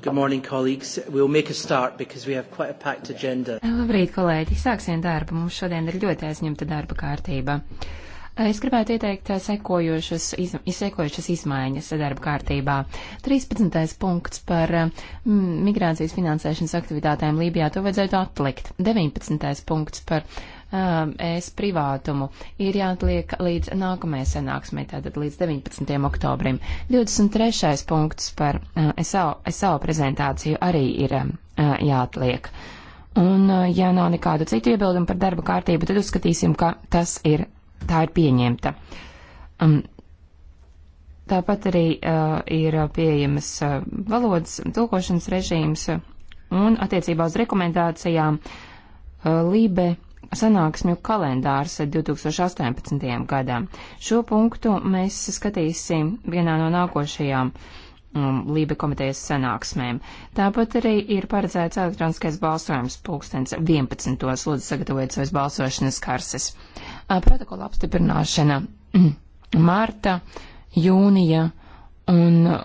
Good morning, colleagues. We'll make a start because we have quite a packed agenda. Labrīt, kolēģi. Sāksim darbu. Mums šodien ir ļoti aizņemta darba kārtība. Es gribētu ieteikt sekojošas, iz, sekojošas izmaiņas darba kārtībā. 13. punkts par migrācijas finansēšanas aktivitātēm Lībijā to vajadzētu atlikt. 19. punkts par um, es privātumu ir jāatliek līdz nākamajai sanāksmē, tātad līdz 19. oktobrim. 23. punkts par uh, SAO, SAO prezentāciju arī ir um, uh, jāatliek. Un, uh, ja nav nekādu citu iebildumu par darba kārtību, tad uzskatīsim, ka tas ir, tā ir pieņemta. Um, Tāpat arī uh, ir pieejamas uh, valodas tulkošanas režīms uh, un attiecībā uz rekomendācijām uh, Lībe sanāksmju kalendārs 2018. gadam. Šo punktu mēs skatīsim vienā no nākošajām um, Lība komitejas sanāksmēm. Tāpat arī ir paredzēts elektroniskais balsojums pulkstens 11. Lūdzu sagatavojiet savas balsošanas karses. Uh, protokola apstiprināšana marta, jūnija un uh,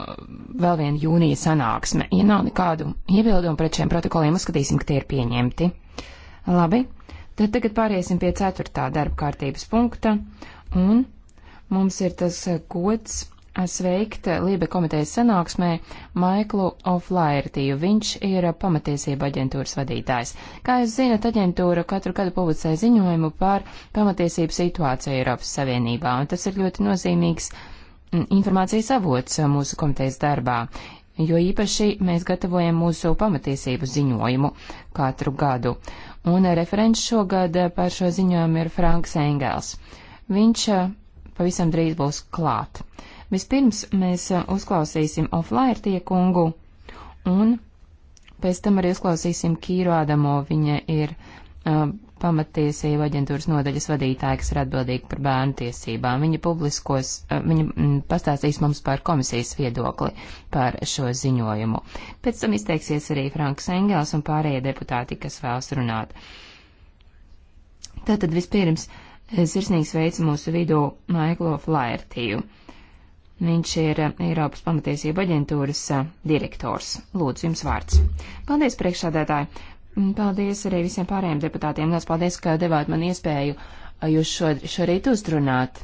vēl viena jūnija sanāksme. Ja nav nekādu iebildumu pret šiem protokoliem, uzskatīsim, ka tie ir pieņemti. Labi. Tad tagad pāriesim pie ceturtā darba kārtības punkta, un mums ir tas eh, gods eh, sveikt eh, Lībe komitejas sanāksmē Maiklu Oflairtiju. Viņš ir pamatiesība aģentūras vadītājs. Kā jūs zinat, aģentūra katru gadu publicē ziņojumu par pamatiesību situāciju Eiropas Savienībā, un tas ir ļoti nozīmīgs mm, informācijas avots mūsu komitejas darbā, jo īpaši mēs gatavojam mūsu pamatiesību ziņojumu katru gadu. Uh, un referents šogad par šo ziņojumu ir Franks Engels. Viņš eh, pavisam drīz būs klāt. Vispirms mēs eh, uzklausīsim offline tiekungu un pēc tam arī uzklausīsim Kīru Adamo. Viņa ir eh, pamatiesību aģentūras nodaļas vadītāja, kas ir atbildīga par bērnu tiesībām. Viņa publiskos, eh, viņa mm, pastāstīs mums par komisijas viedokli par šo ziņojumu. Pēc tam izteiksies arī Franks Engels un pārējie deputāti, kas vēlas runāt. Tātad vispirms eh, sirsnīgs veids mūsu vidū Maiklo Flaertiju. Viņš ir eh, Eiropas pamatiesība aģentūras direktors. Lūdzu, jums vārds. Paldies, priekšsādētāji. Paldies arī visiem pārējiem deputātiem. Lielas paldies, ka devāt man iespēju jūs šo, šorīt uzrunāt.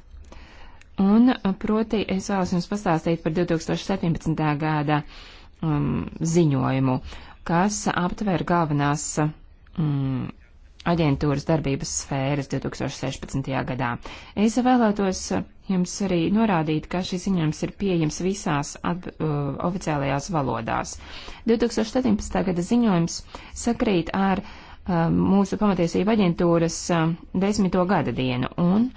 Un, proti, es vēlos jums pastāstīt par 2017. gada um, ziņojumu, kas aptver galvenās um, aģentūras darbības sfēras 2016. gadā. Es vēlētos jums arī norādīt, ka šis ziņojums ir pieejams visās at, uh, oficiālajās valodās. 2017. gada ziņojums sakrīt ar uh, mūsu pamatiesību aģentūras uh, desmito gada dienu, un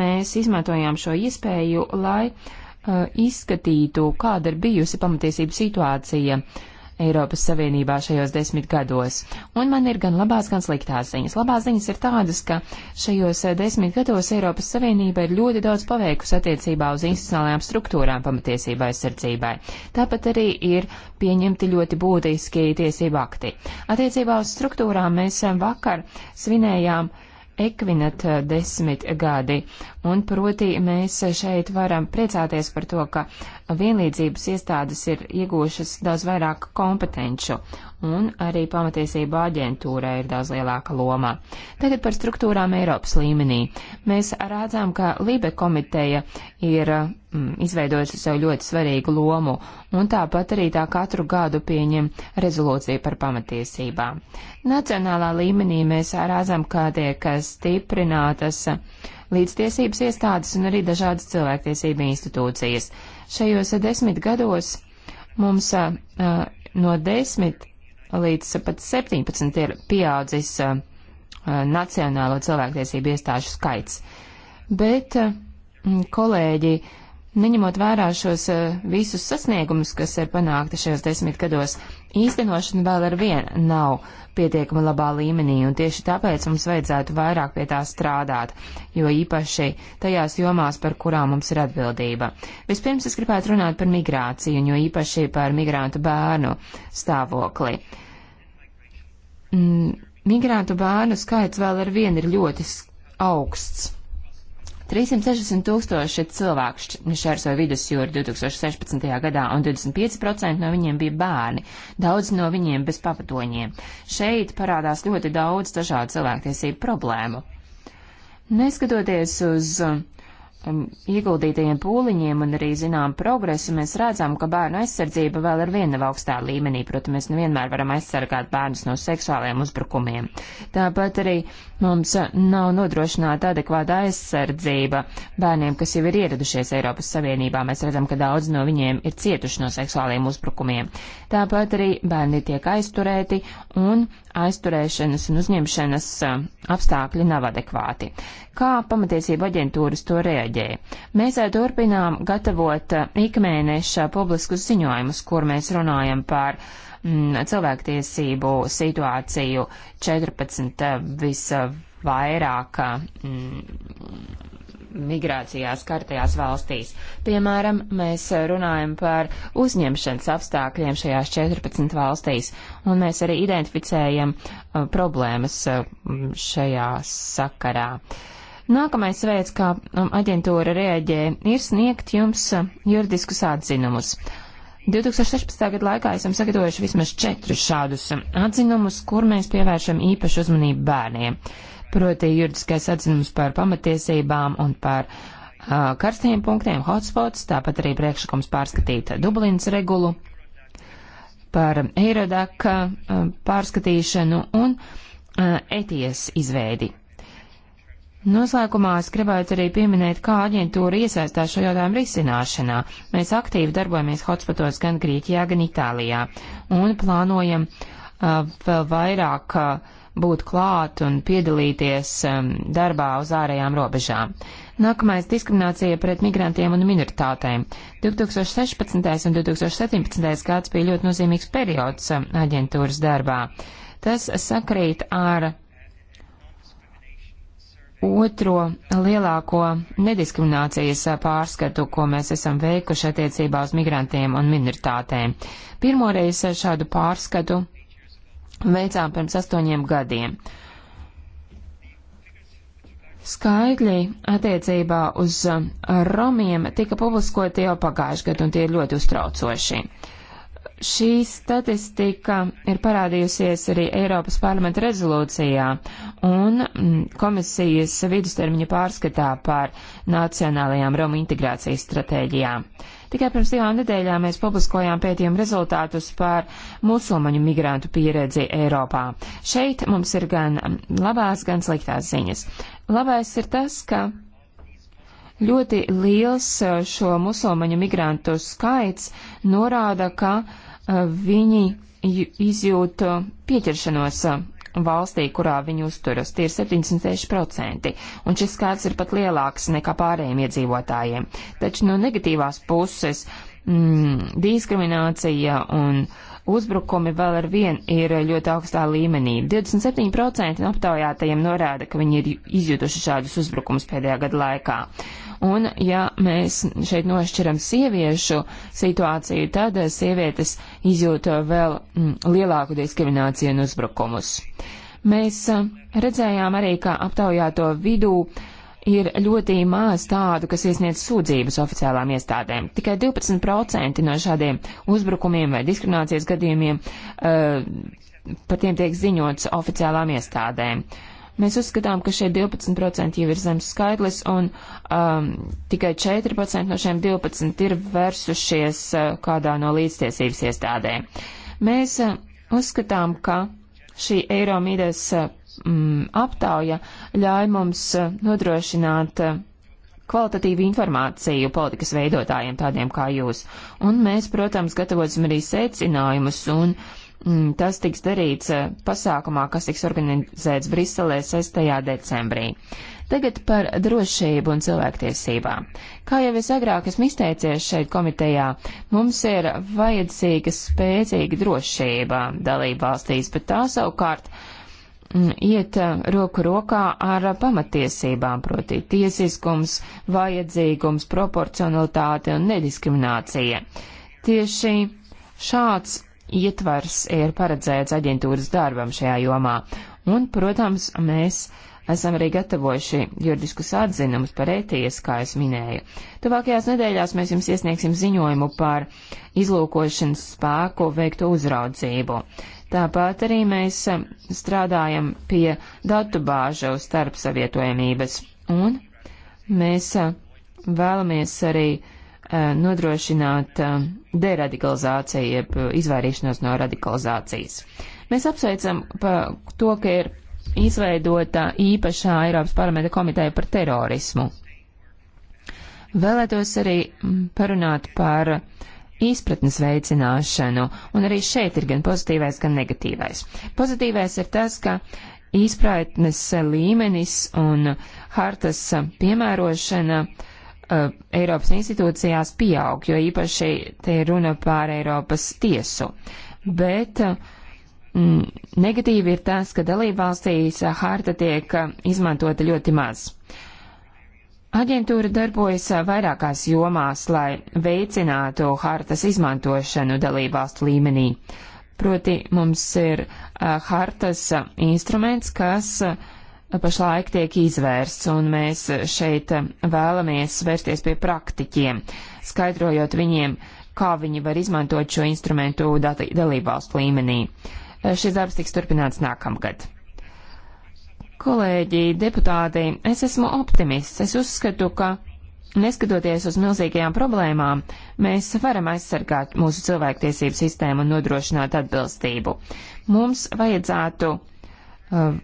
mēs izmantojām šo iespēju, lai uh, izskatītu, kāda ir bijusi pamatiesību situācija uh, Eiropas Savienībā šajos desmit gados. Un man ir gan labās, gan sliktās ziņas. Labās ziņas ir tādas, ka šajos eh, desmit gados Eiropas Savienība ir ļoti daudz paveikusi attiecībā uz institucionālajām struktūrām pamatiesībai aizsardzībai. Tāpat arī ir pieņemti ļoti būtiski tiesību akti. Attiecībā uz struktūrām mēs eh, vakar svinējām uh, ekvinat eh, desmit gadi, un proti mēs šeit varam priecāties par to, ka vienlīdzības iestādes ir iegūšas daudz vairāk kompetenču, un arī pamatiesība aģentūrai ir daudz lielāka loma. Tagad par struktūrām Eiropas līmenī. Mēs redzam, ka Lībe komiteja ir mm, izveidojusi sev ļoti svarīgu lomu, un tāpat arī tā katru gadu pieņem rezolūciju par pamatiesībām. Nacionālā līmenī mēs redzam, kā tiek stiprinātas līdztiesības iestādes un arī dažādas cilvēktiesība institūcijas. Šajos desmit gados mums a, a, no desmit līdz pat 17 ir pieaudzis uh, uh, Nacionālo cilvēktiesību iestāžu skaits. Bet uh, kolēģi uh, Neņemot vērā šos eh, visus sasniegumus, kas ir panākti šajos desmit gados, īstenošana vēl ar vienu nav pietiekama labā līmenī, un tieši tāpēc mums vajadzētu vairāk pie tā strādāt, jo īpaši tajās jomās, par kurām mums ir atbildība. Vispirms es gribētu runāt par migrāciju, un jo īpaši par migrantu bērnu stāvokli. Mm, migrantu bērnu skaits vēl ar vienu ir ļoti augsts 360 tūkstoši cilvēku šķērsoja vidusjūru 2016. gadā, un 25% no viņiem bija bērni, daudz no viņiem bez pavatoņiem. Šeit parādās ļoti daudz dažādu cilvēktiesību problēmu. Neskatoties uz uh, Um, ieguldītajiem pūliņiem un arī zinām progresu, mēs redzam, ka bērnu aizsardzība vēl ir viena augstā līmenī. Protams, mēs nevienmēr varam aizsargāt bērnus no seksuāliem uzbrukumiem. Tāpat arī mums nav nodrošināta adekvāta aizsardzība bērniem, kas jau ir ieradušies Eiropas Savienībā. Mēs redzam, ka daudz no viņiem ir cietuši no seksuāliem uzbrukumiem. Tāpat arī bērni tiek aizturēti un aizturēšanas un uzņemšanas uh, apstākļi nav adekvāti. Kā pamatiesība aģentūras to reaģē? kolēģei. Mēs eh, turpinām gatavot eh, ikmēneša publiskus ziņojumus, kur mēs runājam par mm, cilvēktiesību situāciju 14 eh, visvairāk mm, migrācijās kartajās valstīs. Piemēram, mēs runājam par uzņemšanas apstākļiem šajās 14 valstīs, un mēs arī identificējam uh, problēmas uh, šajā sakarā. Uh, Nākamais veids, kā um, aģentūra reaģē, ir sniegt jums uh, juridiskus atzinumus. 2016. gada laikā esam sagatavojuši vismaz četrus šādus um, atzinumus, kur mēs pievēršam īpašu uzmanību bērniem. Proti juridiskais atzinums par pamatiesībām un par uh, karstajiem punktiem, hotspots, tāpat arī priekšlikums pārskatīt Dublinas regulu par Eirodak uh, pārskatīšanu un uh, ETIES izveidi. Noslēgumā es gribētu arī pieminēt, kā aģentūra iesaistās šo jautājumu risināšanā. Mēs aktīvi darbojamies hotspotos gan Grieķijā, gan Itālijā un plānojam uh, vēl vairāk uh, būt klāt un piedalīties um, darbā uz ārējām robežām. Nākamais - diskriminācija pret migrantiem un minoritātēm. 2016. un 2017. gads bija ļoti nozīmīgs periods um, aģentūras darbā. Tas sakrīt ar otro lielāko nediskriminācijas pārskatu, ko mēs esam veikuši attiecībā uz migrantiem un minoritātēm. Pirmoreiz šādu pārskatu veicām pirms astoņiem gadiem. Skaidļi attiecībā uz romiem tika publiskoti jau pagājuši gadu, un tie ir ļoti uztraucoši. Uh, Šī statistika ir parādījusies arī Eiropas parlamenta rezolūcijā un mm, komisijas vidustermiņa pārskatā par nacionālajām Romu integrācijas stratēģijām. Tikai pirms divām nedēļām mēs publiskojām pētījumu rezultātus par musulmaņu migrantu pieredzi Eiropā. Šeit mums ir gan mm, labās, gan sliktās ziņas. Labais ir tas, ka ļoti liels eh, šo musulmaņu migrantu skaits norāda, ka Eh, viņi izjūt eh, pieķeršanos eh, valstī, kurā viņi uzturas, tie ir 76%, un šis skaits ir pat lielāks nekā pārējiem iedzīvotājiem. Taču no negatīvās puses mm, diskriminācija un uzbrukumi vēl ar vien ir ļoti augstā līmenī. 27% no aptaujātajiem norāda, ka viņi ir izjutuši šādus uzbrukumus pēdējā gada laikā. Uh, Un, ja mēs šeit nošķiram sieviešu situāciju, tad sievietes izjūta vēl mm, lielāku diskrimināciju un uzbrukumus. Mēs mm, redzējām arī, ka aptaujāto vidū ir ļoti maz tādu, kas iesniedz sūdzības oficiālām iestādēm. Tikai 12% no šādiem uzbrukumiem vai diskriminācijas gadījumiem uh, par tiem tiek ziņots oficiālām iestādēm. Uh, Mēs uzskatām, ka šie 12% jau ir zems skaitlis, un um, tikai 4% no šiem 12 ir versušies uh, kādā no līdztiesības iestādēm. Mēs uh, uzskatām, ka šī Eiromīdas uh, mm, aptauja ļauj mums uh, nodrošināt uh, kvalitatīvu informāciju politikas veidotājiem tādiem kā jūs. Un mēs, protams, gatavosim arī secinājumus un uh, Mm, tas tiks darīts eh, pasākumā, kas tiks organizēts Briselē 6. decembrī. Tagad par drošību un cilvēktiesībām. Kā jau es agrāk esmu izteicies šeit komitejā, mums ir vajadzīga spēcīga drošība dalība valstīs, bet tā savukārt mm, iet eh, roku rokā ar pamatiesībām, proti tiesiskums, vajadzīgums, proporcionalitāte un nediskriminācija. Tieši šāds ietvars ir paredzēts aģentūras darbam šajā jomā. Un, protams, mēs esam arī gatavojuši juridiskus atzinumus par ētijas, e kā es minēju. Tuvākajās nedēļās mēs jums iesniegsim ziņojumu par izlūkošanas spēku veiktu uzraudzību. Tāpat arī mēs um, strādājam pie datu bāžu starp savietojamības un mēs uh, vēlamies arī Uh, nodrošināt uh, deradikalizāciju, jeb izvairīšanos no radikalizācijas. Mēs apsveicam to, ka ir izveidota īpašā Eiropas parlamenta komiteja par terorismu. Vēlētos arī mm, parunāt par izpratnes veicināšanu, un arī šeit ir gan pozitīvais, gan negatīvais. Pozitīvais ir tas, ka izpratnes līmenis un hartas piemērošana uh, uh, Eiropas institūcijās pieaug, jo īpaši te ir runa par Eiropas tiesu. Bet mm, negatīvi ir tas, ka dalībvalstīs uh, harta tiek uh, izmantota ļoti maz. Aģentūra darbojas vairākās jomās, lai veicinātu hartas izmantošanu dalībvalstu līmenī. Proti mums ir uh, hartas instruments, kas uh, pašlaik tiek izvērsts, un mēs šeit vēlamies vērsties pie praktiķiem, skaidrojot viņiem, kā viņi var izmantot šo instrumentu dalībvalstu līmenī. Šis darbs tiks turpināts nākamgad. Kolēģi, deputāti, es esmu optimists. Es uzskatu, ka neskatoties uz milzīgajām problēmām, mēs varam aizsargāt mūsu cilvēktiesību sistēmu un nodrošināt atbilstību. Mums vajadzētu uh,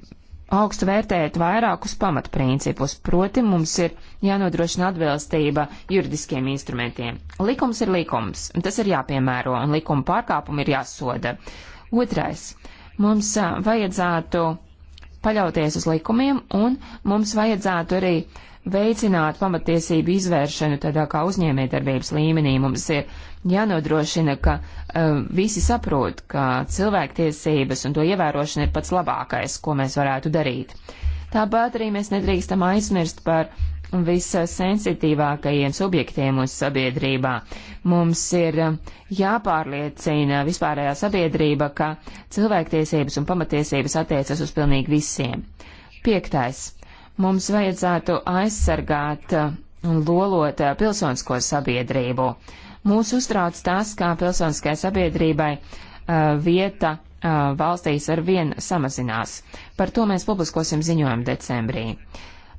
augstu vērtēt vairākus pamatprincipus, proti mums ir jānodrošina atbilstība juridiskiem instrumentiem. Likums ir likums, tas ir jāpiemēro, un likuma pārkāpumi ir jāsoda. Otrais, mums vajadzētu paļauties uz likumiem, un mums vajadzētu arī veicināt pamatiesību izvēršanu tādā kā uzņēmējdarbības līmenī. Mums ir jānodrošina, ka uh, visi saprot, ka cilvēktiesības un to ievērošana ir pats labākais, ko mēs varētu darīt. Tāpat arī mēs nedrīkstam aizmirst par vissensitīvākajiem subjektiem mūsu sabiedrībā. Mums ir eh, jāpārliecina vispārējā sabiedrība, ka cilvēktiesības un pamatiesības attiecas uz pilnīgi visiem. Piektais. Mums vajadzētu aizsargāt un lolot eh, pilsonsko sabiedrību. Uh, Mūs uztrauc tas, kā pilsoniskai sabiedrībai uh, vieta uh, valstīs ar vien samazinās. Par to mēs publiskosim ziņojumu decembrī.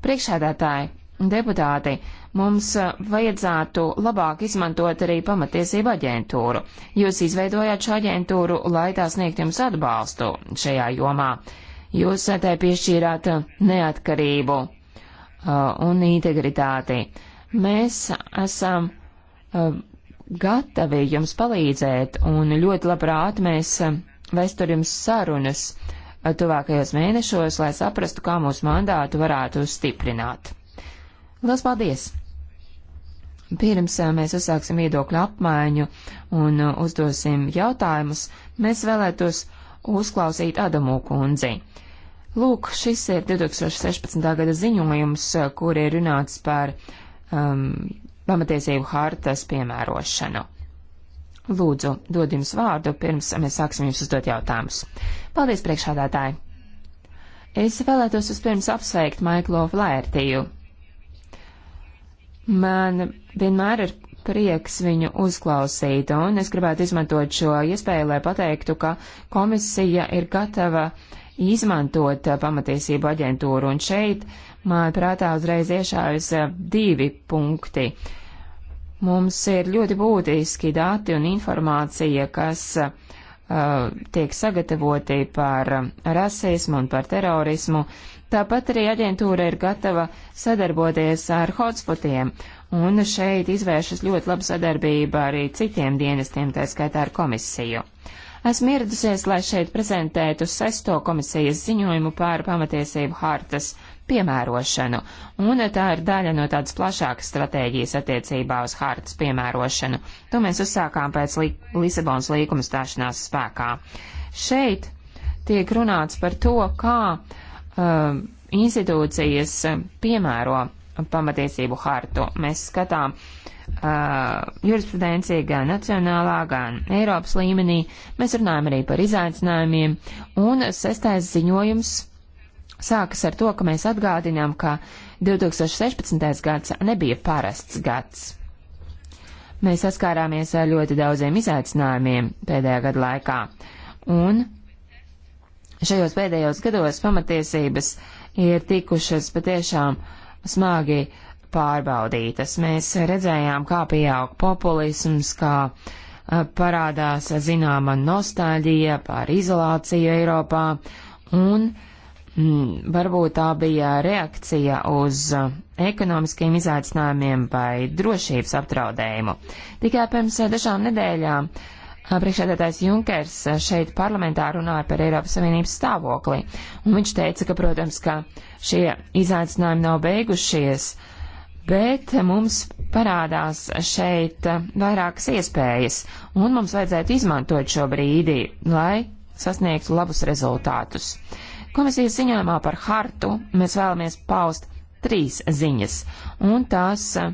Priekšādātāji, deputāti, mums vajadzētu labāk izmantot arī pamatiesību aģentūru. Jūs izveidojāt šo aģentūru, lai tā sniegt jums atbalstu šajā jomā. Jūs tai piešķīrāt neatkarību uh, un integritāti. Mēs esam uh, gatavi jums palīdzēt, un ļoti labprāt mēs eh, vestur jums sarunas eh, tuvākajos mēnešos, lai saprastu, kā mūsu mandātu varētu stiprināt. Lielas paldies! Pirms eh, mēs uzsāksim viedokļu apmaiņu un uzdosim jautājumus, mēs vēlētos uzklausīt Adamu kundzi. Lūk, šis ir 2016. gada ziņojums, kur ir runāts par um, pamatiesību hartas piemērošanu. Lūdzu, dod jums vārdu, pirms mēs sāksim jums uzdot jautājumus. Paldies, priekšādātāji! Es vēlētos vispirms apsveikt Maiklo Flērtiju. Man vienmēr ir prieks viņu uzklausīt, un es gribētu izmantot šo iespēju, lai pateiktu, ka komisija ir gatava izmantot pamatiesību aģentūru, un šeit, manuprāt, uzreiz iešāvis divi punkti. Uh, Mums ir ļoti būtiski dati un informācija, kas uh, tiek sagatavoti par um, rasismu un par terorismu. Tāpat arī aģentūra ir gatava sadarboties ar hotspotiem, un šeit izvēršas ļoti laba sadarbība arī citiem dienestiem, tā skaitā ar komisiju. Esmu ieradusies, lai šeit prezentētu sesto komisijas ziņojumu pār pamatiesību hartas piemērošanu, un tā ir daļa no tādas plašākas stratēģijas attiecībā uz hartas piemērošanu. To mēs uzsākām pēc li Lisabonas līguma stāšanās spēkā. Šeit tiek runāts par to, kā uh, institūcijas piemēro pamatiesību hartu. Mēs skatām uh, jurisprudenci gan nacionālā, gan Eiropas līmenī. Mēs runājam arī par izaicinājumiem. Un sestais ziņojums sākas ar to, ka mēs atgādinām, ka 2016. gads nebija parasts gads. Mēs saskārāmies ar ļoti daudziem izaicinājumiem pēdējā gada laikā, un šajos pēdējos gados pamatiesības ir tikušas patiešām smagi pārbaudītas. Mēs redzējām, kā pieaug populisms, kā parādās zināma nostāļija par izolāciju Eiropā, un uh, mm, varbūt tā bija reakcija uz uh, ekonomiskiem izaicinājumiem vai drošības apdraudējumu. Tikai pirms uh, dažām nedēļām uh, priekšsēdētājs Junkers šeit parlamentā runāja par Eiropas Savienības stāvokli, un viņš teica, ka, protams, ka šie izaicinājumi nav beigušies, bet mums parādās šeit vairākas iespējas, un mums vajadzētu izmantot šo brīdi, lai sasniegtu labus rezultātus. Uh, Komisijas ziņojumā par hartu mēs vēlamies paust trīs ziņas, un tās eh,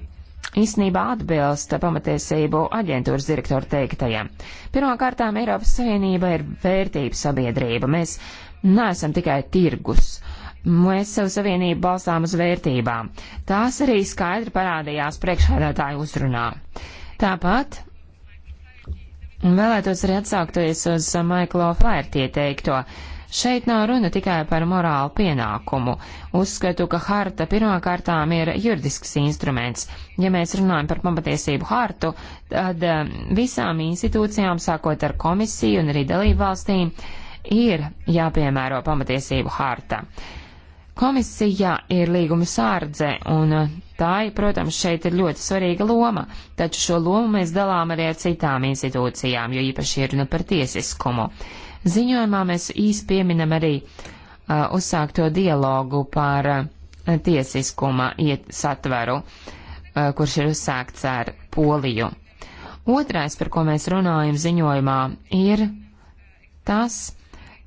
īsnībā atbilst pamatiesību aģentūras direktora teiktajam. Pirmkārtām Eiropas Savienība ir vērtību sabiedrība. Mēs neesam tikai tirgus. Mēs savu savienību balstām uz vērtībām. Tās arī skaidri parādījās priekšādātāju uzrunā. Tāpat vēlētos arī atsaukties uz Maiklo Flairtie teikto. Šeit nav runa tikai par morālu pienākumu. Uzskatu, ka harta pirmkārtām ir juridisks instruments. Ja mēs runājam par pamatiesību hartu, tad um, visām institūcijām, sākot ar komisiju un arī dalību valstīm, ir jāpiemēro pamatiesību harta. Komisija ir līguma sārdze, un uh, tai, protams, šeit ir ļoti svarīga loma, taču šo lomu mēs dalām arī ar citām institūcijām, jo īpaši ir runa par tiesiskumu. Ziņojumā mēs īsi pieminam arī uh, uzsākto dialogu par uh, tiesiskuma iet satveru, uh, kurš ir uzsākts ar Poliju. Otrais, par ko mēs runājam ziņojumā, ir tas,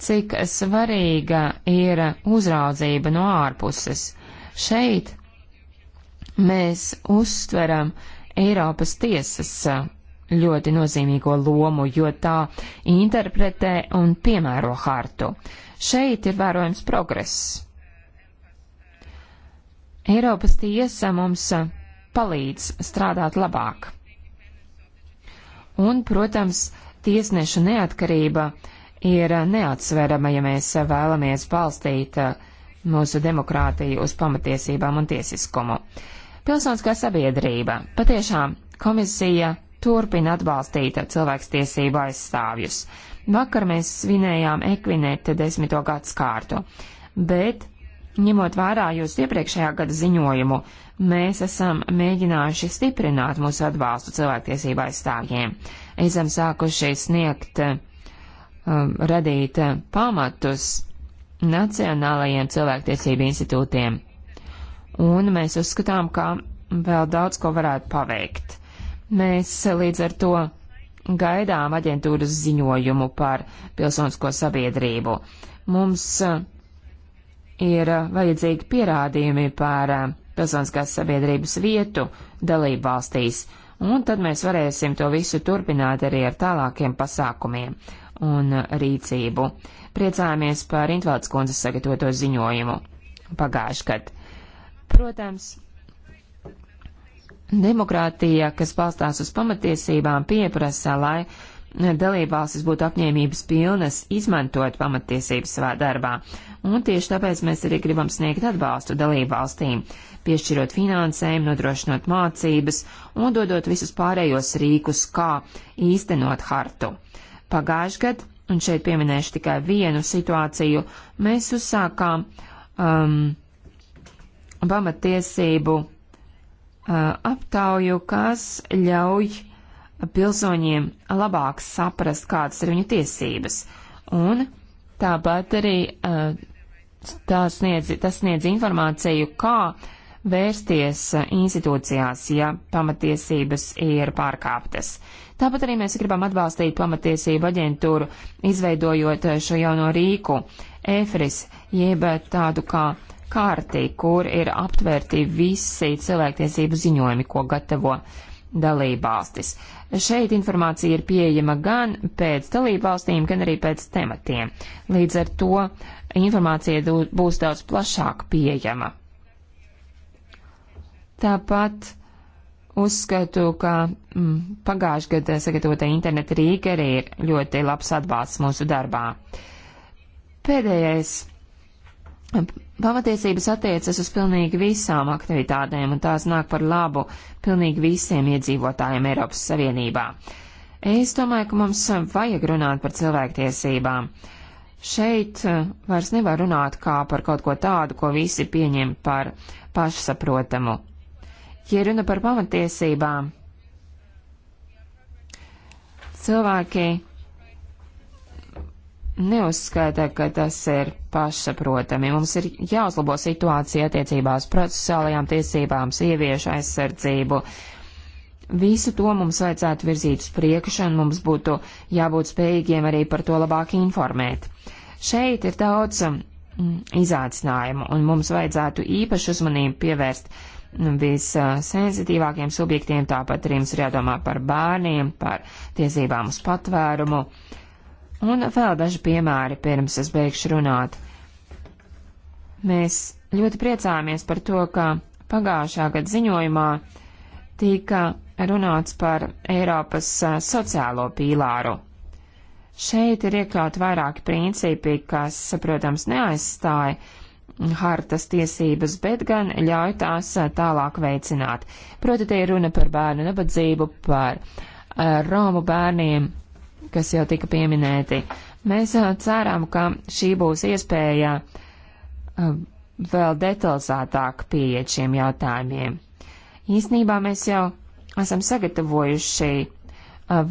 cik svarīga ir uzraudzība no ārpuses. Šeit mēs uztveram Eiropas tiesas ļoti nozīmīgo lomu, jo tā interpretē un piemēro hartu. Šeit ir vērojams progress. Eiropas tiesa mums palīdz strādāt labāk. Un, protams, tiesnešu neatkarība ir neatsverama, ja mēs vēlamies balstīt mūsu demokrātiju uz pamatiesībām un tiesiskumu. Pilsoniskā sabiedrība. Patiešām komisija turpina atbalstīt cilvēkstiesību aizstāvjus. Vakar mēs svinējām ekvinēta desmito gads kārtu, bet, ņemot vērā jūs iepriekšējā gada ziņojumu, mēs esam mēģinājuši stiprināt mūsu atbalstu cilvēktiesību aizstāvjiem. Esam sākuši sniegt, um, radīt pamatus nacionālajiem cilvēktiesību institūtiem. Un mēs uzskatām, ka vēl daudz ko varētu paveikt. Mēs līdz ar to gaidām aģentūras ziņojumu par pilsonisko sabiedrību. Mums eh, ir eh, vajadzīgi pierādījumi par eh, pilsoniskās sabiedrības vietu dalību valstīs, un tad mēs varēsim to visu turpināt arī ar tālākiem pasākumiem un rīcību. Priecājāmies par Intvalds kundzes sagatavoto ziņojumu pagājušajā gadā. Protams, Demokrātija, kas balstās uz pamatiesībām, pieprasa, lai dalībvalstis būtu apņēmības pilnas izmantot pamatiesības savā darbā, un tieši tāpēc mēs arī gribam sniegt atbalstu dalībvalstīm, piešķirot finansējumu, nodrošinot mācības un dodot visus pārējos rīkus, kā īstenot hartu. Pagājuši gad, un šeit pieminēšu tikai vienu situāciju, mēs uzsākām um, pamatiesību Uh, aptauju, kas ļauj pilsoņiem labāk saprast, kādas ir viņu tiesības. Un tāpat arī uh, tā sniedz, tas sniedz informāciju, kā vērsties uh, institūcijās, ja pamatiesības ir pārkāptas. Tāpat arī mēs gribam atbalstīt pamatiesību aģentūru, izveidojot šo jauno rīku, EFRIS, jeb tādu kā uh, karti, kur ir aptvērti visi cilvēktiesību ziņojumi, ko gatavo dalībvalstis. Šeit informācija ir pieejama gan pēc dalībvalstīm, gan arī pēc tematiem. Līdz ar to informācija būs daudz plašāk pieejama. Tāpat uzskatu, ka mm, pagājušajā gadā sagatavotā interneta Rīga arī ir ļoti labs atbalsts mūsu darbā. Pēdējais Pamatiesības attiecas uz pilnīgi visām aktivitātēm, un tās nāk par labu pilnīgi visiem iedzīvotājiem Eiropas Savienībā. Es domāju, ka mums vajag runāt par cilvēktiesībām. Šeit eh, vairs nevar runāt kā par kaut ko tādu, ko visi pieņem par pašsaprotamu. Ja runa par pamatiesībām, cilvēki neuzskata, ka tas ir pašsaprotami. Mums ir jāuzlabo situācija attiecībās procesuālajām tiesībām, sieviešu aizsardzību. Visu to mums vajadzētu virzīt uz priekšu, un mums būtu jābūt spējīgiem arī par to labāk informēt. Šeit ir daudz mm, izaicinājumu, un mums vajadzētu īpašu uzmanību pievērst mm, vissensitīvākiem subjektiem, tāpat arī mums ir jādomā par bērniem, par tiesībām uz patvērumu. Uh, Un vēl daži piemēri, pirms es beigšu runāt. Mēs ļoti priecāmies par to, ka pagājušā gada ziņojumā tika runāts par Eiropas sociālo pīlāru. Šeit ir iekļaut vairāki principi, kas, protams, neaizstāja hartas tiesības, bet gan ļauj tās tālāk veicināt. Proti, te ir runa par bērnu nabadzību, par uh, Romu bērniem, kas jau tika pieminēti. Mēs uh, cerām, ka šī būs iespēja uh, vēl detalizētāk pieiet šiem jautājumiem. Īsnībā mēs jau esam sagatavojuši uh,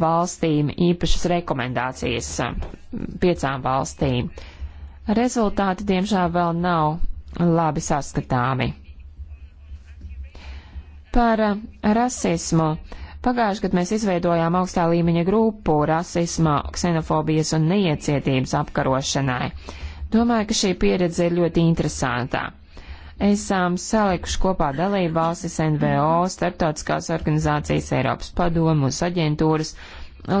valstīm īpašas rekomendācijas piecām valstīm. Rezultāti, diemžēl, vēl nav labi saskatāmi. Par rasismu Pagājuši, kad mēs izveidojām augstā līmeņa grupu rasisma, ksenofobijas un neiecietības apkarošanai. Domāju, ka šī pieredze ir ļoti interesantā. Esam salikuši kopā dalību valstis NVO, starptautiskās organizācijas Eiropas padomus, aģentūras,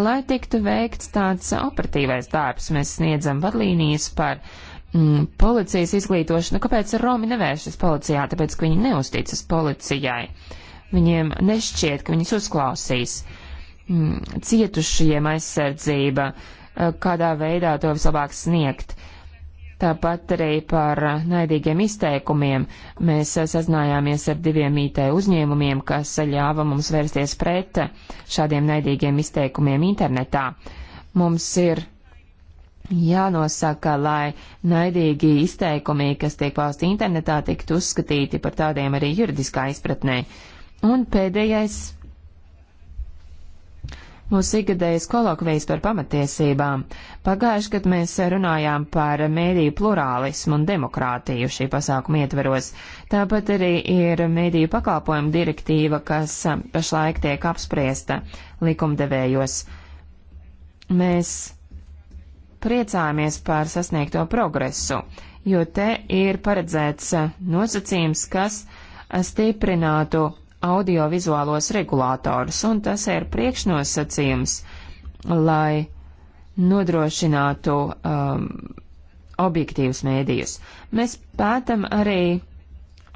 lai tiktu veikts tāds operatīvais darbs. Mēs sniedzam vadlīnijas par mm, policijas izglītošanu. Kāpēc Romi nevēršas policijā? Tāpēc, ka viņi neusticas policijai. Uh, Viņiem nešķiet, ka viņus uzklausīs. Mm, cietušajiem aizsardzība, e, kādā veidā to vislabāk sniegt. Tāpat arī par naidīgiem izteikumiem mēs sazinājāmies ar diviem IT uzņēmumiem, kas ļāva mums vērsties pret šādiem naidīgiem izteikumiem internetā. Mums ir jānosaka, lai naidīgi izteikumi, kas tiek pausti internetā, tiktu uzskatīti par tādiem arī juridiskā izpratnē. Uh, Un pēdējais mūsu ikgadējas kolokvijas par pamatiesībām. Pagājuši, kad mēs runājām par mēdīju plurālismu un demokrātiju šī pasākuma ietveros, tāpat arī ir mēdīju pakalpojumu direktīva, kas pašlaik tiek apspriesta likumdevējos. Mēs priecājamies par sasniegto progresu, jo te ir paredzēts nosacījums, kas stiprinātu audiovizuālos regulātorus, un tas ir priekšnosacījums, lai nodrošinātu um, objektīvus mēdījus. Mēs pētam arī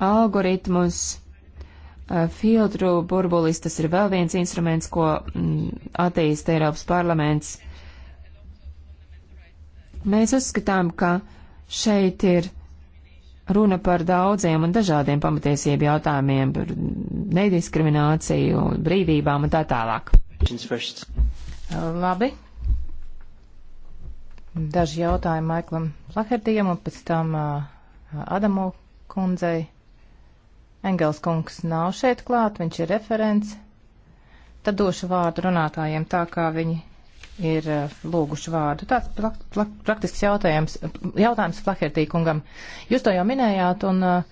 algoritmus, uh, filtru burbulis, tas ir vēl viens instruments, ko mm, attīsta Eiropas parlaments. Mēs uzskatām, ka šeit ir runa par daudziem un dažādiem pamatiesību jautājumiem, par nediskrimināciju, brīvībām un tā tālāk. Labi. Daži jautājumi Maiklam Lahertijam un pēc tam uh, Adamu kundzei. Engels kungs nav šeit klāt, viņš ir referents. Tad došu vārdu runātājiem tā, kā viņi ir eh, lūguši vārdu. Tāds plak, plak, praktisks jautājums, jautājums Flahertī kungam. Jūs to jau minējāt, un eh,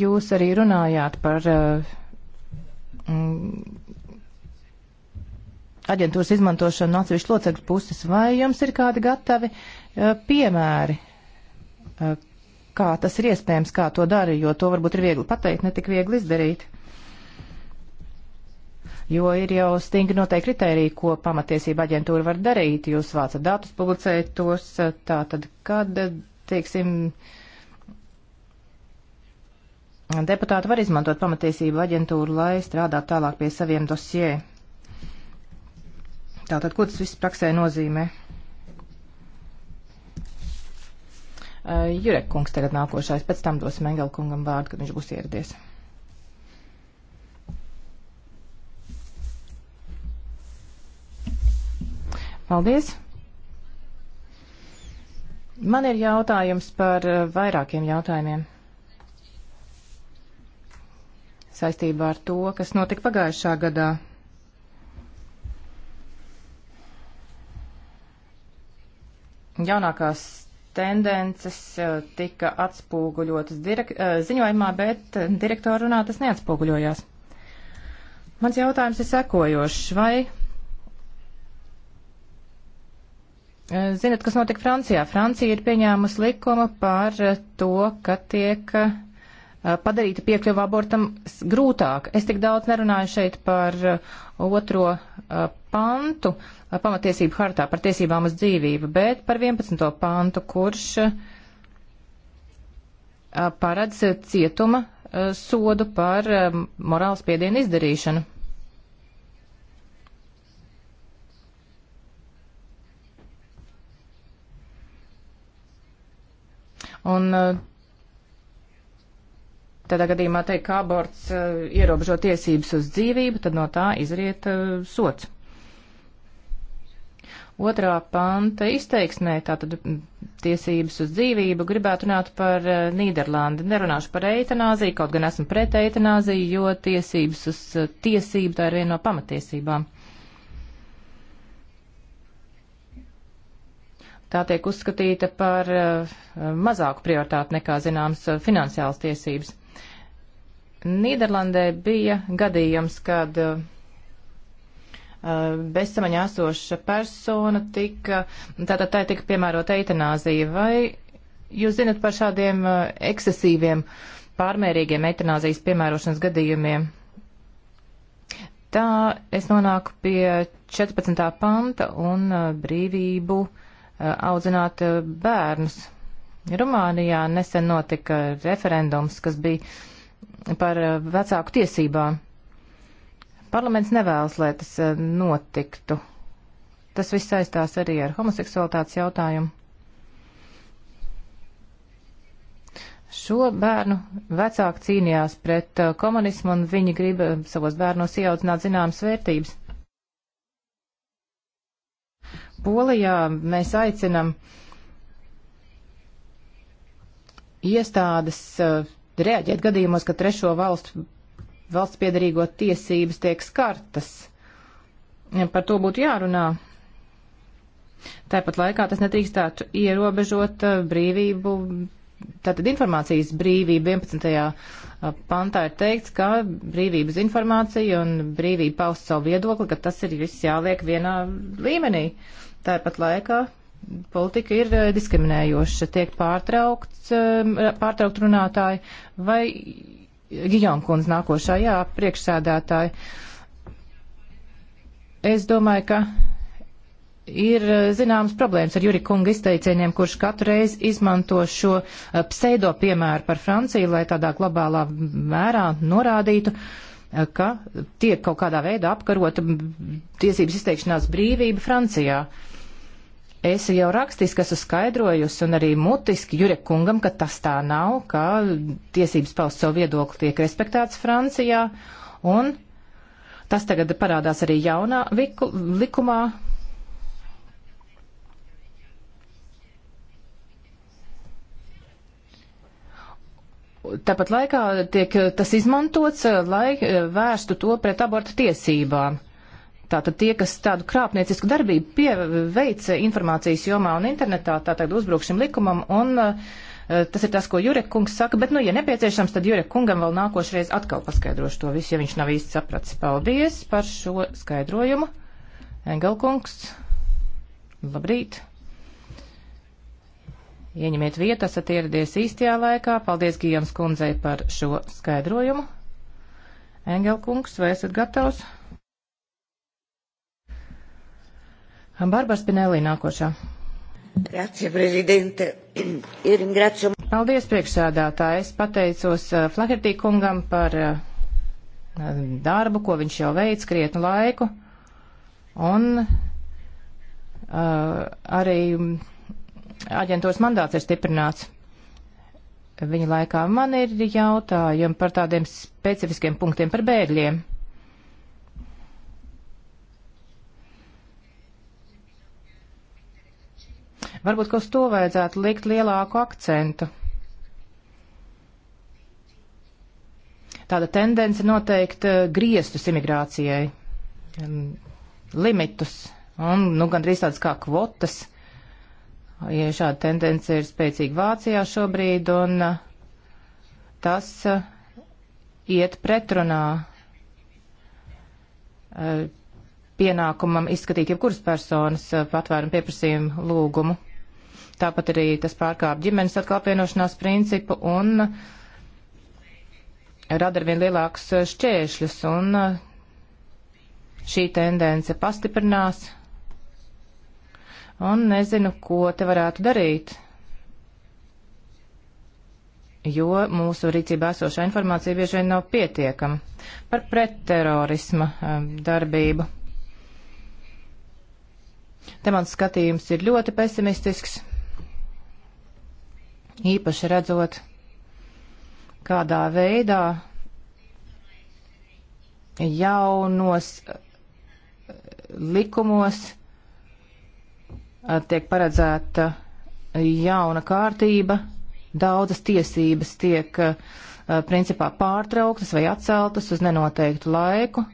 jūs arī runājāt par eh, mm, aģentūras izmantošanu no atsevišķu locekļu puses. Vai jums ir kādi gatavi piemēri, kā tas ir iespējams, kā to dara, jo to varbūt ir viegli pateikt, ne tik viegli izdarīt? jo ir jau stingri noteikti kriteriji, ko pamatiesība aģentūra var darīt. Jūs vācat datus, publicējat tos, tā tad, kad, teiksim, deputāti var izmantot pamatiesību aģentūru, lai strādātu tālāk pie saviem dosjē. Tātad, ko tas viss praksē nozīmē? Jurek kungs tagad nākošais, pēc tam dosim Engela kungam vārdu, kad viņš būs ieradies. Paldies! Man ir jautājums par eh, vairākiem jautājumiem saistībā ar to, kas notika pagājušā gadā. Jaunākās tendences eh, tika atspūguļotas direk, eh, ziņojumā, bet direktora runā tas neatspoguļojās. Mans jautājums ir sekojošs. Vai Eh, zinat, kas notika Francijā? Francija ir pieņēmusi likumu par eh, to, ka tiek eh, padarīta piekļuva abortam grūtāk. Es tik daudz nerunāju šeit par otro pantu pamatiesību hartā par tiesībām uz dzīvību, bet par 11. pantu, kurš paredz cietuma sodu par morāls piedienu izdarīšanu. Un eh, tādā gadījumā teikt, ka aborts eh, ierobežo tiesības uz dzīvību, tad no tā izriet eh, sots. Otrā panta izteiksmē, tātad mm, tiesības uz dzīvību, gribētu runāt par Nīderlandi. Nerunāšu par eitanāziju, kaut gan esmu pret eitanāziju, jo tiesības uz tiesību tā ir viena no pamatiesībām. tā tiek uzskatīta par eh, mazāku prioritāti nekā zināms eh, finansiālas tiesības. Nīderlandē bija gadījums, kad eh, bezsamaņā esoša persona tika, tātad tā, tā tika piemērota eitanāzija. Vai jūs zinat par šādiem ekscesīviem, pārmērīgiem eitanāzijas piemērošanas gadījumiem? Tā es nonāku pie 14. panta un brīvību uh, audzināt eh, bērnus. Rumānijā nesen notika referendums, kas bija par eh, vecāku tiesībām. Parlaments nevēlas, lai tas eh, notiktu. Tas viss saistās arī ar homoseksualitātes jautājumu. Šo bērnu vecāki cīnījās pret komunismu un viņi grib savos bērnos ieaudzināt zināmas vērtības. Polijā mēs aicinam iestādes eh, reaģēt gadījumos, ka trešo valstu valsts piedarīgo tiesības tiek skartas. Par to būtu jārunā. Tāpat laikā tas netrīkstētu ierobežot eh, brīvību, tātad informācijas brīvību 11. Eh, pantā ir teikts, ka brīvības informācija un brīvība paust savu viedokli, ka tas ir viss jāliek vienā līmenī. Uh, Tāpat laikā politika ir eh, diskriminējoša, tiek pārtraukts, eh, pārtraukt runātāji vai Gijonkundz nākošā, jā, priekšsēdētāji. Es domāju, ka ir eh, zināmas problēmas ar Juri Kunga izteicieniem, kurš katru reizi izmanto šo pseido piemēru par Franciju, lai tādā globālā mērā norādītu, ka tiek kaut kādā veidā apkarota tiesības izteikšanās brīvība Francijā. Uh, Es jau rakstiski esmu skaidrojusi un arī mutiski Jurek kungam, ka tas tā nav, ka tiesības paust savu viedokli tiek respektēts Francijā, un tas tagad parādās arī jaunā viku, likumā, Tāpat laikā tiek tas izmantots, lai eh, vērstu to pret abortu tiesībām. Tātad tie, kas tādu krāpniecisku darbību pieveica informācijas jomā un internetā, tātad uzbruk šim likumam un uh, tas ir tas, ko Jurek kungs saka, bet, nu, ja nepieciešams, tad Jurek kungam vēl nākošreiz atkal paskaidrošu to visu, ja viņš nav īsti sapratis. Paldies par šo skaidrojumu. Engel kungs, labrīt. Ieņemiet vietu, esat ieradies īstajā laikā. Paldies Gijams kundzei par šo skaidrojumu. Engel kungs, vai esat gatavs? Barbara Spinelli nākošā. Grazie, prezidente. Ringrazio... Paldies, priekšsēdātāji. Es pateicos uh, eh, Flahertī kungam par uh, darbu, ko viņš jau veic krietnu laiku. Un uh, arī aģentūras mandāts ir stiprināts. Viņa laikā man ir jautājumi par tādiem specifiskiem punktiem par bēgļiem. Uh, Varbūt, ka uz to vajadzētu likt lielāku akcentu. Tāda tendence noteikti eh, griestus imigrācijai, limitus un, nu, gandrīz tādas kā kvotas. Ja šāda tendence ir spēcīga Vācijā šobrīd, un eh, tas eh, iet pretrunā pienākumam izskatīt jebkuras personas eh, patvērumu pieprasījumu lūgumu. Tāpat arī tas pārkāp ģimenes atkal apvienošanās principu un rada arvien lielākus eh, šķēršļus, un eh, šī tendence pastiprinās, un nezinu, ko te varētu darīt, jo mūsu rīcībā esošā informācija bieži vien nav pietiekama par pretterorisma darbību. Te mans skatījums ir ļoti pesimistisks, īpaši redzot, kādā veidā jaunos eh, likumos eh, tiek paredzēta jauna kārtība, daudzas tiesības tiek eh, principā pārtrauktas vai atceltas uz nenoteiktu laiku,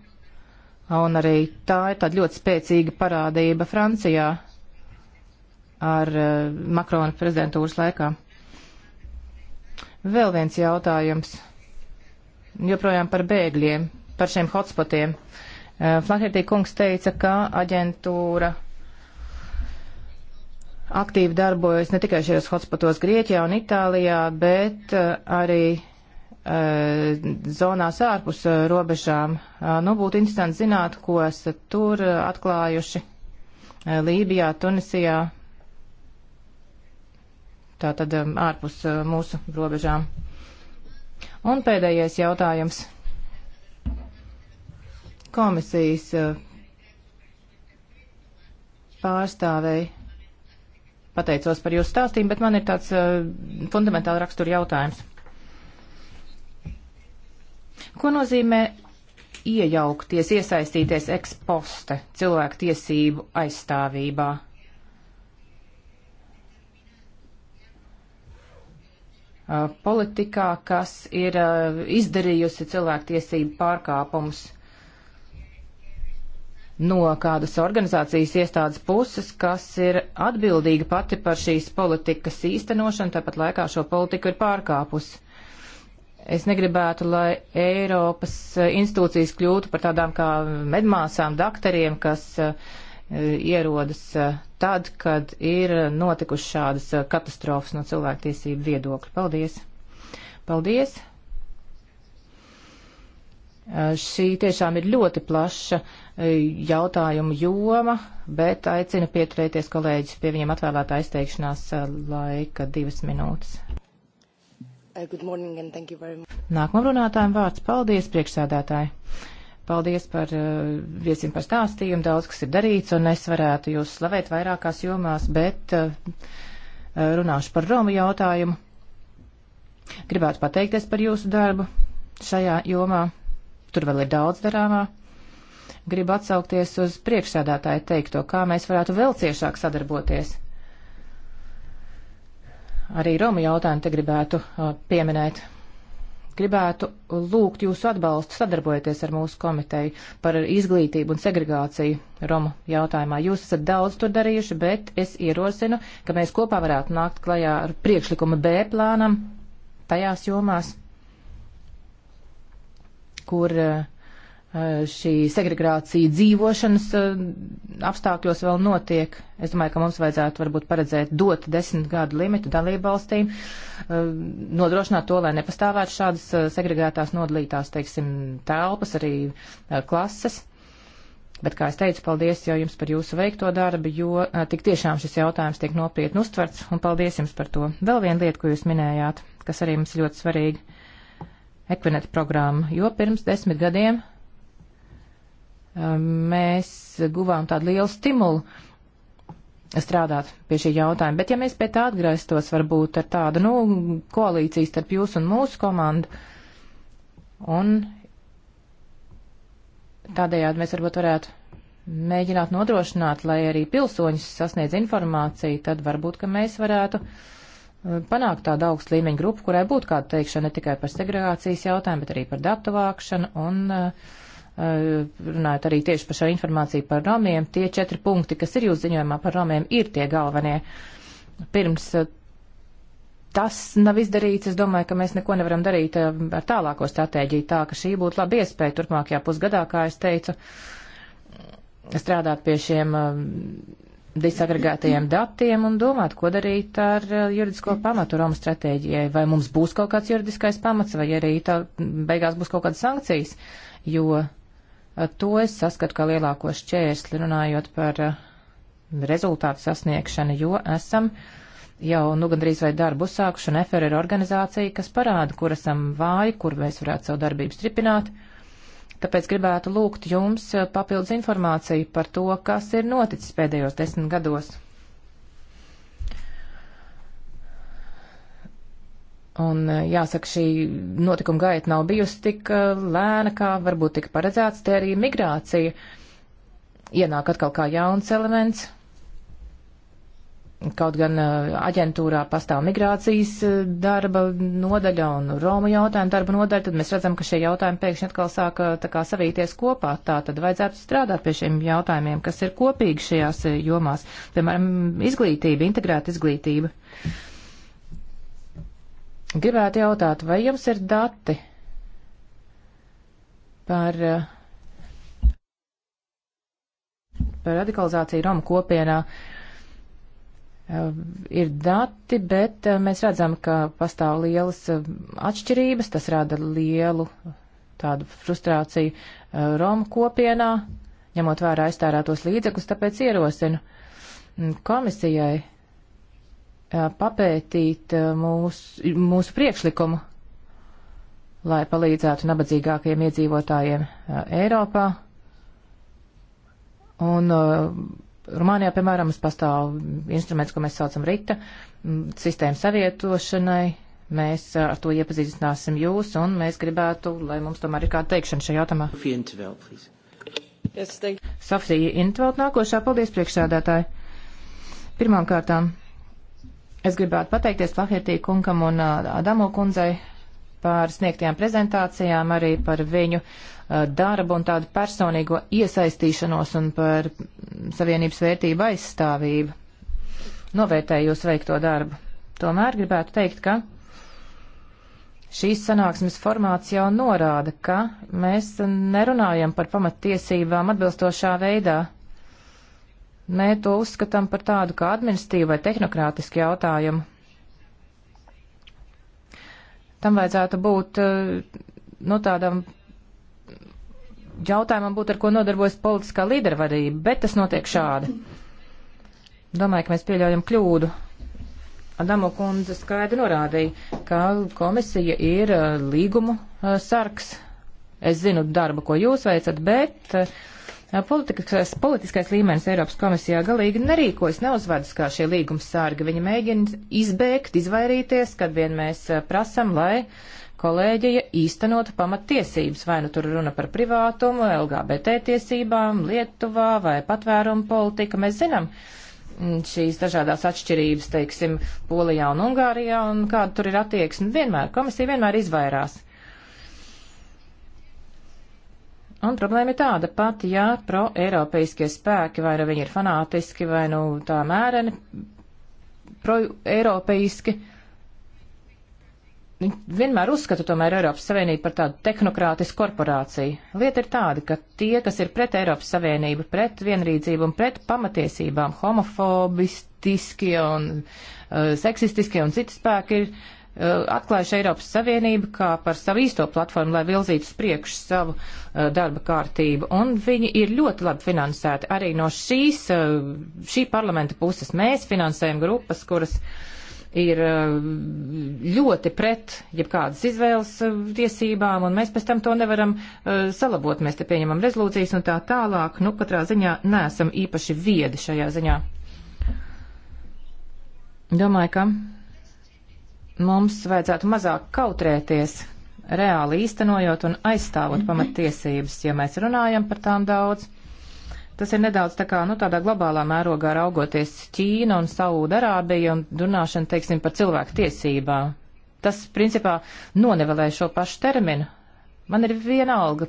Un arī tā ir tāda ļoti spēcīga parādība Francijā ar eh, Makrona prezidentūras laikā. Vēl viens jautājums. Joprojām par bēgļiem, par šiem hotspotiem. Eh, Flahertī kungs teica, ka aģentūra aktīvi darbojas ne tikai šajos hotspotos Grieķijā un Itālijā, bet eh, arī Eh, zonās ārpus eh, robežām. Eh, nu, būtu interesanti zināt, ko esat tur atklājuši Lībijā, Tunisijā, tā tad ārpus mūsu robežām. Un pēdējais jautājums. Komisijas pārstāvēji pateicos par jūsu stāstījumu, bet man ir tāds fundamentāli rakstura jautājums. Ko nozīmē iejaukties, iesaistīties eksposte cilvēku tiesību aizstāvībā? Politikā, kas ir izdarījusi cilvēktiesību pārkāpumus no kādas organizācijas iestādes puses, kas ir atbildīga pati par šīs politikas īstenošanu, tāpat laikā šo politiku ir pārkāpusi. Es negribētu, lai Eiropas eh, institūcijas kļūtu par tādām kā medmāsām, daktariem, kas eh, ierodas eh, tad, kad ir notikušas šādas katastrofas no cilvēktiesību viedokļa. Paldies! Paldies! Šī tiešām ir ļoti plaša jautājuma joma, bet aicinu pieturēties kolēģis pie viņiem atvēlētā izteikšanās laika divas minūtes. Uh, Nākamā runātājiem vārds. Paldies, priekšsēdētāji! Paldies par uh, viesiem par stāstījumu, daudz kas ir darīts, un es varētu jūs slavēt vairākās jomās, bet uh, uh, runāšu par Romu jautājumu. Gribētu pateikties par jūsu darbu šajā jomā. Tur vēl ir daudz darāmā. Gribu atsaukties uz priekšsēdētāju teikto, kā mēs varētu vēl ciešāk sadarboties arī Romu jautājumu te gribētu uh, pieminēt. Gribētu lūgt jūsu atbalstu sadarbojoties ar mūsu komiteju par izglītību un segregāciju Romu jautājumā. Jūs esat daudz tur darījuši, bet es ierosinu, ka mēs kopā varētu nākt klajā ar priekšlikumu B plānam tajās jomās, kur uh, Eh, šī segregācija dzīvošanas eh, apstākļos vēl notiek. Es domāju, ka mums vajadzētu varbūt paredzēt dot desmit gadu limitu dalībvalstīm, eh, nodrošināt to, lai nepastāvētu šādas segregētās nodalītās, teiksim, telpas, arī klases. Bet, kā es teicu, paldies jau jums par jūsu veikto darbu, jo tik tiešām šis jautājums tiek nopietni uztverts, un paldies jums par to. Vēl viena lieta, ko jūs minējāt, kas arī mums ļoti svarīga. Ekvinet programma, jo pirms desmit gadiem Ehm, mēs guvām tādu lielu stimulu strādāt pie šī jautājuma. Bet ja mēs pie tā atgrieztos varbūt ar tādu, nu, koalīciju starp jūs un mūsu komandu, un tādējādi mēs varbūt varētu mēģināt nodrošināt, lai arī pilsoņus sasniedz informāciju, tad varbūt, ka mēs varētu eh, panākt tādu augstu līmeņu grupu, kurai būtu kāda teikšana ne tikai par segregācijas jautājumu, bet arī par datu vākšanu un uh, Eh, runājot arī tieši par šo informāciju par romiem, tie četri punkti, kas ir jūsu ziņojumā par romiem, ir tie galvenie. Pirms eh, tas nav izdarīts, es domāju, ka mēs neko nevaram darīt eh, ar tālāko stratēģiju, tā ka šī būtu laba iespēja turpmākajā pusgadā, kā es teicu, strādāt pie šiem disagregētajiem datiem un domāt, ko darīt ar juridisko pamatu Romas stratēģijai. Vai mums būs kaut kāds juridiskais pamats, vai arī tā beigās būs kaut kādas sankcijas, jo To es saskatu kā lielāko šķērsli runājot par eh, rezultātu sasniegšanu, jo esam jau nu gandrīz vai darbu sākuši, un FR ir organizācija, kas parāda, kur esam vāji, kur mēs varētu savu darbību stripināt. Tāpēc gribētu lūgt jums eh, papildus informāciju par to, kas ir noticis pēdējos desmit gados Un eh, jāsaka, šī notikuma gaita nav bijusi tik eh, lēna, kā varbūt tika paredzēts, te arī migrācija ienāk atkal kā jauns elements. Kaut gan eh, aģentūrā pastāv migrācijas darba nodaļa un Roma jautājuma darba nodaļa, tad mēs redzam, ka šie jautājumi pēkšņi atkal sāk tā kā savīties kopā. Tā tad vajadzētu strādāt pie šiem jautājumiem, kas ir kopīgi šajās jomās. Piemēram, izglītība, integrēta izglītība. Uh, Gribētu jautāt, vai jums ir dati par, par radikalizāciju Roma kopienā? Ir dati, bet mēs redzam, ka pastāv lielas atšķirības, tas rada lielu tādu frustrāciju eh, Roma kopienā, ņemot vērā aiztērētos līdzekļus, tāpēc ierosinu mm, komisijai papētīt mūsu, mūsu priekšlikumu, lai palīdzētu nabadzīgākajiem iedzīvotājiem Eiropā. Un Rumānijā, piemēram, mums pastāv instruments, ko mēs saucam rita, sistēma savietošanai. Mēs ar to iepazīstināsim jūs, un mēs gribētu, lai mums tomēr ir kāda teikšana šajā jautājumā. Yes, Sofija Intvelt nākošā, paldies priekšsēdētāji. Pirmām kārtām Es gribētu pateikties Flahertī kungam un uh, Adamo kundzei par sniegtajām prezentācijām, arī par viņu uh, darbu un tādu personīgo iesaistīšanos un par savienības vērtību aizstāvību. Novērtēju jūs veikto darbu. Tomēr gribētu teikt, ka šīs sanāksmes formāts jau norāda, ka mēs nerunājam par pamattiesībām atbilstošā veidā. Mēs to uzskatām par tādu kā administratīvu vai tehnokrātisku jautājumu. Tam vajadzētu būt eh, no tādam jautājumam, būt ar ko nodarbojas politiskā līdervadība, bet tas notiek šādi. Domāju, ka mēs pieļaujam kļūdu. Adamo kundze skaidri norādīja, ka komisija ir eh, līgumu eh, sargs. Es zinu darbu, ko jūs veicat, bet uh, Politiskais, politiskais līmenis Eiropas komisijā galīgi nerīkojas, neuzvedas kā šie līgumsārgi. Viņi mēģina izbēgt, izvairīties, kad vien mēs prasam, lai kolēģija īstenotu pamattiesības. Vai nu tur runa par privātumu, LGBT tiesībām, Lietuvā vai patvērumu politika. Mēs zinām mm, šīs dažādās atšķirības, teiksim, Polijā un Ungārijā, un kāda tur ir attieksme. Vienmēr komisija vienmēr izvairās. Un problēma ir tāda pati, ja pro-eiropeiskie spēki, vai nu viņi ir fanātiski, vai nu tā mēreni pro-eiropeiski, vienmēr uzskata tomēr Eiropas Savienību par tādu tehnokrātisku korporāciju. Lieta ir tāda, ka tie, kas ir pret Eiropas Savienību, pret vienrīdzību un pret pamatiesībām, homofobistiskie un uh, seksistiskie un citi spēki ir uh, Eh, atklājuši Eiropas Savienību kā par savu īsto platformu, lai vilzītu uz priekšu savu uh, darba kārtību. Un viņi ir ļoti labi finansēti. Arī no šīs, uh, šī parlamenta puses mēs finansējam grupas, kuras ir uh, ļoti pret jebkādas izvēles tiesībām, un mēs pēc tam to nevaram salabot. Mēs te pieņemam rezolūcijas un tā tālāk. Nu, katrā ziņā neesam īpaši viedi šajā ziņā. Domāju, ka Mums vajadzētu mazāk kautrēties, reāli īstenojot un aizstāvot mhm. pamattiesības, ja mēs runājam par tām daudz. Tas ir nedaudz tā kā, nu, tādā globālā mērogā raugoties Ķīna un Saudarābija un runāšana, teiksim, par cilvēku tiesībām. Tas, principā, nonevelē šo pašu terminu. Man ir vienalga,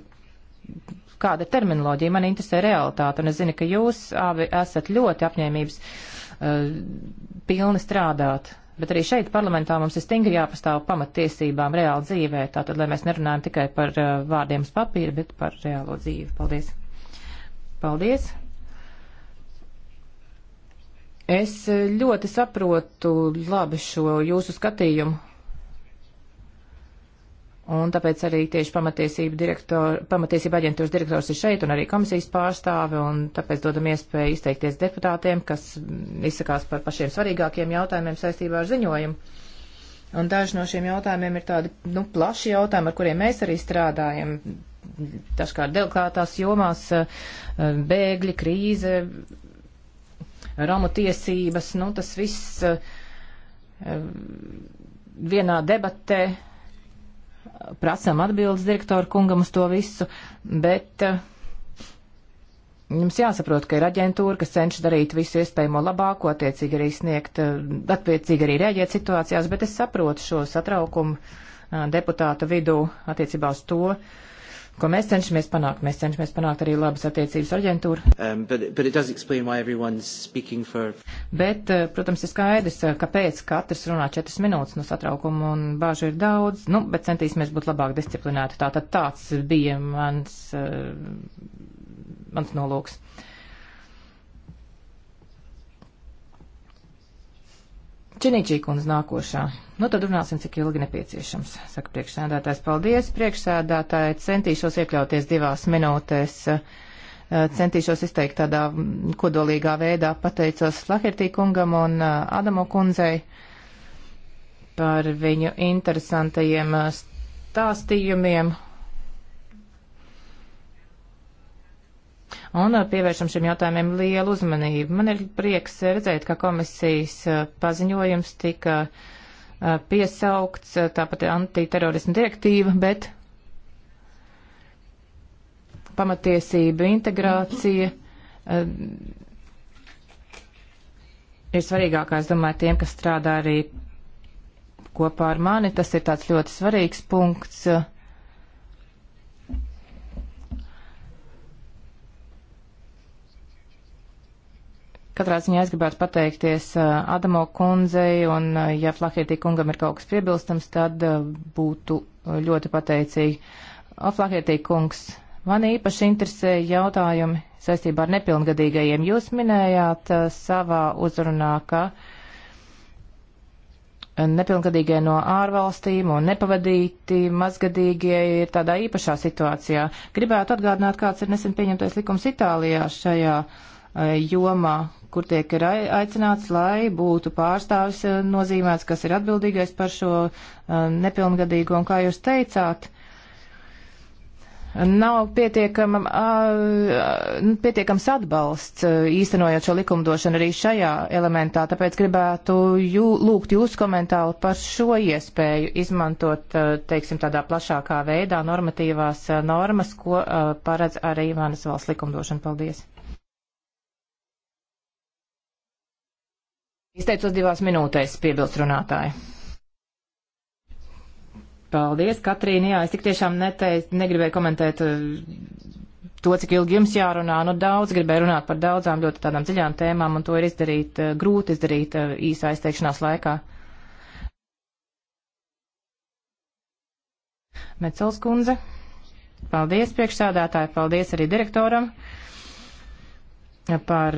kāda ir terminoloģija, man interesē realitāte, un es zinu, ka jūs abi esat ļoti apņēmības uh, pilni strādāt bet arī šeit parlamentā mums ir stingri jāpastāv pamattiesībām reāli dzīvē, tātad, lai mēs nerunājam tikai par uh, vārdiem uz papīra, bet par reālo dzīvi. Paldies! Paldies! Es uh, ļoti saprotu labi šo jūsu skatījumu Un tāpēc arī tieši pamatiesība, direktor, pamatiesība aģentūras direktors ir šeit un arī komisijas pārstāve, un tāpēc dodam iespēju izteikties deputātiem, kas izsakās par pašiem svarīgākiem jautājumiem saistībā ar ziņojumu. Un daži no šiem jautājumiem ir tādi, nu, plaši jautājumi, ar kuriem mēs arī strādājam. Dažkārt delikātās jomās eh, bēgļi, krīze, ramu tiesības, nu, tas viss eh, vienā debatē prasam atbildes direktoru kungam uz to visu, bet eh, jums jāsaprot, ka ir aģentūra, kas cenšas darīt visu iespējamo labāko, attiecīgi arī sniegt, eh, attiecīgi arī rēģēt situācijās, bet es saprotu šo satraukumu eh, deputātu vidū attiecībā uz to, uh, ko mēs cenšamies panākt. Mēs cenšamies panākt arī labas attiecības ar aģentūru. Um, but, but for... Bet, uh, protams, ir skaidrs, uh, kāpēc katrs runā četras minūtes no satraukuma un bāžu ir daudz, nu, bet centīsimies būt labāk disciplinēti. Tātad tāds bija mans, uh, mans nolūks. Uh, Čenīčī kundze nākošā. Nu, tad runāsim, cik ilgi nepieciešams. Saka priekšsēdētājs, paldies. Priekšsēdētāji, centīšos iekļauties divās minūtēs. Eh, centīšos izteikt tādā kodolīgā veidā. Pateicos Lahertī kungam un eh, Adamo kundzei par viņu interesantajiem eh, stāstījumiem un uh, pievēršam šiem jautājumiem lielu uzmanību. Man ir prieks redzēt, ka komisijas uh, paziņojums tika uh, piesaukts, tāpat antiterorismu direktīva, bet pamatiesība, integrācija ir svarīgākā, es domāju, tiem, kas strādā arī kopā ar mani. Tas ir tāds ļoti svarīgs punkts. Uh, Katrā ziņā es gribētu pateikties uh, Adamo kundzei, un uh, ja Flahētī kungam ir kaut kas piebilstams, tad uh, būtu ļoti pateicīgi. O, Flahētī kungs, man īpaši interesē jautājumi saistībā ar nepilngadīgajiem. Jūs minējāt savā uzrunā, ka nepilngadīgie no ārvalstīm un nepavadīti mazgadīgie ir tādā īpašā situācijā. Gribētu atgādināt, kāds ir nesen pieņemtais likums Itālijā šajā uh, Eh, jomā, kur tiek aicināts, lai būtu pārstāvis eh, nozīmēts, kas ir atbildīgais par šo eh, nepilngadīgo. Un kā jūs teicāt, nav pietiekam, pietiekams atbalsts īstenojot šo likumdošanu arī šajā elementā, tāpēc gribētu jū, lūgt jūsu komentāru par šo iespēju izmantot, teiksim, tādā plašākā veidā normatīvās normas, ko paredz arī manas valsts likumdošana. Paldies! Izteicos divās minūtēs, piebilst runātāji. Paldies, Katrīna. Jā, es tik tiešām neteic, negribēju komentēt eh, to, cik ilgi jums jārunā. Nu, daudz gribēju runāt par daudzām ļoti tādām dziļām tēmām, un to ir izdarīt, eh, grūti izdarīt eh, īsā izteikšanās laikā. Mecels kundze. Paldies priekšsādātāji, paldies arī direktoram par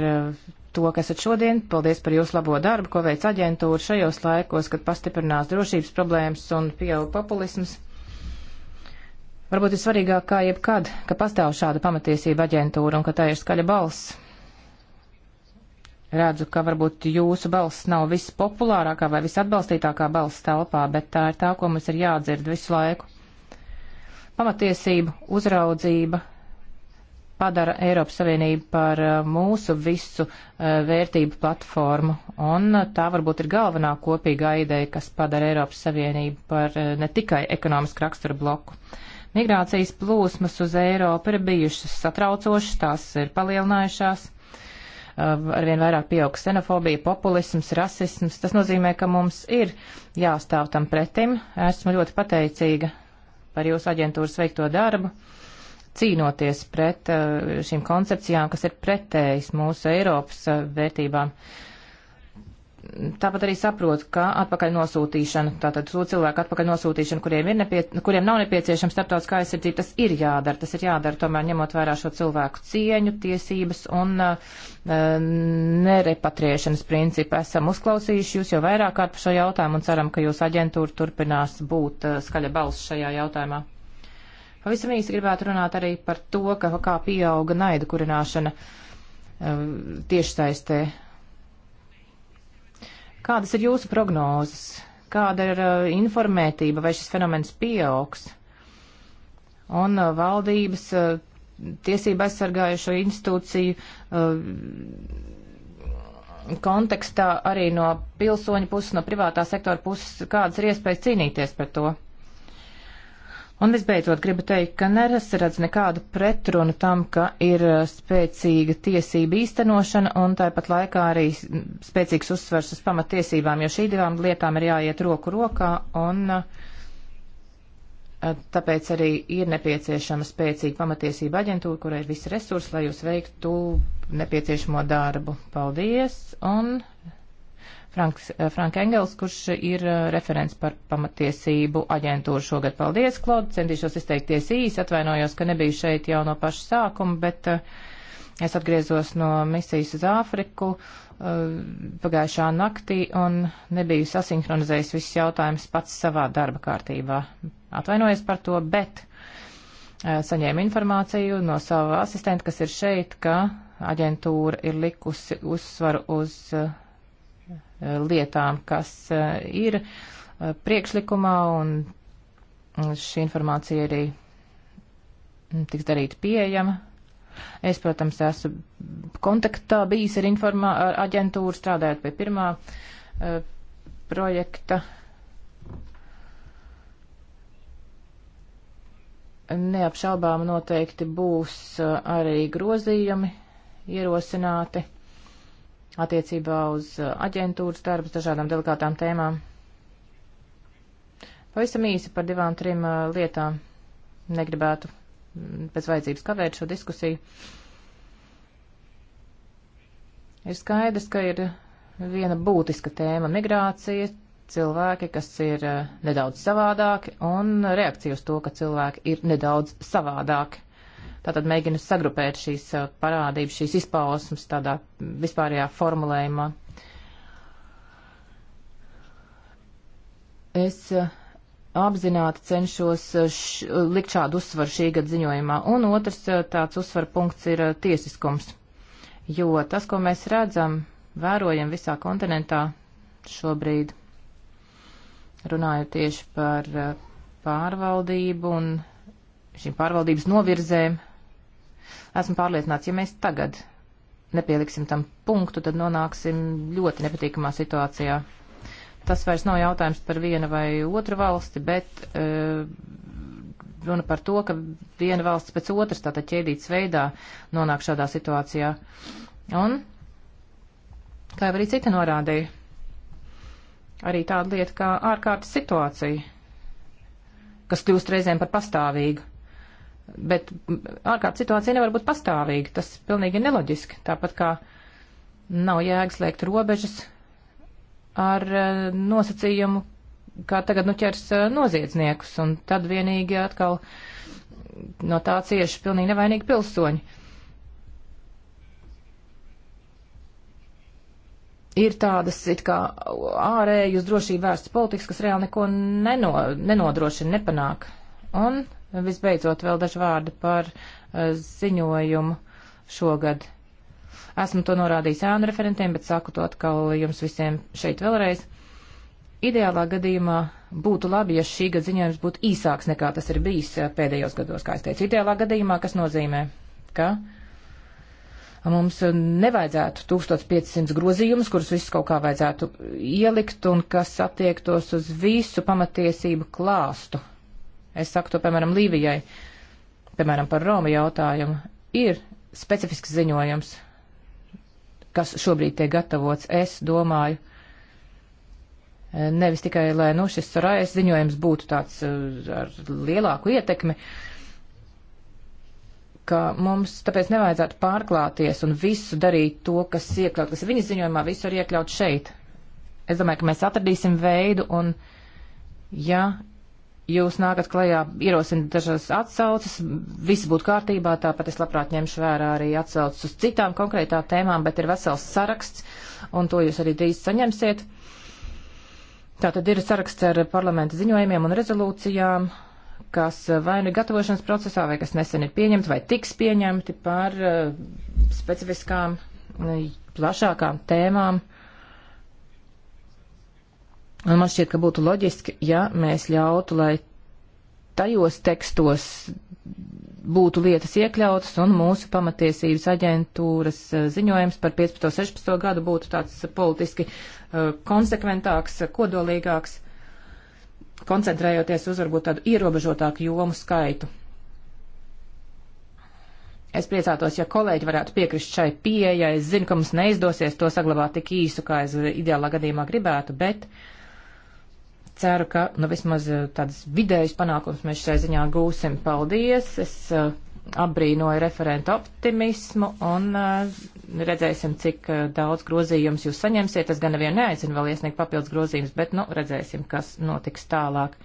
to, ka esat šodien. Paldies par jūsu labo darbu, ko veic aģentūra šajos laikos, kad pastiprinās drošības problēmas un pieauga populisms. Varbūt ir svarīgāk kā jebkad, ka pastāv šāda pamatiesība aģentūra un ka tā ir skaļa balss. Redzu, ka varbūt jūsu balss nav viss populārākā vai visatbalstītākā balss telpā, bet tā ir tā, ko mums ir jādzird visu laiku. Pamatiesība, uzraudzība, padara Eiropas Savienību par eh, mūsu visu eh, vērtību platformu. Un eh, tā varbūt ir galvenā kopīgā ideja, kas padara Eiropas Savienību par ne tikai ekonomisku raksturu bloku. Migrācijas plūsmas uz Eiropu ir bijušas satraucošas, tās ir palielinājušās. Arvien vairāk pieaug ksenofobija, populisms, rasisms. Tas nozīmē, ka mums ir jāstāv tam pretim. Esmu ļoti pateicīga par jūsu aģentūras veikto darbu. Uh, cīnoties pret eh, šīm koncepcijām, kas ir pretējas mūsu Eiropas eh, vērtībām. Tāpat arī saprotu, ka atpakaļ nosūtīšana, tātad to cilvēku atpakaļ nosūtīšana, kuriem, ir nepie, kuriem nav nepieciešama starptautiskā aizsardzība, tas ir jādara. Tas ir jādara tomēr ņemot vērā šo cilvēku cieņu, tiesības un uh, nerepatriešanas principu. Esam uzklausījuši jūs jau vairāk kārt par šo jautājumu un ceram, ka jūsu aģentūra turpinās būt uh, skaļa balss šajā jautājumā. Pavisam īsi gribētu runāt arī par to, ka kā pieauga naida kurināšana um, tiešsaistē. Kādas ir jūsu prognozes? Kāda ir uh, informētība, vai šis fenomens pieaugs? Un uh, valdības uh, tiesība aizsargājušo institūciju kontekstā arī no pilsoņa puses, no privātā sektora puses, kādas ir iespējas cīnīties par to? Un visbeidzot, gribu teikt, ka neredz nekādu pretrunu tam, ka ir uh, spēcīga tiesība īstenošana un tāpat laikā arī spēcīgs uzsvers uz pamatiesībām, jo šī divām lietām ir jāiet roku rokā un uh, tāpēc arī ir nepieciešama spēcīga pamatiesība aģentūra, kurai ir visi resursi, lai jūs veiktu nepieciešamo darbu. Paldies! Un Franks, eh, Frank Engels, kurš ir eh, referents par pamatiesību aģentūru šogad. Paldies, Klod, centīšos izteikties īsi, atvainojos, ka nebiju šeit jau no paša sākuma, bet eh, es atgriezos no misijas uz Āfriku pagājušā naktī un nebiju sasinhronizējis visus jautājumus pats savā darba kārtībā. Atvainojos par to, bet saņēmu informāciju no sava asistenta, kas ir šeit, ka aģentūra ir likusi uzsvaru uz uh, lietām, kas eh, ir eh, priekšlikumā, un šī informācija arī tiks darīta pieejama. Es, protams, esmu kontaktā bijis ar, informā, ar aģentūru, strādājot pie pirmā uh, projekta. Neapšaubām noteikti būs arī grozījumi ierosināti attiecībā uz uh, aģentūras darbus dažādām delikātām tēmām. Pavisam īsi par divām, trim uh, lietām negribētu pēc mm, vajadzības kavēt šo diskusiju. Ir skaidrs, ka ir viena būtiska tēma - migrācija, cilvēki, kas ir uh, nedaudz savādāki, un reakcija uz to, ka cilvēki ir nedaudz savādāki tātad mēģinu sagrupēt šīs uh, parādības, šīs izpausmes tādā vispārējā formulējumā. Es uh, apzināti cenšos uh, š, likt šādu uzsvaru šī gada ziņojumā, un otrs tāds uzsvaru punkts ir tiesiskums. Jo tas, ko mēs redzam, vērojam visā kontinentā šobrīd, runājot tieši par pārvaldību un šīm pārvaldības novirzēm, Esmu pārliecināts, ja mēs tagad nepieliksim tam punktu, tad nonāksim ļoti nepatīkamā situācijā. Tas vairs nav jautājums par vienu vai otru valsti, bet e, runa par to, ka viena valsts pēc otras tātad ķēdītas veidā nonāk šādā situācijā. Un, kā jau arī cita norādīja, arī tāda lieta kā ārkārtas situācija, kas kļūst reizēm par pastāvīgu. Bet ārkārtas situācija nevar būt pastāvīga. Tas pilnīgi neloģiski. Tāpat kā nav jēgas liekt robežas ar e, nosacījumu, kā tagad nu ķers e, noziedzniekus, un tad vienīgi atkal no tā cieši pilnīgi nevainīgi pilsoņi. ir tādas it kā ārēji uz drošību vērstas politikas, kas reāli neko neno, nenodrošina, nepanāk. Un Visbeidzot, vēl daži vārdi par eh, ziņojumu šogad. Esmu to norādījis ēnu referentiem, bet saku to atkal jums visiem šeit vēlreiz. Ideālā gadījumā būtu labi, ja šī gada ziņojums būtu īsāks nekā tas ir bijis eh, pēdējos gados, kā es teicu. Ideālā gadījumā, kas nozīmē, ka mums nevajadzētu 1500 grozījumus, kurus visus kaut kā vajadzētu ielikt un kas attiektos uz visu pamatiesību klāstu es saku to, piemēram, Līvijai, piemēram, par Roma jautājumu, ir specifisks ziņojums, kas šobrīd tiek gatavots. Es domāju, nevis tikai, lai nu, šis sarājas ziņojums būtu tāds uh, ar lielāku ietekmi, ka mums tāpēc nevajadzētu pārklāties un visu darīt to, kas iekļaut, kas viņas ziņojumā visu var iekļaut šeit. Es domāju, ka mēs atradīsim veidu un, ja jūs nākat klajā, ierosināt dažas atsauces, viss būtu kārtībā, tāpat es labprāt ņemšu vērā arī atsauces uz citām konkrētām tēmām, bet ir vesels saraksts, un to jūs arī drīz saņemsiet. Tā tad ir saraksts ar parlamenta ziņojumiem un rezolūcijām, kas vai nu ir gatavošanas procesā, vai kas nesen ir pieņemti, vai tiks pieņemti par eh, specifiskām, eh, plašākām tēmām Un man šķiet, ka būtu loģiski, ja mēs ļautu, lai tajos tekstos būtu lietas iekļautas un mūsu pamatiesības aģentūras eh, ziņojums par 15. 16. gadu būtu tāds politiski uh, konsekventāks, kodolīgāks, koncentrējoties uz varbūt tādu ierobežotāku jomu skaitu. Es priecātos, ja kolēģi varētu piekrist šai pieejai. Es zinu, ka mums neizdosies to saglabāt tik īsu, kā es ideālā gadījumā gribētu, bet uh, ceru, ka nu, vismaz eh, tādas vidējas panākums mēs šai ziņā gūsim. Paldies! Es uh, apbrīnoju referentu optimismu un uh, redzēsim, cik uh, daudz grozījums jūs saņemsiet. Es gan nevienu neaicinu vēl iesniegt papildus grozījumus, bet nu, redzēsim, kas notiks tālāk.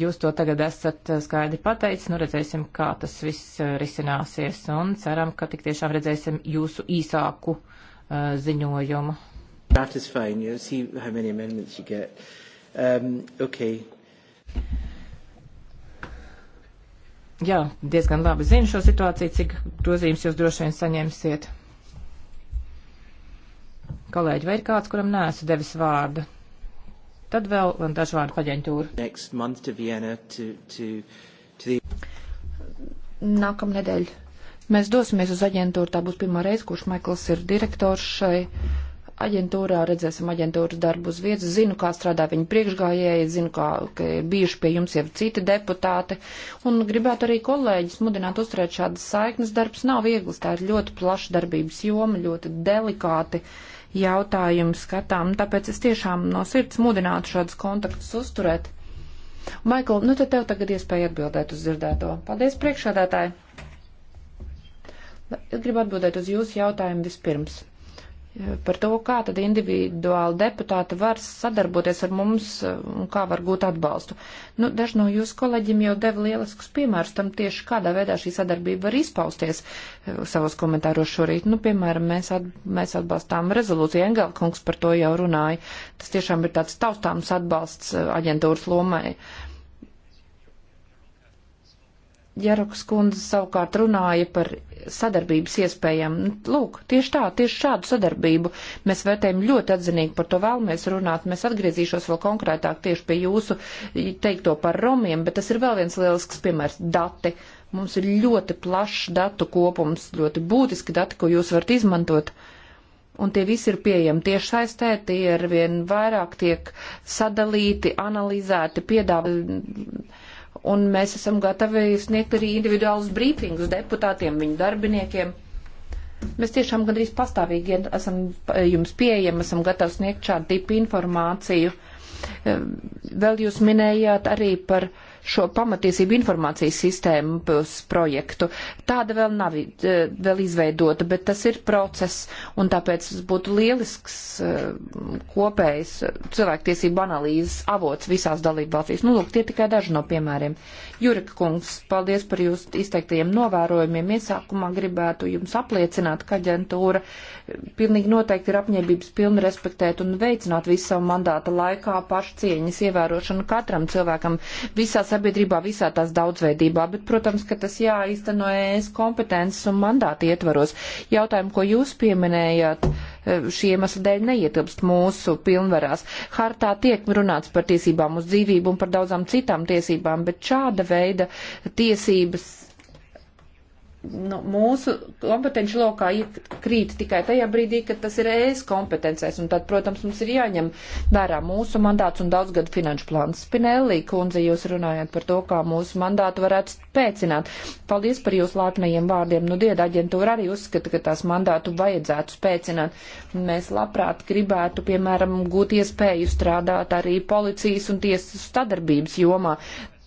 Jūs to tagad esat skaidri pateicis, nu redzēsim, kā tas viss risināsies un ceram, ka tik tiešām redzēsim jūsu īsāku uh, ziņojumu. That is fine. You'll see how many amendments you get. Um, okay. Jā, diezgan labi zinu šo situāciju, cik grozījums jūs droši vien saņemsiet. Kolēģi, vai ir kāds, kuram nesu devis vārdu? Tad vēl dažu vārdu paģentūru. To Vienna, to, to, to the... Nākamnedēļ mēs dosimies uz aģentūru. Tā būs pirmā reize, kurš Maikls ir direktors šai. Uh, aģentūrā, redzēsim aģentūras darbu uz vietas, zinu, kā strādā viņa priekšgājēji, zinu, kā bijuši pie jums jau citi deputāti, un gribētu arī kolēģis mudināt uzturēt šādas saiknes. Darbs nav viegls, tā ir ļoti plaša darbības joma, ļoti delikāti jautājumi skatām, tāpēc es tiešām no sirds mudinātu šādus kontaktus uzturēt. Maikl, nu tad tev tagad iespēja atbildēt uz dzirdēto. Paldies priekšādātāji! Es gribu atbildēt uz jūsu jautājumu vispirms par to, kā tad individuāli deputāti var sadarboties ar mums uh, un kā var gūt atbalstu. Nu, daži no jūsu kolēģiem jau deva lieliskus piemērus tam tieši, kādā veidā šī sadarbība var izpausties uh, savos komentāros šorīt. Nu, piemēram, mēs, at, mēs atbalstām rezolūciju, Engelkungs par to jau runāja. Tas tiešām ir tāds taustāms atbalsts uh, aģentūras lomai. Uh, Jaruks kundze savukārt runāja par sadarbības iespējām. Nu, lūk, tieši tā, tieši šādu sadarbību mēs vērtējam ļoti atzinīgi, par to vēlamies runāt. Mēs atgriezīšos vēl konkrētāk tieši pie jūsu teikto par romiem, bet tas ir vēl viens lielisks piemērs - dati. Mums ir ļoti plašs datu kopums, ļoti būtiski dati, ko jūs varat izmantot. Un tie visi ir pieejami tieši saistē, tie ar vien vairāk tiek sadalīti, analizēti, piedāvāti un mēs esam gatavi sniegt arī individuālus brīfingus deputātiem, viņu darbiniekiem. Mēs tiešām gandrīz pastāvīgi esam eh, jums pieejami, esam gatavi sniegt šādu tipu informāciju. Eh, Vēl jūs minējāt arī par uh, šo pamatiesību informācijas sistēmu projektu. Tāda vēl nav e, vēl izveidota, bet tas ir process, un tāpēc būtu lielisks e, kopējs cilvēktiesību analīzes avots visās dalību valstīs. Nu, lūk, tie tikai daži no piemēriem. Jurika kungs, paldies par jūsu izteiktajiem novērojumiem. Iesākumā gribētu jums apliecināt, ka aģentūra e, pilnīgi noteikti ir apņēmības pilna respektēt un veicināt visu savu mandātu mandāta laikā pašcieņas ievērošanu katram cilvēkam visās sabiedrībā visā tās daudzveidībā, bet, protams, ka tas jāīsteno ES kompetences un mandāti ietvaros. Jautājumu, ko jūs pieminējāt, e, šī iemesla dēļ neietilpst mūsu pilnvarās. Hartā tiek runāts par tiesībām uz dzīvību un par daudzām citām tiesībām, bet šāda veida tiesības nu, mūsu kompetenci lokā krīt tikai tajā brīdī, kad tas ir ES kompetencēs, un tad, protams, mums ir jāņem vērā mūsu mandāts un daudzgadu finanšu plāns. Spinelli, kundze, jūs runājat par to, kā mūsu mandātu varētu spēcināt. Paldies par jūsu lēpnajiem vārdiem. Nu, Dieda aģentūra arī uzskata, ka tās mandātu vajadzētu spēcināt. Mēs labprāt gribētu, piemēram, gūt iespēju strādāt arī policijas un tiesas sadarbības jomā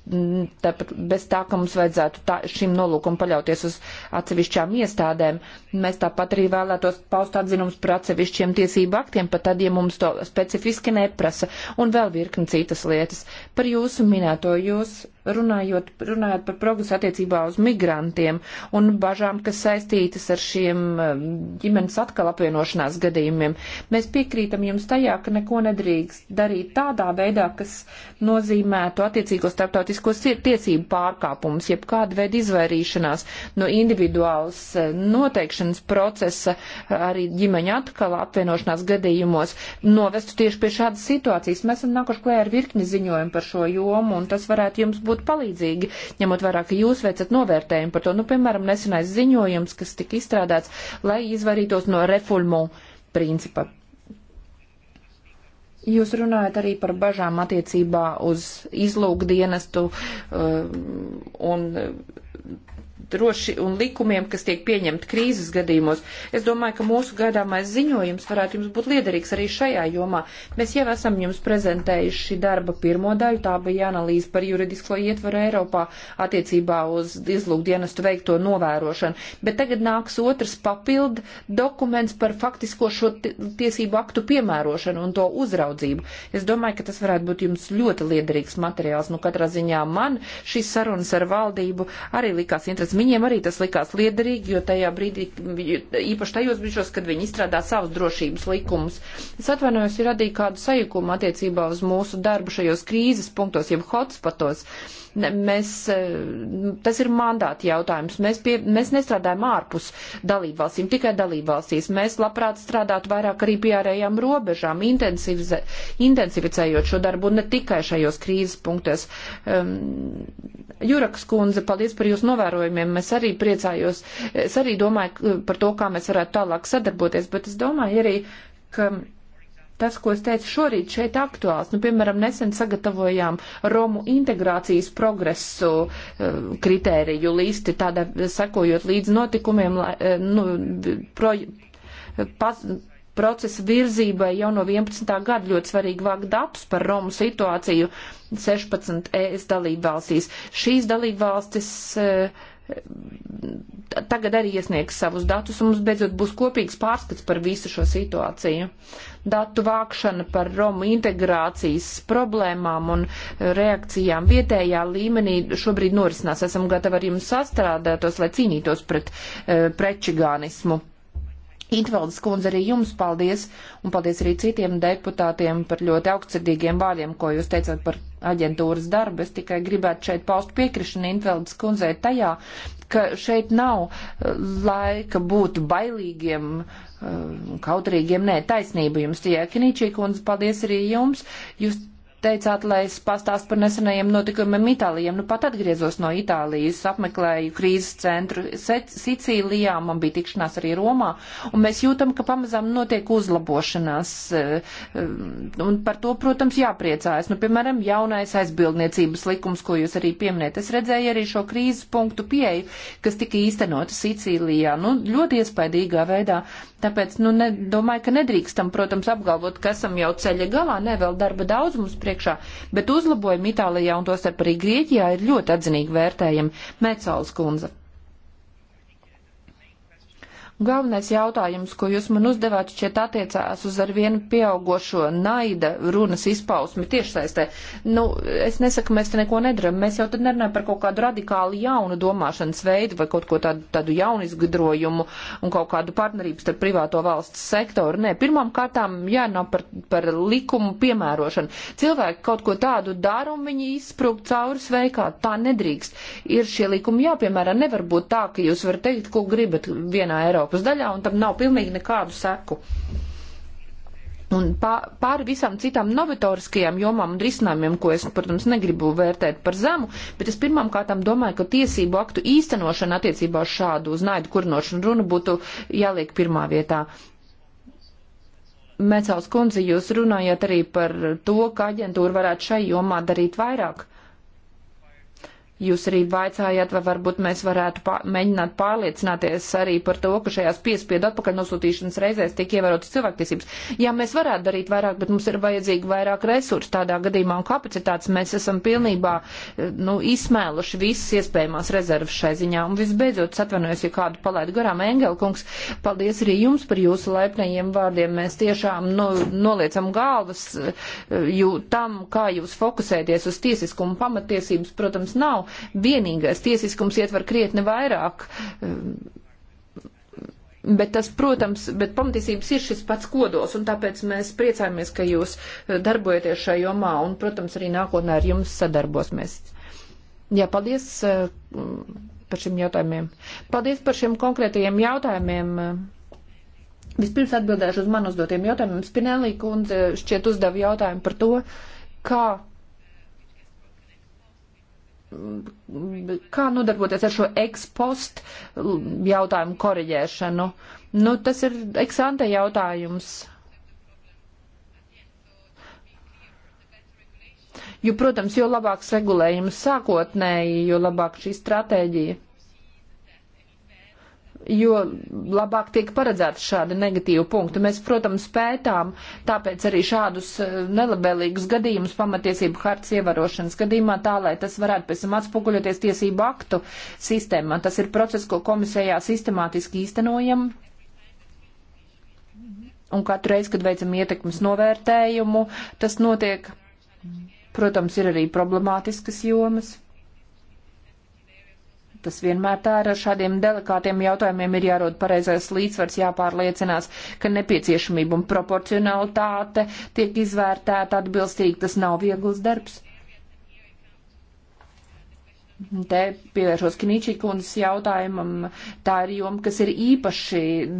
Mm, tāpat bez tā, ka mums vajadzētu tā, šim nolūkam paļauties uz atsevišķām iestādēm. Mēs tāpat arī vēlētos paust atzinums par atsevišķiem tiesību aktiem, pat tad, ja mums to specifiski neprasa, un vēl virkni citas lietas. Par jūsu minēto jūs runājot, runājot par progresu attiecībā uz migrantiem un bažām, kas saistītas ar šiem um, ģimenes atkal apvienošanās gadījumiem. Mēs piekrītam jums tajā, ka neko nedrīkst darīt tādā veidā, kas nozīmētu attiecīgo starptautisko tiesību pārkāpumus, jeb kādu veidu izvairīšanās no individuālas uh, noteikšanas procesa arī ģimeņa atkal apvienošanās gadījumos novestu tieši pie šādas situācijas. Mēs esam nākuši klē ar virkni ziņojumu par šo jomu, un tas varētu jums būt būtu palīdzīgi, ņemot vairāk, ka jūs veicat novērtējumu par to, nu, piemēram, nesenais ziņojums, kas tika izstrādāts, lai izvairītos no refulmu principa. Jūs runājat arī par bažām attiecībā uz izlūkdienestu uh, un droši un likumiem, kas tiek pieņemti krīzes gadījumos. Es domāju, ka mūsu gaidāmais ziņojums varētu jums būt liederīgs arī šajā jomā. Mēs jau esam jums prezentējuši darba pirmo daļu, tā bija analīze par juridisko ietvaru Eiropā attiecībā uz izlūkdienestu veikto novērošanu. Bet tagad nāks otrs papildu dokuments par faktisko šo tiesību aktu piemērošanu un to uzraudzību. Es domāju, ka tas varētu būt jums ļoti liederīgs materiāls. Nu, katrā ziņā man šīs sarunas ar valdību arī likās interesants Viņiem arī tas likās liederīgi, jo tajā brīdī, īpaši tajos brīžos, kad viņi izstrādā savus drošības likumus, es atvainojos, ir radīja kādu sajukumu attiecībā uz mūsu darbu šajos krīzes punktos, jeb hotspatos. Uh, Ne, mēs, eh, tas ir mandāta jautājums. Mēs, pie, mēs nestrādājam ārpus dalībvalstīm, tikai dalībvalstīs. Mēs labprāt strādātu vairāk arī pie ārējām robežām, intensificējot šo darbu un ne tikai šajos krīzes punktos. Um, Jurakas kundze, paldies par jūsu novērojumiem. Es arī priecājos. Es arī domāju par to, kā mēs varētu tālāk sadarboties, bet es domāju arī, ka tas, ko es teicu šorīt, šeit aktuāls. Nu, piemēram, nesen sagatavojām Romu integrācijas progresu eh, kritēriju listi, tādā sekojot līdz notikumiem, eh, nu, pro, pas, procesa virzībai jau no 11. gada ļoti svarīgi vākt datus par Romu situāciju 16 ES dalībvalstīs. Šīs dalībvalstis uh, tagad arī iesniegs savus datus, un mums beidzot būs kopīgs pārskats par visu šo situāciju. Datu vākšana par Romu integrācijas problēmām un reakcijām vietējā līmenī šobrīd norisinās. Esam gatavi ar jums sastrādētos, lai cīnītos pret e, prečigānismu. Intvaldes kundze, arī jums paldies, un paldies arī citiem deputātiem par ļoti augstsirdīgiem vārdiem, ko jūs teicāt par aģentūras darbu. Es tikai gribētu šeit paust piekrišanu Intvaldes kundzei tajā, ka šeit nav eh, laika būt bailīgiem, eh, kautrīgiem. Nē, taisnība jums tie, Kiničī kundze, paldies arī jums. Jūs teicāt, lai es pastāstu par nesenajiem notikumiem Itālijam. Nu, pat atgriezos no Itālijas, apmeklēju krīzes centru Sicīlijā, man bija tikšanās arī Romā, un mēs jūtam, ka pamazām notiek uzlabošanās, eh, um, un par to, protams, jāpriecājas. Nu, piemēram, jaunais aizbildniecības likums, ko jūs arī pieminējat. Es redzēju arī šo krīzes punktu pieeju, kas tika īstenota Sicīlijā, nu, ļoti iespaidīgā veidā. Tāpēc, nu, ne, domāju, ka nedrīkstam, protams, apgalvot, ka esam jau ceļa galā, ne vēl darba daudz mums priekšā priekšā, bet uzlabojumi Itālijā un tos ar arī Grieķijā ir ļoti atzinīgi vērtējami. Mecāls kundze. Galvenais jautājums, ko jūs man uzdevāt, šķiet attiecās uz arvien pieaugošo naida runas izpausmi tiešsaistē. Nu, es nesaku, mēs te neko nedaram. Mēs jau tad nerunājam par kaut kādu radikāli jaunu domāšanas veidu vai kaut ko tādu, tādu jaunu izgudrojumu un kaut kādu partnerības ar privāto valsts sektoru. Nē, pirmām kārtām jārunā par, par likumu piemērošanu. Cilvēki kaut ko tādu dara un viņi izsprūg cauri sveikā. Tā nedrīkst. Ir šie likumi jāpiemērā. Nevar būt tā, ka jūs varat teikt, ko gribat vienā Eiropā. Eiropas daļā, un tam nav pilnīgi nekādu seku. Un pāri visām citām novatoriskajām jomām un risinājumiem, ko es, protams, negribu vērtēt par zemu, bet es pirmām kārtām domāju, ka tiesību aktu īstenošana attiecībā uz šādu uz naidu kurnošanu runu būtu jāliek pirmā vietā. Mecāls kundze, jūs runājat arī par to, ka aģentūra varētu šai jomā darīt vairāk. Jūs arī vaicājāt, vai varbūt mēs varētu pār, mēģināt pārliecināties arī par to, ka šajās piespiedu atpakaļ nosūtīšanas reizēs tiek ievērotas cilvēktiesības. Jā, mēs varētu darīt vairāk, bet mums ir vajadzīgi vairāk resursu tādā gadījumā un kapacitātes. Mēs esam pilnībā eh, nu, izsmēluši visas iespējamās rezervas šai ziņā. Un visbeidzot, atvainojos, ja kādu palaidu garām, Engelkungs, paldies arī jums par jūsu laipnējiem vārdiem. Mēs tiešām nu, noliecam galvas eh, jū, tam, kā jūs fokusēties uz tiesiskumu pamatiesības, protams, nav vienīgais. Tiesiskums ietver krietni vairāk. Ehm, bet tas, protams, bet pamatiesības ir šis pats kodols, un tāpēc mēs priecājamies, ka jūs eh, darbojaties šajā jomā, un, protams, arī nākotnē ar jums sadarbosimies. Jā, paldies eh, par šiem jautājumiem. Paldies par šiem konkrētajiem jautājumiem. Vispirms atbildēšu uz man uzdotiem jautājumiem. Spinelī kundze šķiet uzdeva jautājumu par to, kā kā nodarboties ar šo ekspost jautājumu koriģēšanu. Nu, tas ir eksante jautājums. Jo, protams, jo labāks regulējums sākotnēji, jo labāk šī stratēģija jo labāk tiek paredzēta šāda negatīva punkta. Mēs, protams, pētām tāpēc arī šādus eh, nelabēlīgus gadījumus pamatiesību hartas ievarošanas gadījumā, tā lai tas varētu pēc tam atspoguļoties tiesību aktu sistēmā. Tas ir process, ko komisējā sistemātiski īstenojam. Un katru reizi, kad veicam ietekmes novērtējumu, tas notiek. Protams, ir arī problemātiskas jomas Tas vienmēr tā ir ar šādiem delikātiem jautājumiem ir jārod pareizais līdzsvars, jāpārliecinās, ka nepieciešamība un proporcionalitāte tiek izvērtēta atbilstīgi. Tas nav viegls darbs. Te pievēršos Kničī kundzes jautājumam. Tā ir joma, kas ir īpaši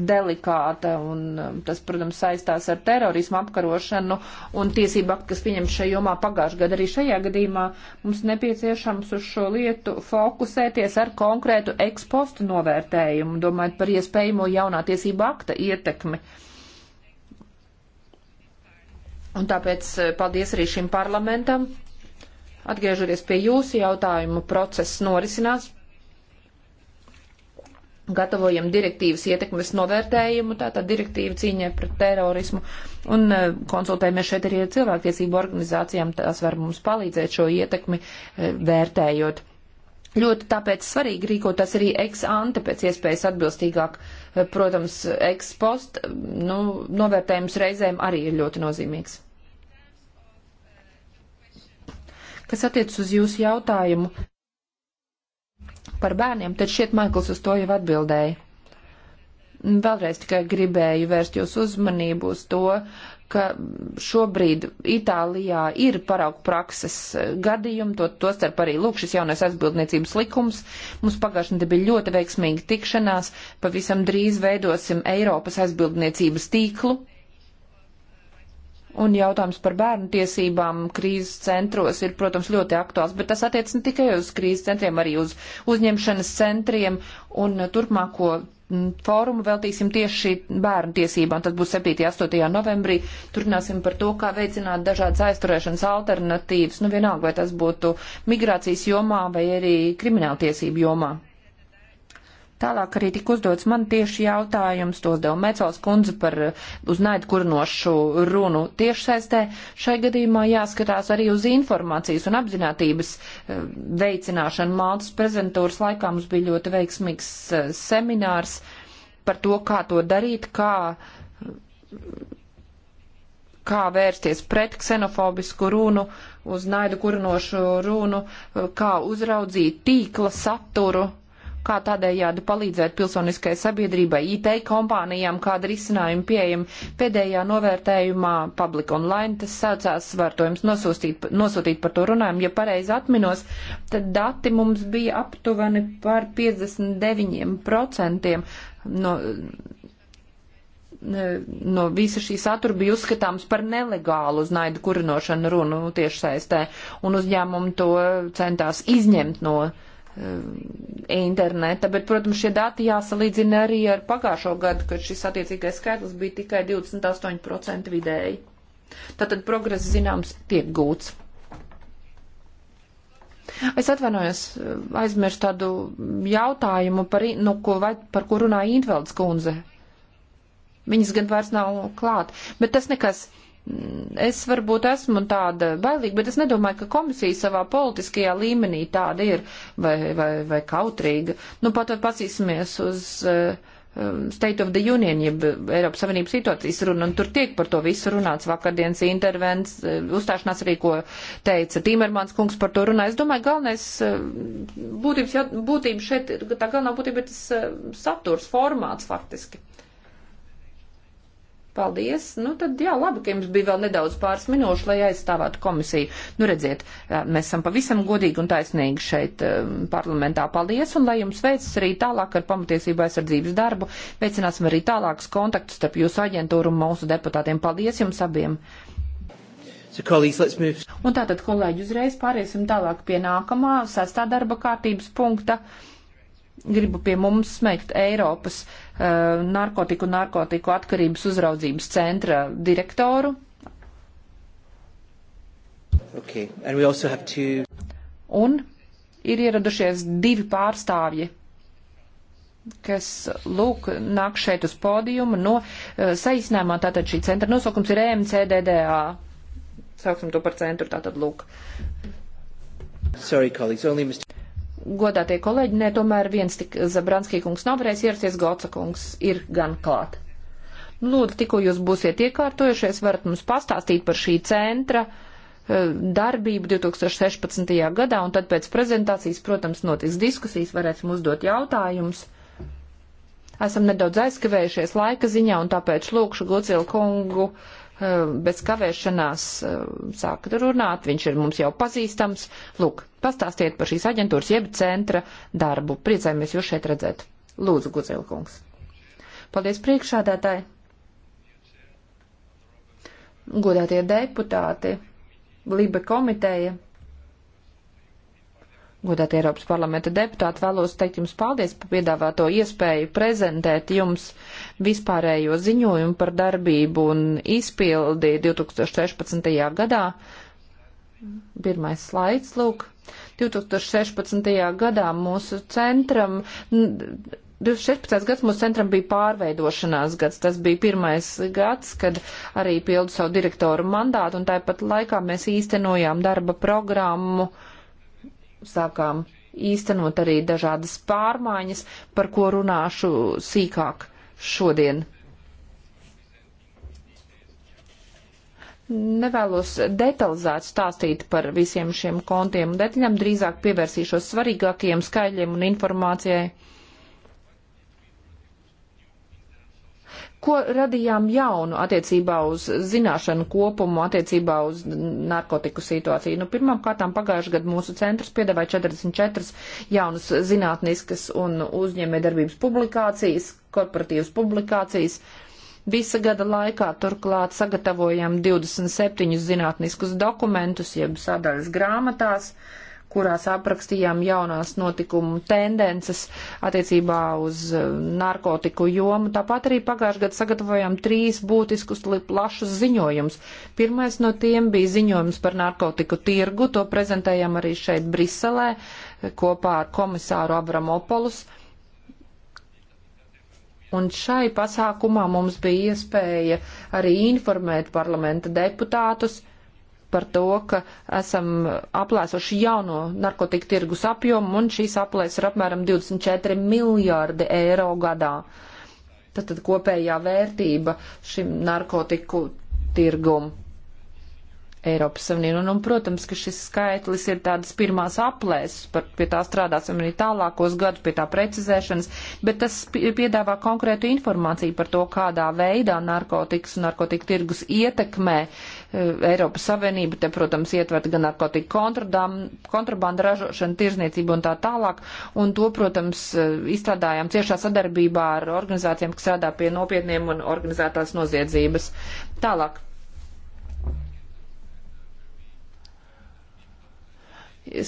delikāta un um, tas, protams, saistās ar terorismu apkarošanu un tiesību aktu, kas pieņem šajā jomā pagājušajā gadā. Arī šajā gadījumā mums nepieciešams uz šo lietu fokusēties ar konkrētu ekspostu novērtējumu, domājot par iespējamo jaunā tiesību akta ietekmi. Un tāpēc eh, paldies arī šim parlamentam Atgriežoties pie jūsu jautājumu, process norisinās. Gatavojam direktīvas ietekmes novērtējumu, tātad direktīva cīņai pret terorismu, un e, konsultējamies šeit arī ar cilvēktiesību organizācijām, tās var mums palīdzēt šo ietekmi e, vērtējot. Ļoti tāpēc svarīgi rīkoties arī ex ante pēc iespējas atbilstīgāk. E, protams, ex post nu, novērtējums reizēm arī ir ļoti nozīmīgs. Kas attiec uz jūsu jautājumu par bērniem, tad šķiet Maikls uz to jau atbildēja. Vēlreiz tikai gribēju vērst jūsu uzmanību uz to, ka šobrīd Itālijā ir paraugu prakses gadījumi, to, to starp arī lūk šis jaunais atbildniecības likums. Mums pagājušajā nedēļā bija ļoti veiksmīga tikšanās, pavisam drīz veidosim Eiropas atbildniecības tīklu. Un jautājums par bērnu tiesībām krīzes centros ir, protams, ļoti aktuāls, bet tas attiec ne tikai uz krīzes centriem, arī uz uzņemšanas centriem un uh, turpmāko mm, fórumu veltīsim tieši bērnu tiesībām. Tas būs 7. un 8. novembrī. Turpināsim par to, kā veicināt dažādas aizturēšanas alternatīvas, nu vienalga, vai tas būtu migrācijas jomā vai arī krimināltiesību jomā. Tālāk arī tika uzdots man tieši jautājums, tos deva Mecels kundze par eh, uznaidu kurnošu runu tiešsaistē. Šai gadījumā jāskatās arī uz informācijas un apzinātības eh, veicināšanu. Maltas prezentūras laikā mums bija ļoti veiksmīgs eh, seminārs par to, kā to darīt, kā kā vērsties pret ksenofobisku runu, uz naidu kurinošu runu, kā uzraudzīt tīkla saturu kā tādējādi palīdzēt pilsoniskajai sabiedrībai, IT kompānijām, kāda risinājuma pieejama. Pēdējā novērtējumā Public Online tas saucās, var to jums nosūstīt, nosūtīt par to runājumu, ja pareizi atminos, tad dati mums bija aptuveni par 59% no no visa šī satura bija uzskatāms par nelegālu uz naidu kurinošanu runu tiešsaistē, un uzņēmumi to centās izņemt no uh, Eh, interneta, bet, protams, šie dati jāsalīdzina arī ar pagājušo gadu, kad šis attiecīgais skaitlis bija tikai 28% vidēji. Tātad progress, zināms, tiek gūts. Es atvainojos, eh, aizmirsu tādu jautājumu, par, nu, ko, vai, par ko runāja Intvelds kundze. Viņas gan vairs nav klāt, bet tas nekas. Uh, es varbūt esmu tāda bailīga, bet es nedomāju, ka komisija savā politiskajā līmenī tāda ir vai, vai, vai kautrīga. Nu, pat pasīsimies uz uh, State of the Union, jeb Eiropas Savienības situācijas runa, un tur tiek par to visu runāts vakardienas intervents, eh, uzstāšanās arī, ko teica Timermans kungs par to runā. Es domāju, galvenais eh, būtības, būtība šeit, tā galvenā būtība ir tas saturs, formāts faktiski. Paldies. Nu tad jā, labi, ka jums bija vēl nedaudz pāris minūšu, lai aizstāvātu komisiju. Nu redziet, mēs esam pavisam godīgi un taisnīgi šeit parlamentā. Paldies un lai jums veicas arī tālāk ar pamatiesību aizsardzības darbu. Veicināsim arī tālākus kontaktus starp jūsu aģentūru un mūsu deputātiem. Paldies jums abiem. So, un tātad, kolēģi, uzreiz pāriesim tālāk pie nākamā sastā darba kārtības punkta gribu pie mums smēķt Eiropas uh, narkotiku un narkotiku atkarības uzraudzības centra direktoru. Okay. Two... Un ir ieradušies divi pārstāvji, kas lūk nāk šeit uz pódiumu no uh, saīsinājumā, tātad šī centra nosaukums ir EMCDDA. Sauksim to par centru, tātad lūk. Sorry, colleagues, only Mr godātie kolēģi, nē, tomēr viens tik Zabranskī kungs nav varējis ierasties, Goca kungs ir gan klāt. Nu, lūdzu, tikko jūs būsiet iekārtojušies, varat mums pastāstīt par šī centra eh, darbību 2016. gadā, un tad pēc prezentācijas, protams, notiks diskusijas, varēsim uzdot jautājumus. Esam nedaudz aizkavējušies laika ziņā, un tāpēc lūkšu Gucil kungu uh, Eh, bez kavēšanās eh, sāka runāt, viņš ir mums jau pazīstams. Lūk, pastāstiet par šīs aģentūras jeb centra darbu. Priecājamies jūs šeit redzēt. Lūdzu, Guzelkungs. Paldies priekšādātāji. Godātie deputāti, Libe komiteja, godāti Eiropas parlamenta deputāti, vēlos teikt jums paldies par piedāvāto iespēju prezentēt jums vispārējo ziņojumu par darbību un izpildi 2016. gadā. Pirmais slaids, lūk. 2016. gadā mūsu centram 2016. gads mūsu centram bija pārveidošanās gads. Tas bija pirmais gads, kad arī pildu savu direktoru mandātu, un tāpat laikā mēs īstenojām darba programmu uh, sākām īstenot arī dažādas pārmaiņas, par ko runāšu sīkāk šodien. Nevēlos detalizēt stāstīt par visiem šiem kontiem un detaļām, drīzāk pievērsīšos svarīgākajiem skaidriem un informācijai ko radījām jaunu attiecībā uz zināšanu kopumu, attiecībā uz narkotiku situāciju. Nu, pirmām kārtām pagājušajā gadā mūsu centrs piedāvāja 44 jaunas zinātniskas un uzņēmē darbības publikācijas, korporatīvas publikācijas. Visa gada laikā turklāt sagatavojam 27 zinātniskus dokumentus, jeb sadaļas grāmatās. Uh, kurās aprakstījām jaunās notikumu tendences attiecībā uz eh, narkotiku jomu. Tāpat arī pagājušajā gadā sagatavojām trīs būtiskus plašus ziņojumus. Pirmais no tiem bija ziņojums par narkotiku tirgu, to prezentējām arī šeit Briselē eh, kopā ar komisāru Avramopolus. Un šai pasākumā mums bija iespēja arī informēt parlamenta deputātus par to, ka esam aplēsuši jauno narkotiku tirgus apjomu, un šīs aplēs ir apmēram 24 miljārdi eiro gadā. Tātad kopējā vērtība šim narkotiku tirgumu. Eiropas Savienību. Un, un, protams, ka šis skaitlis ir tādas pirmās aplēses, par, pie tā strādāsim arī tālākos gadus, pie tā precizēšanas, bet tas piedāvā konkrētu informāciju par to, kādā veidā narkotikas un narkotika tirgus ietekmē eh, Eiropas Savienību. Te, protams, ietvert gan narkotika kontrabanda ražošanu, tirzniecību un tā tālāk. Un to, protams, eh, izstrādājām ciešā sadarbībā ar organizācijām, kas strādā pie nopietniem un organizētās noziedzības. Tālāk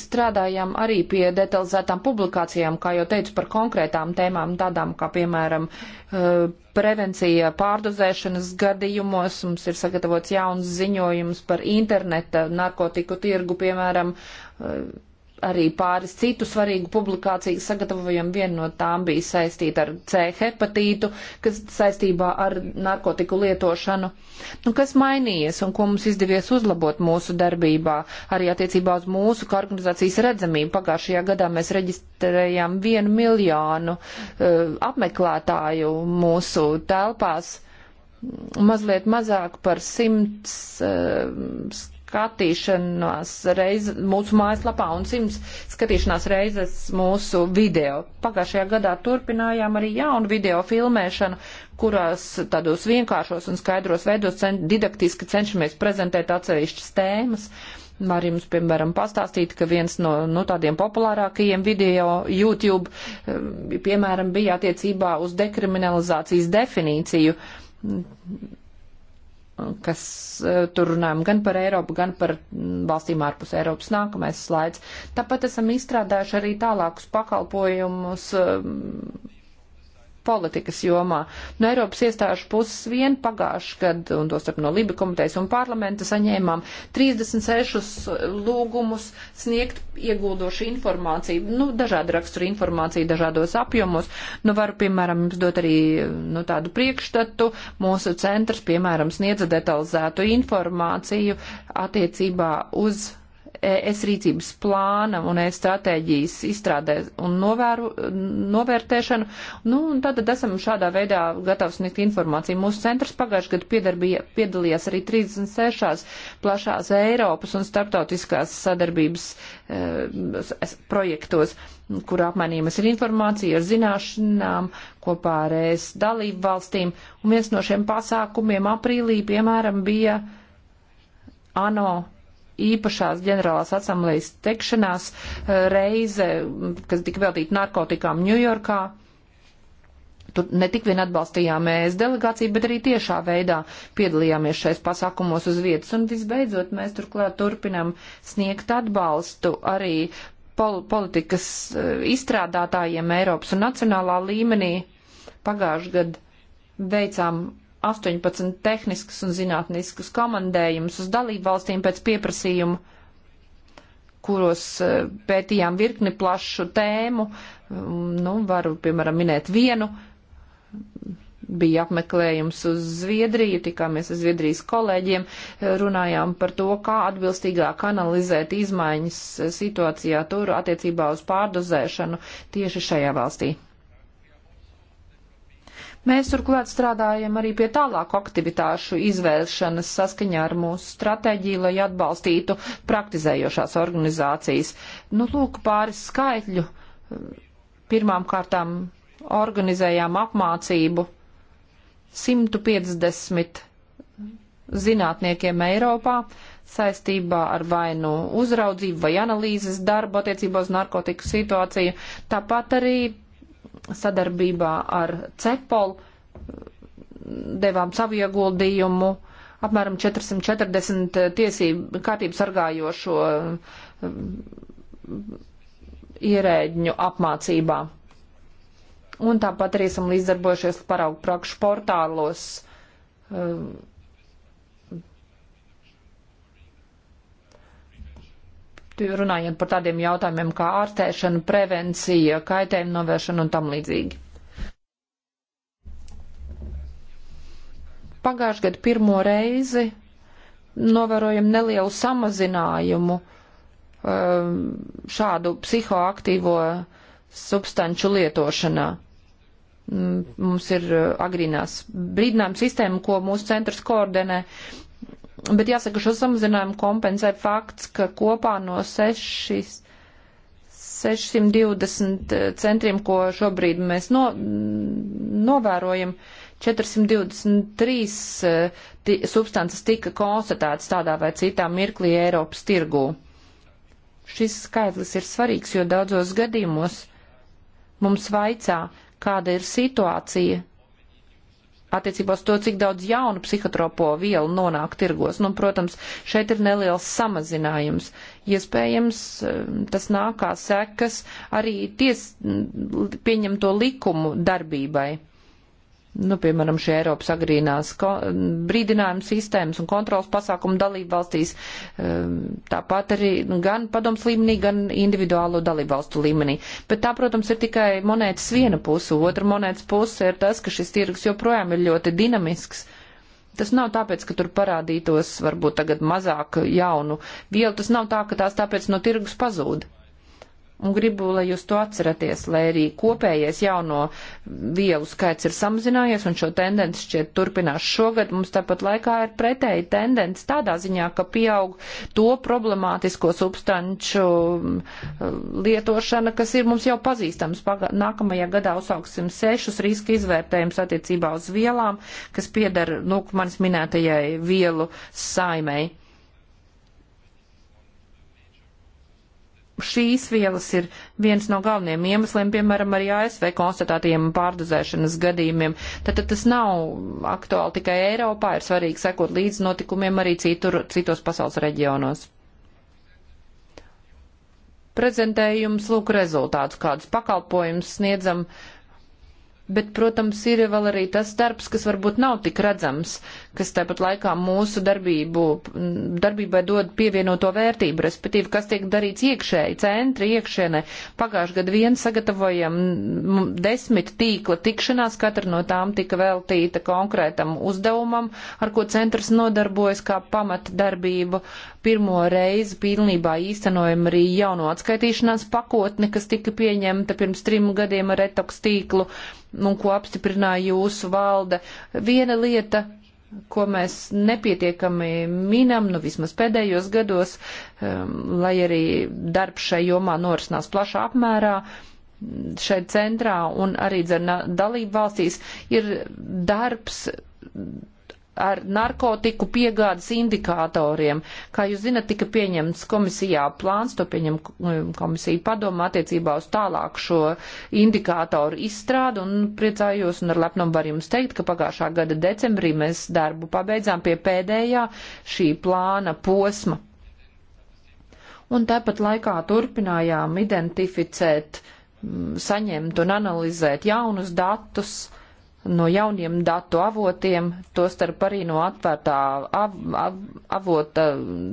strādājām arī pie detalizētām publikācijām, kā jau teicu, par konkrētām tēmām, tādām kā, piemēram, eh, prevencija pārdozēšanas gadījumos. Mums ir sagatavots jauns ziņojums par interneta narkotiku tirgu, piemēram, eh, arī pāris citu svarīgu publikāciju sagatavojam. Viena no tām bija saistīta ar C hepatītu, kas saistībā ar narkotiku lietošanu. Nu, kas mainījies un ko mums izdevies uzlabot mūsu darbībā, arī attiecībā uz mūsu kā organizācijas redzamību. Pagājušajā gadā mēs reģistrējām vienu miljonu uh, apmeklētāju mūsu telpās mazliet mazāk par simts uh, skatīšanās reizes mūsu mājaslapā un simts skatīšanās reizes mūsu video. Pagājušajā gadā turpinājām arī jaunu video filmēšanu, kurās tādos vienkāršos un skaidros veidos cen didaktiski cenšamies prezentēt atsevišķas tēmas. Var jums, piemēram, pastāstīt, ka viens no, no tādiem populārākajiem video YouTube, um, piemēram, bija attiecībā uz dekriminalizācijas definīciju kas e, tur runājam gan par Eiropu, gan par mm, valstīm ārpus Eiropas. Nākamais slaids. Tāpat esam izstrādājuši arī tālākus pakalpojumus e, politikas jomā. No Eiropas iestāžu puses vien pagājuši, kad, un to starp no Liba komitejas un parlamenta saņēmām 36 eh, lūgumus sniegt ieguldošu informāciju, nu, dažādu raksturu informāciju dažādos apjomos. Nu, varu, piemēram, jums dot arī, eh, nu, tādu priekšstatu. Mūsu centrs, piemēram, sniedza detalizētu informāciju attiecībā uz es rīcības plāna un es stratēģijas izstrādē un novēru, novērtēšanu. Nu, un tad esam šādā veidā gatavi sniegt informāciju. Mūsu centrs pagājušajā gadu piedalījās arī 36 plašās Eiropas un starptautiskās sadarbības eh, projektos kur apmainījumas ar informāciju, ar zināšanām kopā ar ES dalību valstīm. Un viens no šiem pasākumiem aprīlī, piemēram, bija ANO īpašās ģenerālās asamblējas tekšanās eh, reize, kas tika veltīta narkotikām Ņujorkā. Tur ne tik vien atbalstījām mēs delegāciju, bet arī tiešā veidā piedalījāmies šais pasākumos uz vietas. Un visbeidzot, mēs turklāt turpinam sniegt atbalstu arī pol politikas eh, izstrādātājiem Eiropas un nacionālā līmenī. Pagājuši gadu veicām 18 tehniskas un zinātniskas komandējumus uz dalību valstīm pēc pieprasījuma, kuros eh, pētījām virkni plašu tēmu. Mm, nu, varu, piemēram, minēt vienu. Bija apmeklējums uz Zviedriju, tikāmies ar Zviedrijas kolēģiem, eh, runājām par to, kā atbilstīgāk analizēt izmaiņas eh, situācijā tur attiecībā uz pārdozēšanu tieši šajā valstī. Mēs turklāt strādājam arī pie tālāku aktivitāšu izvēršanas saskaņā ar mūsu stratēģiju, lai atbalstītu praktizējošās organizācijas. Nu, lūk, pāris skaitļu. Pirmām kārtām organizējām apmācību 150 zinātniekiem Eiropā saistībā ar vainu uzraudzību vai analīzes darbu attiecībā uz narkotiku situāciju. Tāpat arī sadarbībā ar CEPOL devām savu ieguldījumu. Apmēram 440 tiesību kārtību sargājošo um, ierēģņu apmācībā. Un tāpat arī esam līdzdarbojušies paraugu prakšu portālos. Um, runājot par tādiem jautājumiem kā ārstēšana, prevencija, kaitējuma novēršana un tam līdzīgi. Pagājušajā gadā pirmo reizi novērojam nelielu samazinājumu um, šādu psihoaktīvo substanču lietošanā. Mums ir uh, agrīnās brīdinājuma sistēma, ko mūsu centrs koordinē, Bet jāsaka, šo samazinājumu kompensē fakts, ka kopā no 6, 620 eh, centriem, ko šobrīd mēs no, novērojam, 423 eh, substances tika konstatētas tādā vai citā mirklī Eiropas tirgū. Šis skaitlis ir svarīgs, jo daudzos gadījumos mums vaicā, kāda ir situācija attiecībā uz to, cik daudz jaunu psihotropo vielu nonāk tirgos. Nu, protams, šeit ir neliels samazinājums. Iespējams, eh, tas nāk kā sekas arī ties pieņemto likumu darbībai nu, piemēram, šī Eiropas agrīnās brīdinājuma sistēmas un kontrols pasākumu dalību valstīs, um, tāpat arī gan padoms līmenī, gan individuālo dalību valstu līmenī. Bet tā, protams, ir tikai monētas viena puse. Otra monētas puse ir tas, ka šis tirgus joprojām ir ļoti dinamisks. Tas nav tāpēc, ka tur parādītos varbūt tagad mazāk jaunu vielu, tas nav tā, ka tās tāpēc no tirgus pazūda un gribu, lai jūs to atceraties, lai arī kopējais jauno vielu skaits ir samazinājies un šo tendenci šķiet turpinās šogad, mums tāpat laikā ir pretēji tendence tādā ziņā, ka pieaug to problemātisko substanču mm, lietošana, kas ir mums jau pazīstams. Paga nākamajā gadā uzsauksim sešus riska izvērtējumus attiecībā uz vielām, kas piedara, nu, manis minētajai vielu saimei. šīs vielas ir viens no galvenajiem iemesliem, piemēram, arī ASV konstatētajiem pārdozēšanas gadījumiem. Tad, tad tas nav aktuāli tikai Eiropā, ir svarīgi sekot līdz notikumiem arī citur, citos pasaules reģionos. Prezentējums lūk rezultātus, kādus pakalpojumus sniedzam, bet, protams, ir vēl arī tas darbs, kas varbūt nav tik redzams kas tāpat laikā mūsu darbību, darbībai dod pievienoto vērtību, respektīvi, kas tiek darīts iekšēji, centri iekšienē. Pagājuši gadu vien sagatavojam desmit tīkla tikšanās, katra no tām tika veltīta konkrētam uzdevumam, ar ko centrs nodarbojas kā pamatdarbību. Pirmo reizi pilnībā īstenojam arī jauno atskaitīšanās pakotni, kas tika pieņemta pirms trim gadiem ar etoks tīklu un ko apstiprināja jūsu valde. Viena lieta ko mēs nepietiekami minam, nu vismaz pēdējos gados, um, lai arī darbs šai jomā norisinās plašā apmērā šeit centrā un arī dalību valstīs, ir darbs ar narkotiku piegādes indikatoriem. Kā jūs zinat, tika pieņemts komisijā plāns, to pieņem um, komisija padoma attiecībā uz tālāk šo indikātoru izstrādu un priecājos un ar lepnumu var jums teikt, ka pagājušā gada decembrī mēs darbu pabeidzām pie pēdējā šī plāna posma. Un tāpat laikā turpinājām identificēt, mm, saņemt un analizēt jaunus datus, uh, no jauniem datu avotiem, to starp arī no atvērtā av, av, avota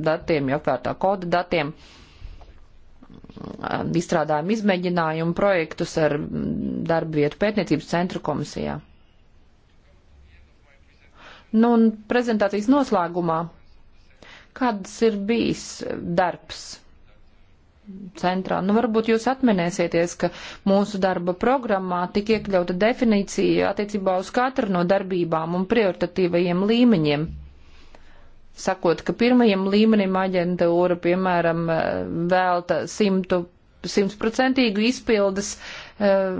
datiem, atvērtā koda datiem. Izstrādājam izmēģinājumu projektus ar darbvietu pētniecības centru komisijā. Nu, un prezentācijas noslēgumā, kāds ir bijis darbs centrā. Nu, varbūt jūs atminēsieties, ka mūsu darba programmā tik iekļauta definīcija attiecībā uz katru no darbībām un prioritatīvajiem līmeņiem. Sakot, ka pirmajam līmenim aģentūra, piemēram, eh, velta simtu, simtprocentīgu izpildes uh,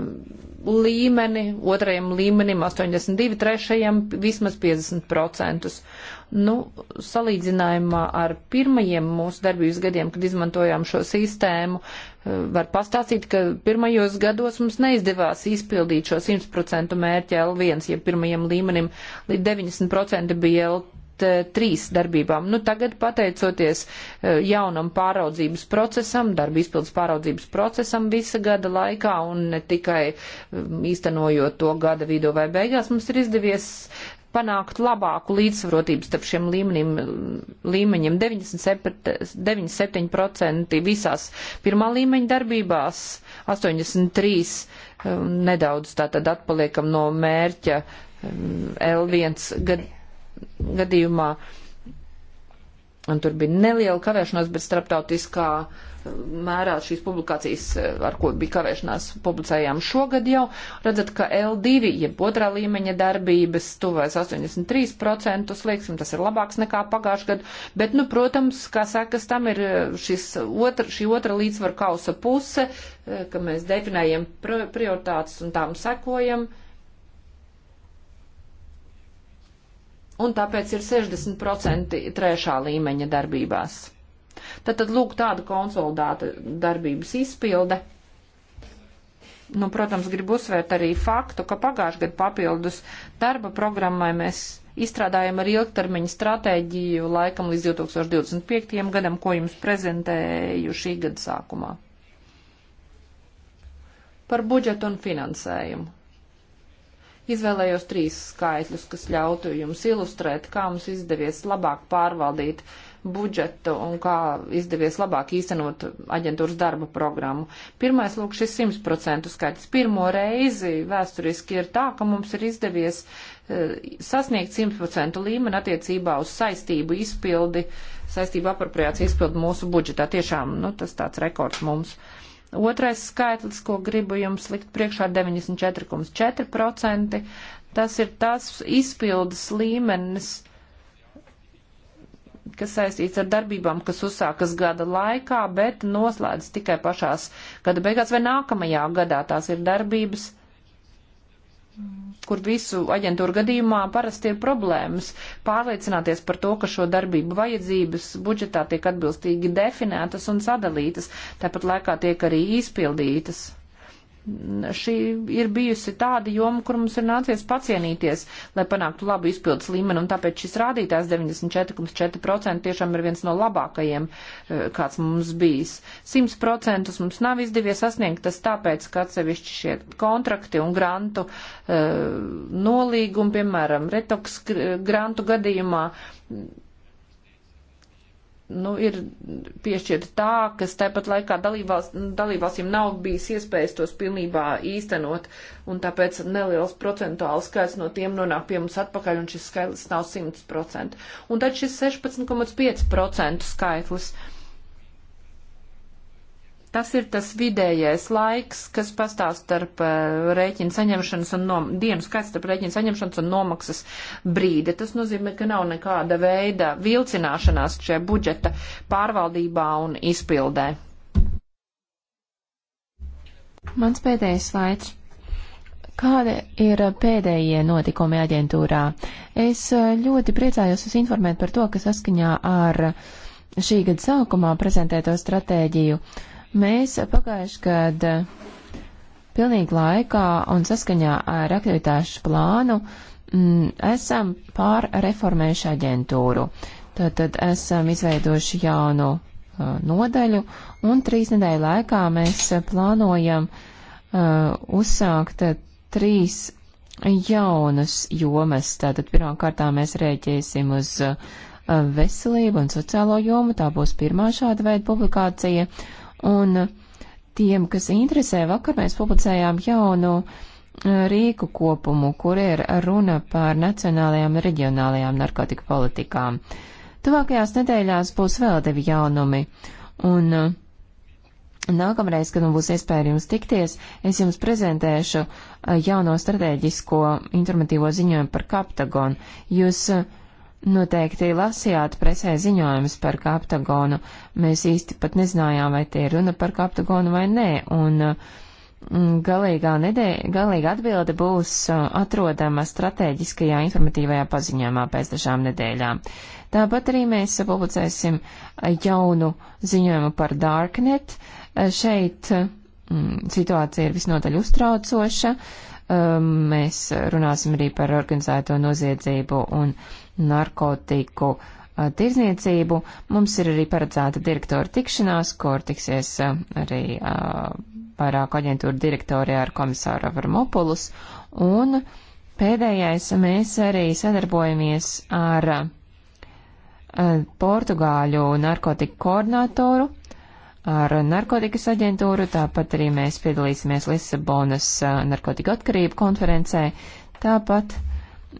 līmeni, otrajam līmenim 82, trešajam vismaz 50%. Nu, salīdzinājumā ar pirmajiem mūsu darbības gadiem, kad izmantojām šo sistēmu, eh, var pastāstīt, ka pirmajos gados mums neizdevās izpildīt šo 100% mērķi L1, ja pirmajam līmenim līdz 90% bija L2 Eh, trīs darbībām. Nu, tagad, pateicoties eh, jaunam pāraudzības procesam, darba izpildes pāraudzības procesam visa gada laikā un ne tikai mm, īstenojot to gada vidū vai beigās, mums ir izdevies panākt labāku līdzsvarotību starp šiem līmenim, līmeņiem. 97%, 97% visās pirmā līmeņa darbībās, 83% eh, nedaudz tātad atpaliekam no mērķa mm, L1 gadu gadījumā. Un tur bija neliela kavēšanās, bet starptautiskā eh, mērā šīs publikācijas, eh, ar ko bija kavēšanās, publicējām šogad jau. Redzat, ka L2, jeb otrā līmeņa darbības, tuvojas 83% slieksnim, tas ir labāks nekā pagājušajā gadā. Bet, nu, protams, kā sākas, tam ir eh, šis otra, šī otra līdzsvar kausa puse, ka mēs definējam prioritātes un tām sekojam. Uh, un tāpēc ir 60% trešā līmeņa darbībās. Tad, tad lūk, tāda konsolidēta darbības izpilde. Nu, protams, gribu uzsvērt arī faktu, ka pagājušajā gadā papildus darba programmai mēs izstrādājam arī ilgtermiņa stratēģiju laikam līdz 2025. gadam, ko jums prezentēju šī gada sākumā. Par budžetu un finansējumu. Izvēlējos trīs skaitļus, kas ļautu jums ilustrēt, kā mums izdevies labāk pārvaldīt budžetu un kā izdevies labāk īstenot aģentūras darba programmu. Pirmais, lūk, šis 100% skaits. Pirmo reizi vēsturiski ir tā, ka mums ir izdevies e, sasniegt 100% līmeni attiecībā uz saistību izpildi, saistību apropriāciju izpildi mūsu budžetā. Tiešām, nu, tas tāds rekords mums. Uh, Otrais skaitlis, ko gribu jums likt priekšā, ir 94,4%. Tas ir tas izpildes līmenis, kas saistīts ar darbībām, kas uzsākas gada laikā, bet noslēdz tikai pašās gada beigās vai nākamajā gadā. Tās ir darbības, uh, kur visu aģentūru gadījumā parasti ir problēmas pārliecināties par to, ka šo darbību vajadzības budžetā tiek atbilstīgi definētas un sadalītas, tāpat laikā tiek arī izpildītas šī ir bijusi tāda joma, kur mums ir nācies pacienīties, lai panāktu labu izpildus līmeni, un tāpēc šis rādītājs 94,4% tiešām ir viens no labākajiem, eh, kāds mums bijis. 100% mums nav izdevies sasniegt, tas tāpēc, ka atsevišķi šie kontrakti un grantu eh, nolīgumi, piemēram, retoks grantu gadījumā, nu, ir piešķirta tā, kas tāpat laikā dalībvalstīm nav bijis iespējas tos pilnībā īstenot, un tāpēc neliels procentuāls skaits no tiem nonāk pie mums atpakaļ, un šis skaitlis nav 100%. Un tad šis 16,5% skaitlis. Uh, Tas ir tas vidējais laiks, kas pastāv starp eh, rēķina saņemšanas un nom, dienas skaits starp rēķina saņemšanas un nomaksas brīdi. Tas nozīmē, ka nav nekāda veida vilcināšanās šajā budžeta pārvaldībā un izpildē. Mans pēdējais slaids. Kāda ir pēdējie notikumi aģentūrā? Es eh, ļoti priecājos jūs informēt par to, ka saskaņā ar šī gada sākumā prezentēto stratēģiju uh, Mēs pagājuši, kad eh, pilnīgi laikā un saskaņā ar aktivitāšu plānu m, mm, esam pārreformējuši aģentūru. Tātad esam izveidojuši jaunu uh, nodaļu un trīs nedēļu laikā mēs plānojam uh, uzsākt trīs jaunas jomas. Tātad pirmkārtā mēs rēķēsim uz uh, veselību un sociālo jomu. Tā būs pirmā šāda veida publikācija. Uh, Un uh, tiem, kas interesē, vakar mēs publicējām jaunu uh, rīku kopumu, kur ir runa par nacionālajām un reģionālajām narkotika politikām. Tuvākajās nedēļās būs vēl divi jaunumi. Un uh, nākamreiz, kad man būs iespēja ar jums tikties, es jums prezentēšu jauno strateģisko informatīvo ziņojumu par kaptagonu. Jūs uh, Noteikti lasījāt presē ziņojumus par kaptagonu. Mēs īsti pat nezinājām, vai tie runa par kaptagonu vai nē, un mm, galīgā, nedē, galīga atbilde būs atrodama strateģiskajā informatīvajā paziņojumā pēc dažām nedēļām. Tāpat arī mēs publicēsim jaunu ziņojumu par Darknet. Šeit mm, situācija ir visnotaļ uztraucoša. Mēs runāsim arī par organizēto noziedzību un narkotiku eh, tirzniecību. Mums ir arī paredzēta direktora tikšanās, kur tiksies eh, arī eh, vairāku aģentūru direktori ar komisāru Avramopulus. Un pēdējais mēs arī sadarbojamies ar Portugāļu narkotiku koordinātoru, ar narkotikas aģentūru, tāpat arī mēs piedalīsimies Lisabonas narkotika atkarību konferencē, tāpat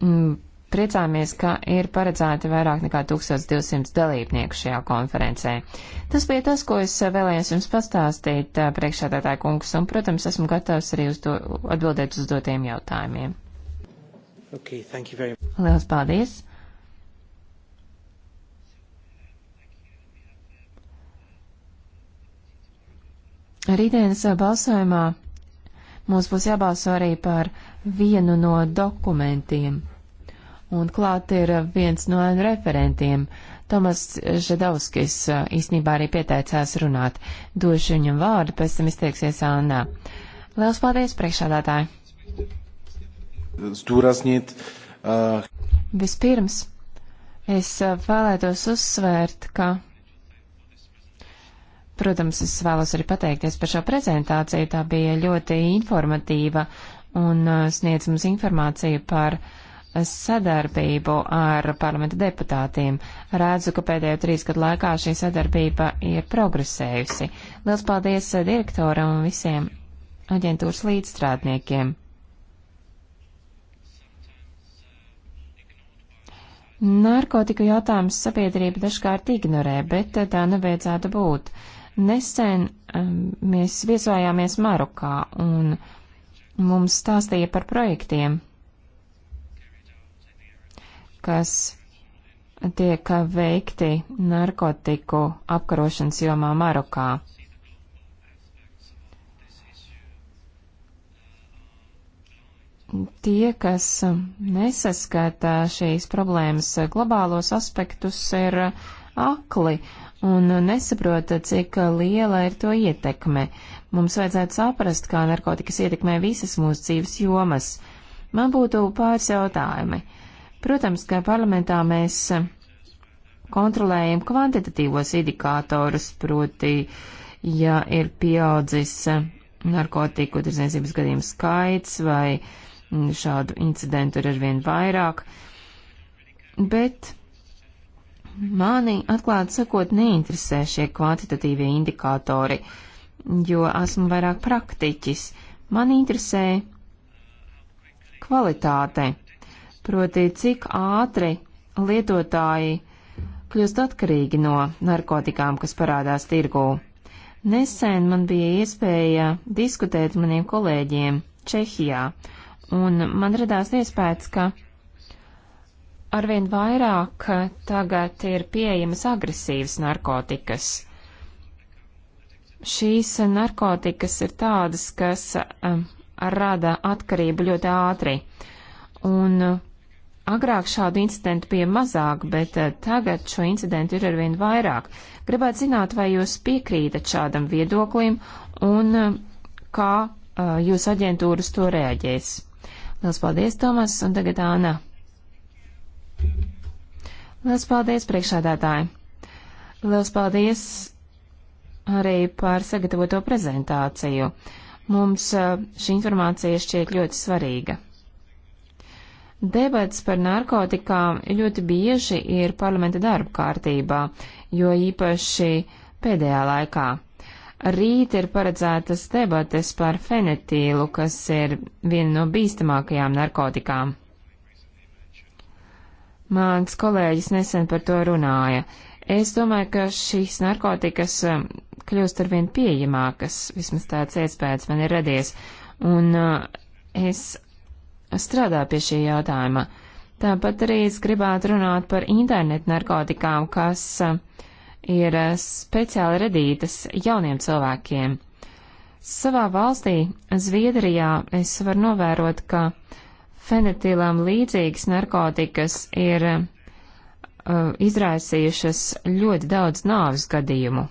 mm, priecāmies, ka ir paredzēti vairāk nekā 1200 dalībnieku šajā konferencē. Tas bija tas, ko es vēlējos jums pastāstīt, priekšādātāja kungs, un, protams, esmu gatavs arī uzdo, atbildēt uz dotiem jautājumiem. Okay, Lielas paldies! Rītdienas balsojumā mums būs jābalso arī par vienu no dokumentiem un klāt ir eh, viens no referentiem. Tomas Žadovskis eh, īstenībā arī pieteicās runāt. Došu viņam vārdu, pēc tam izteiksies Anna. Liels paldies, priekšādātāji! Zdūrasniet! Uh... Eh, Vispirms es vēlētos uzsvērt, ka. Protams, es vēlos arī pateikties par šo prezentāciju. Tā bija ļoti informatīva un sniedz mums informāciju par uh, sadarbību ar parlamenta deputātiem. Redzu, ka pēdējo trīs gadu laikā šī sadarbība ir progresējusi. Liels paldies eh, direktoram un visiem aģentūras līdzstrādniekiem. Narkotiku jautājums sabiedrība dažkārt ignorē, bet eh, tā nevajadzētu būt. Nesen um, mēs viesojāmies Marokā un mums stāstīja par projektiem, kas tiek veikti narkotiku apkarošanas jomā Marokā. Tie, kas nesaskata šīs problēmas globālos aspektus, ir akli un nesaprota, cik liela ir to ietekme. Mums vajadzētu saprast, kā narkotikas ietekmē visas mūsu dzīves jomas. Man būtu pāris jautājumi. Uh, Protams, ka parlamentā mēs kontrolējam kvantitatīvos indikātorus, proti, ja ir pieaudzis narkotiku tirdzniecības gadījumu skaits vai šādu incidentu ir arvien vairāk, bet mani atklāti sakot neinteresē šie kvantitatīvie indikātori, jo esmu vairāk praktiķis. Man interesē kvalitāte proti cik ātri lietotāji kļūst atkarīgi no narkotikām, kas parādās tirgū. Nesen man bija iespēja diskutēt maniem kolēģiem Čehijā, un man radās iespējas, ka arvien vairāk tagad ir pieejamas agresīvas narkotikas. Šīs narkotikas ir tādas, kas um, rada atkarību ļoti ātri, un Agrāk šādu incidentu bija mazāk, bet eh, tagad šo incidentu ir arvien vairāk. Gribētu zināt, vai jūs piekrītat šādam viedoklim un eh, kā uh, jūs aģentūras to reaģēs. Lielas paldies, Tomas, un tagad Āna. Lielas paldies, priekšādātāji. Lielas paldies arī par sagatavoto prezentāciju. Mums uh, šī informācija šķiet ļoti svarīga. Debats par narkotikām ļoti bieži ir parlamenta darba kārtībā, jo īpaši pēdējā laikā. Rīt ir paredzētas debates par fenetīlu, kas ir viena no bīstamākajām narkotikām. Mans kolēģis nesen par to runāja. Es domāju, ka šīs narkotikas um, kļūst arvien pieejamākas, vismaz tāds iespējas man ir radies, un uh, es strādā pie šī jautājuma. Tāpat arī es gribētu runāt par internetu narkotikām, kas eh, ir eh, speciāli redītas jauniem cilvēkiem. Savā valstī, Zviedrijā, es varu novērot, ka fenetilam līdzīgas narkotikas ir uh, izraisījušas ļoti daudz nāvis gadījumu.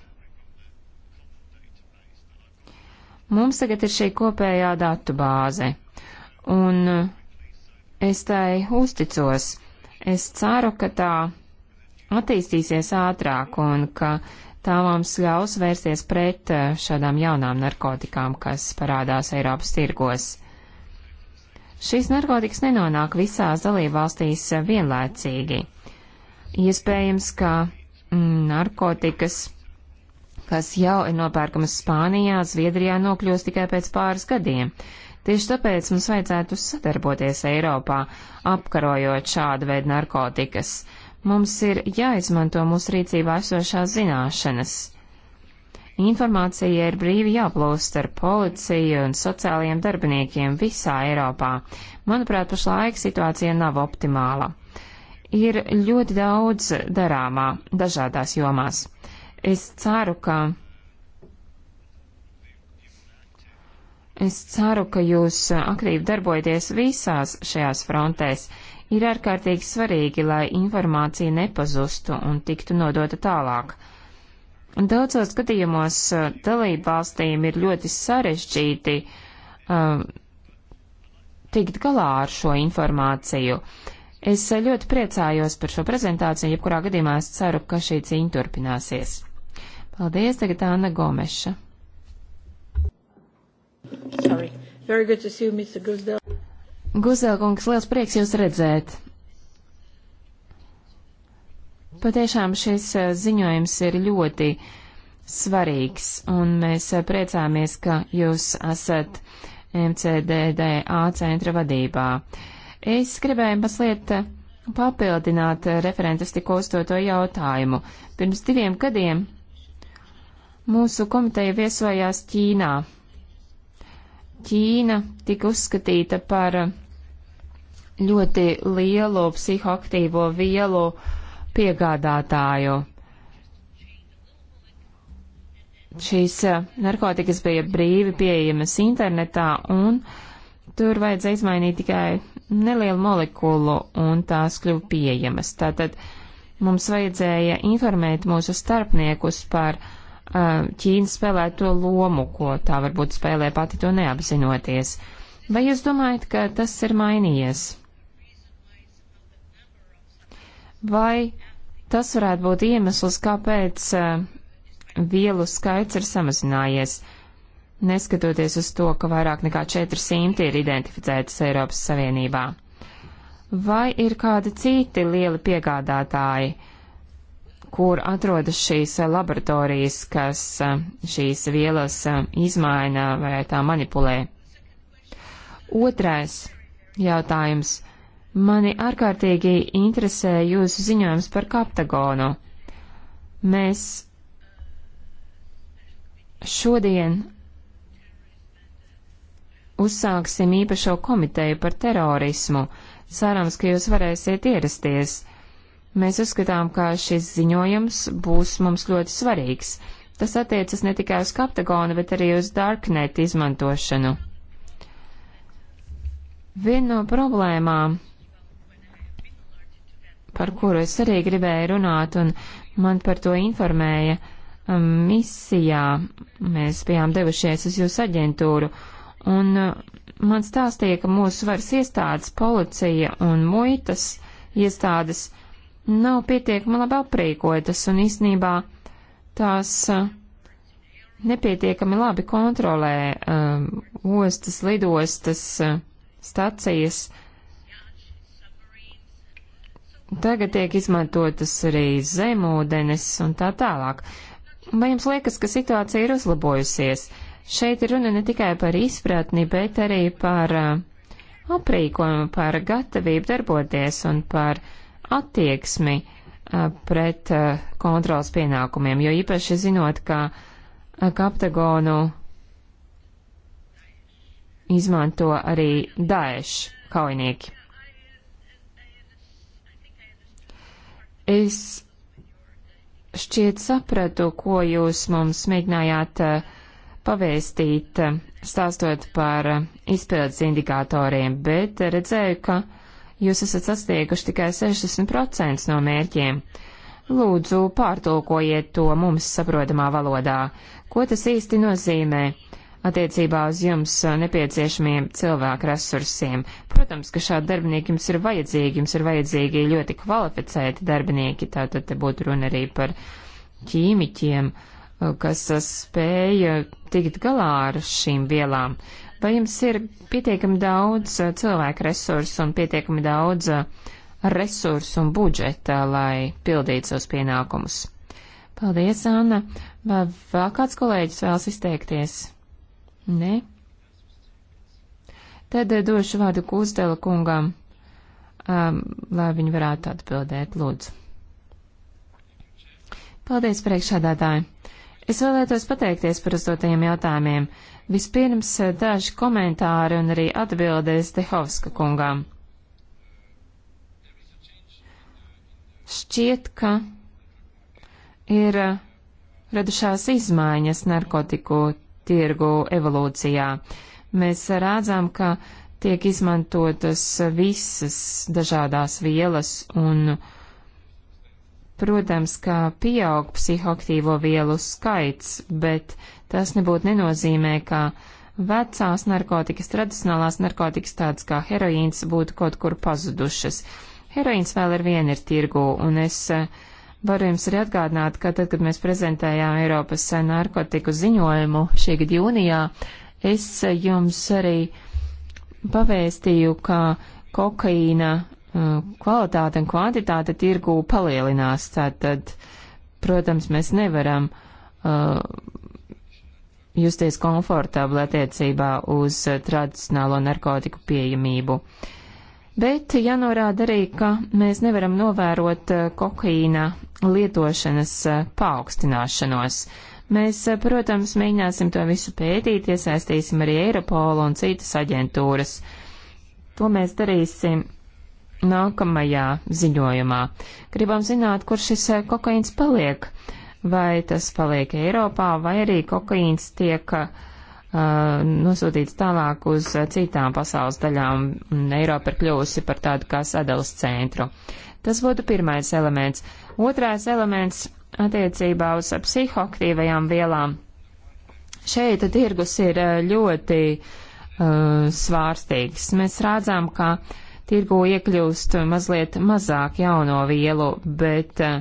Mums tagad ir šī kopējā datu bāze un eh, es tai uzticos. Es ceru, ka tā attīstīsies ātrāk un ka tā mums ļaus vērsties pret eh, šādām jaunām narkotikām, kas parādās Eiropas tirgos. Šīs narkotikas nenonāk visās dalībvalstīs eh, vienlaicīgi. Iespējams, ka mm, narkotikas, kas jau ir nopērkamas Spānijā, Zviedrijā, nokļūs tikai pēc pāris gadiem. Uh, Tieši tāpēc mums vajadzētu sadarboties Eiropā, apkarojot šādu veidu narkotikas. Mums ir jāizmanto mūsu rīcībā esošās zināšanas. Informācija ir brīvi jāplūst ar policiju un sociālajiem darbiniekiem visā Eiropā. Manuprāt, pašlaik situācija nav optimāla ir ļoti daudz darāmā dažādās jomās. Es ceru, ka Es ceru, ka jūs eh, aktīvi darbojaties visās šajās frontēs. Ir ārkārtīgi svarīgi, lai informācija nepazustu un tiktu nodota tālāk. Daudzos gadījumos eh, dalību valstīm ir ļoti sarežģīti um, tikt galā ar šo informāciju. Es ļoti priecājos par šo prezentāciju, jebkurā gadījumā es ceru, ka šī cīņa turpināsies. Paldies, tagad Anna Gomeša. Sorry. Very good to see you, Mr. Guzdel. Guzelkungs, liels prieks jūs redzēt. Patiešām šis eh, ziņojums ir ļoti svarīgs, un mēs eh, priecāmies, ka jūs esat MCDDA centra vadībā. Es gribēju mazliet eh, papildināt referentes tikko uzdoto jautājumu. Pirms diviem gadiem mūsu komiteja viesojās Ķīnā Ķīna tika uzskatīta par ļoti lielu psihoaktīvo vielu piegādātāju. Šīs eh, narkotikas bija brīvi pieejamas internetā, un tur vajadzēja izmainīt tikai nelielu molekulu, un tās kļuva pieejamas. Tātad mums vajadzēja informēt mūsu starpniekus par uh, Eh, Ķīna spēlē to lomu, ko tā varbūt spēlē pati to neapzinoties. Vai jūs domājat, ka tas ir mainījies? Vai tas varētu būt iemesls, kāpēc eh, vielu skaits ir samazinājies, neskatoties uz to, ka vairāk nekā 400 ir identificētas Eiropas Savienībā? Vai ir kādi citi lieli piegādātāji? kur atrodas šīs laboratorijas, kas eh, šīs vielas eh, izmaina vai tā manipulē. Otrais jautājums. Mani ārkārtīgi interesē jūsu ziņojums par kaptagonu. Mēs šodien uzsāksim īpašo komiteju par terorismu. Cerams, ka jūs varēsiet ierasties. Mēs uzskatām, ka šis ziņojums būs mums ļoti svarīgs. Tas attiecas ne tikai uz kaptagonu, bet arī uz darknet izmantošanu. Viena no problēmām, par kuru es arī gribēju runāt, un man par to informēja um, misijā, mēs bijām devušies uz jūsu aģentūru, un uh, man stāstīja, ka mūsu varas iestādes, policija un muitas iestādes, uh, nav pietiekami labi aprīkotas un īsnībā tās nepietiekami labi kontrolē um, ostas, lidostas, stacijas. Tagad tiek izmantotas arī zemūdenes un tā tālāk. Vai jums liekas, ka situācija ir uzlabojusies? Šeit ir runa ne tikai par izpratni, bet arī par uh, aprīkojumu, par gatavību darboties un par uh, attieksmi uh, pret uh, kontrols pienākumiem, jo īpaši zinot, ka uh, kaptagonu izmanto arī Daesh kaujinieki. Es šķiet sapratu, ko jūs mums mēģinājāt pavēstīt, stāstot par izpildes indikatoriem, bet redzēju, ka jūs esat sastieguši tikai 60% no mērķiem. Lūdzu, pārtulkojiet to mums saprotamā valodā. Ko tas īsti nozīmē attiecībā uz jums nepieciešamiem cilvēku resursiem? Protams, ka šādi darbinieki jums ir vajadzīgi, jums ir vajadzīgi ļoti kvalificēti darbinieki, tātad te būtu runa arī par ķīmiķiem, kas spēja tikt galā ar šīm vielām. Uh, Vai jums ir pietiekami daudz eh, cilvēku resursu un pietiekami daudz eh, resursu un budžeta, lai pildītu savus pienākumus? Paldies, Anna. Vai vēl kāds kolēģis vēlas izteikties? Nē? Tad eh, došu vārdu Kūstela kungam, um, lai viņi varētu atbildēt, lūdzu. Paldies, priekšādātāji! Es vēlētos pateikties par uzdotajiem jautājumiem. Vispirms eh, daži komentāri un arī atbildēs Dehovska kungām. Šķiet, ka ir eh, radušās izmaiņas narkotiku tirgu evolūcijā. Mēs rādzām, ka tiek izmantotas visas dažādās vielas un uh, Protams, ka pieaug psihoaktīvo vielu skaits, bet tas nebūtu nenozīmē, ka vecās narkotikas, tradicionālās narkotikas tādas kā heroīns būtu kaut kur pazudušas. Heroīns vēl ar vienu ir tirgu, un es eh, varu jums arī atgādināt, ka tad, kad mēs prezentējām Eiropas eh, narkotiku ziņojumu šī gada jūnijā, es eh, jums arī pavēstīju, ka kokaīna kvalitāte un kvantitāte tirgū palielinās. Tātad, protams, mēs nevaram uh, justies komfortabli attiecībā uz tradicionālo narkotiku pieejamību. Bet jānorāda arī, ka mēs nevaram novērot uh, kokaīna lietošanas uh, paaugstināšanos. Mēs, uh, protams, mēģināsim to visu pētīt, iesaistīsim arī Eiropolu un citas aģentūras. To mēs darīsim nākamajā ziņojumā. Gribam zināt, kur šis eh, kokaīns paliek. Vai tas paliek Eiropā, vai arī kokaīns tiek uh, nosūtīts tālāk uz eh, citām pasaules daļām, un Eiropa ir kļuvusi par tādu kā sadalas centru. Tas būtu pirmais elements. Otrais elements attiecībā uz psihoaktīvajām vielām. Šeit tirgus ir ļoti uh, svārstīgs. Mēs rādzām, ka uh, tirgu iekļūst mazliet mazāk jauno vielu, bet eh,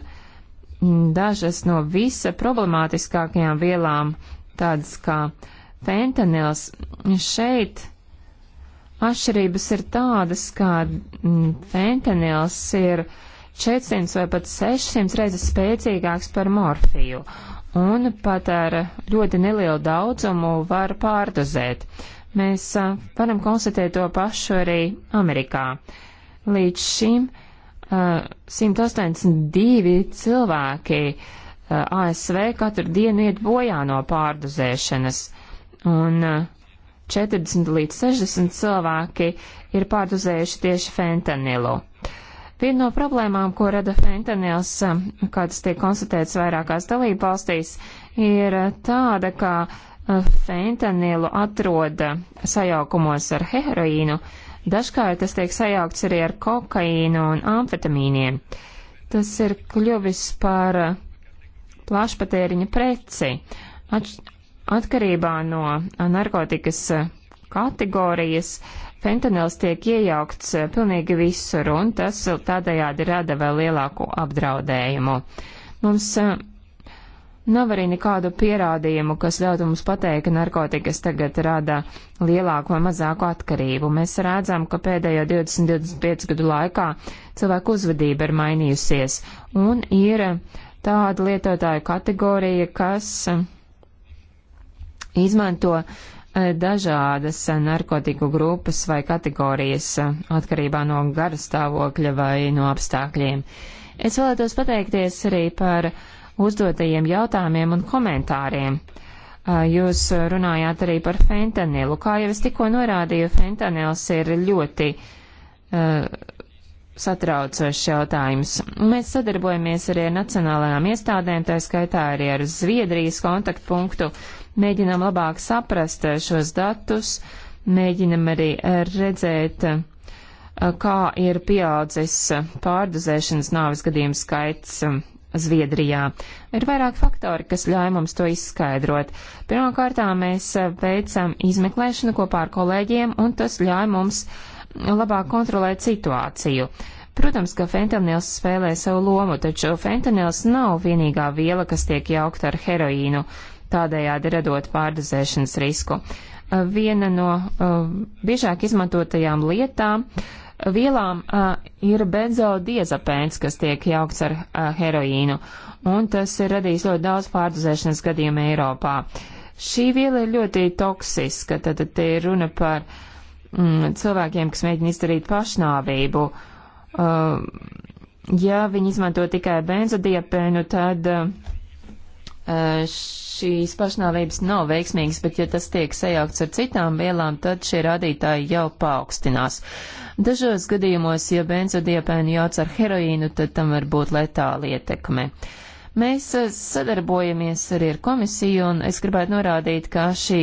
dažas no visa problemātiskākajām vielām, tādas kā fentanils, šeit atšķirības ir tādas, ka mm, fentanils ir 400 vai pat 600 reizes spēcīgāks par morfiju, un pat ar ļoti nelielu daudzumu var pārdozēt. Mēs varam konstatēt to pašu arī Amerikā. Līdz šim 182 cilvēki ASV katru dienu iet bojā no pārdozēšanas, un 40 līdz 60 cilvēki ir pārdozējuši tieši fentanilu. Viena no problēmām, ko rada fentanils, kādas tiek konstatētas vairākās dalībvalstīs, ir tāda, ka Uh, fentanilu atrod sajaukumos ar heroīnu, dažkārt tas tiek sajaukts arī ar kokaīnu un amfetamīniem. Tas ir kļuvis par uh, plašpatēriņa preci. Atš atkarībā no uh, narkotikas kategorijas fentanils tiek iejaukts pilnīgi visur, un tas tādējādi rada vēl lielāku apdraudējumu. Mums Nav arī nekādu pierādījumu, kas ļautu mums pateikt, ka narkotikas tagad rada lielāku vai mazāku atkarību. Mēs redzam, ka pēdējo 20-25 gadu laikā cilvēku uzvedība ir mainījusies un ir tāda lietotāju kategorija, kas izmanto eh, dažādas narkotiku grupas vai kategorijas eh, atkarībā no gara stāvokļa vai no apstākļiem. Es vēlētos pateikties arī par uh, uzdotajiem jautājumiem un komentāriem. Jūs runājāt arī par fentanilu. Kā jau es tikko norādīju, fentanils ir ļoti uh, satraucošs jautājums. Mēs sadarbojamies arī ar nacionālajām iestādēm, tā skaitā arī ar Zviedrijas kontaktpunktu, mēģinām labāk saprast šos datus, mēģinam arī redzēt, kā ir pieaudzis pārdozēšanas nāves gadījumu skaits Zviedrijā. Ir vairāk faktori, kas ļauj mums to izskaidrot. Pirmkārt, mēs veicam izmeklēšanu kopā ar kolēģiem, un tas ļauj mums labāk kontrolēt situāciju. Protams, ka fentanils spēlē savu lomu, taču fentanils nav vienīgā viela, kas tiek jaukta ar heroīnu, tādējādi radot pārdozēšanas risku. Viena no uh, biežāk izmantotajām lietām uh, vielām uh, ir benzodiazepēns, kas tiek jaukts ar uh, heroīnu, un tas ir radījis ļoti daudz pārdozēšanas gadījumu Eiropā. Šī viela ir ļoti toksiska, tad te ir runa par mm, cilvēkiem, kas mēģina izdarīt pašnāvību. Uh, ja viņi izmanto tikai benzodiapēnu, tad uh, šīs pašnāvības nav veiksmīgas, bet ja tas tiek sajaukts ar citām vielām, tad šie rādītāji jau paaugstinās. Uh, Dažos gadījumos, ja benzodiepēnu jauc ar heroīnu, tad tam var būt letāla ietekme. Mēs eh, sadarbojamies arī ar komisiju, un es gribētu norādīt, ka šī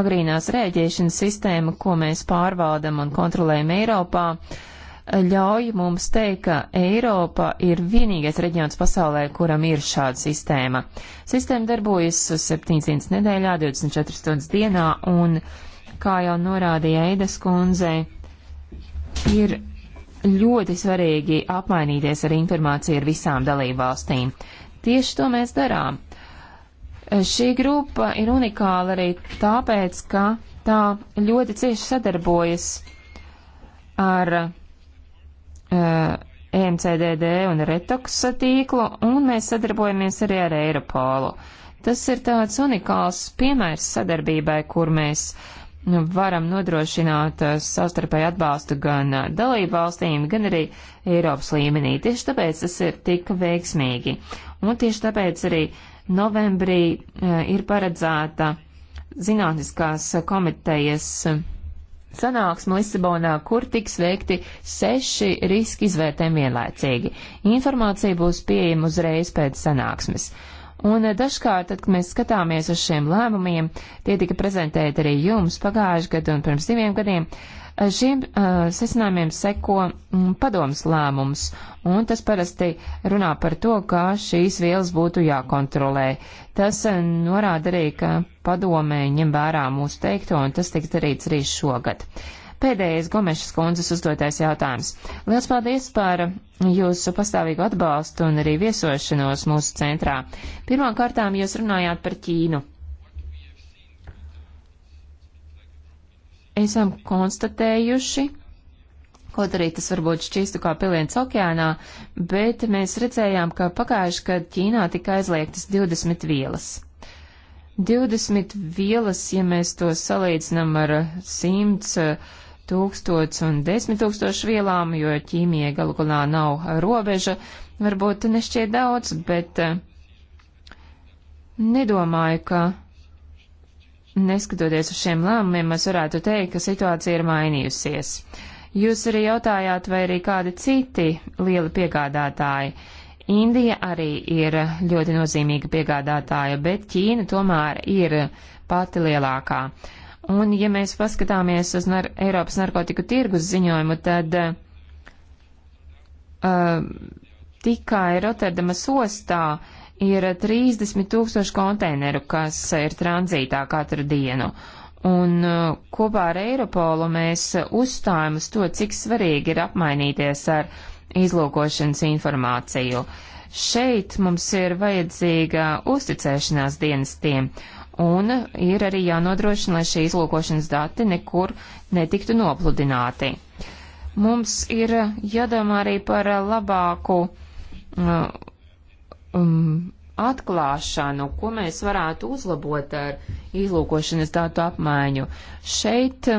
agrīnās rēģēšanas sistēma, ko mēs pārvaldam un kontrolējam Eiropā, ļauj mums teikt, ka Eiropa ir vienīgais reģions pasaulē, kuram ir šāda sistēma. Sistēma darbojas 7 dienas nedēļā, 24 stundas dienā, un, kā jau norādīja Eidas kundzei, Ir ļoti svarīgi apmainīties ar informāciju ar visām dalībvalstīm. Tieši to mēs darām. Šī grupa ir unikāla arī tāpēc, ka tā ļoti cieši sadarbojas ar uh, eh, EMCDD un Retox tīklu, un mēs sadarbojamies arī ar Eiropolu. Tas ir tāds unikāls piemērs sadarbībai, kur mēs varam nodrošināt uh, savstarpēju atbalstu gan uh, dalību valstīm, gan arī Eiropas līmenī. Tieši tāpēc tas ir tik veiksmīgi. Un tieši tāpēc arī novembrī uh, ir paredzēta zinātniskās komitejas sanāksme Lisabonā, kur tiks veikti seši riski izvērtējumi vienlaicīgi. Informācija būs pieejama uzreiz pēc sanāksmes. Un eh, dažkārt, tad, kad mēs skatāmies uz šiem lēmumiem, tie tika prezentēti arī jums pagājuši gadu un pirms diviem gadiem, eh, šiem uh, eh, sesinājumiem seko mm, padomas lēmums, un tas parasti runā par to, kā šīs vielas būtu jākontrolē. Tas uh, norāda arī, ka padomē ņem vērā mūsu teikto, un tas tiks darīts arī šogad. Uh, Pēdējais Gomešas kundzes uzdotais jautājums. Liels paldies par jūsu pastāvīgu atbalstu un arī viesošanos mūsu centrā. Pirmām kārtām jūs runājāt par Ķīnu. Esam konstatējuši, kaut arī tas varbūt šķīstu kā piliens okeānā, bet mēs redzējām, ka pagājuši, kad Ķīnā tika aizliegtas 20 vielas. 20 vielas, ja mēs to salīdzinām ar 100 tūkstots un desmit tūkstoši vielām, jo ķīmija galu galā nav robeža, varbūt nešķiet daudz, bet eh, nedomāju, ka neskatoties uz šiem lēmumiem, mēs varētu teikt, ka situācija ir mainījusies. Jūs arī jautājāt, vai arī kādi citi lieli piegādātāji. Indija arī ir ļoti nozīmīga piegādātāja, bet Ķīna tomēr ir pati lielākā. Uh, Un, ja mēs paskatāmies uz nar Eiropas narkotiku tirgus ziņojumu, tad uh, tikai Rotterdamas ostā ir 30 tūkstoši konteineru, kas ir tranzītā katru dienu. Un uh, kopā ar Eiropolu mēs uzstājam uz to, cik svarīgi ir apmainīties ar izlūkošanas informāciju. Šeit mums ir vajadzīga uzticēšanās dienestiem. Uh, un ir arī jānodrošina, lai šie izlūkošanas dati nekur netiktu nopludināti. Mums ir jādomā arī par labāku uh, um, atklāšanu, ko mēs varētu uzlabot ar izlūkošanas datu apmaiņu. Šeit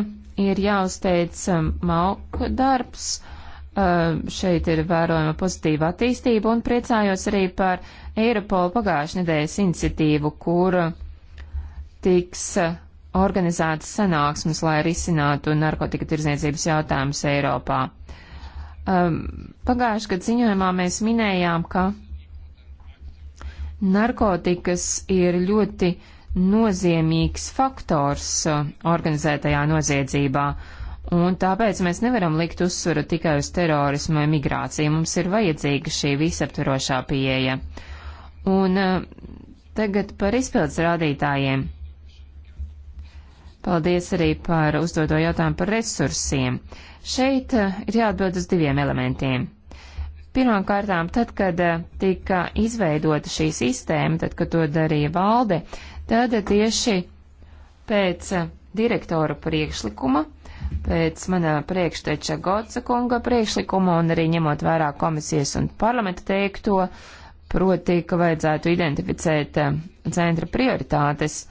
ir jāuzteic um, malku darbs, uh, šeit ir vērojama pozitīva attīstība un priecājos arī par Eiropola pagājušajā nedēļas iniciatīvu, kur uh, tiks organizētas sanāksmes, lai risinātu narkotika tirzniecības jautājumus Eiropā. Um, Pagājušajā gadā ziņojumā mēs minējām, ka narkotikas ir ļoti nozīmīgs faktors uh, organizētajā noziedzībā, un tāpēc mēs nevaram likt uzsvaru tikai uz terorismu vai migrāciju. Mums ir vajadzīga šī visaptvarošā pieeja. Un uh, tagad par izpildes rādītājiem. Paldies arī par uzdodo jautājumu par resursiem. Šeit eh, ir jāatbild uz diviem elementiem. Pirmkārtām, tad, kad eh, tika izveidota šī sistēma, tad, kad to darīja valde, tad tieši pēc eh, direktora priekšlikuma, pēc manā priekšteča Gotsa kunga priekšlikuma un arī ņemot vērā komisijas un parlamenta teikto, proti, ka vajadzētu identificēt centra prioritātes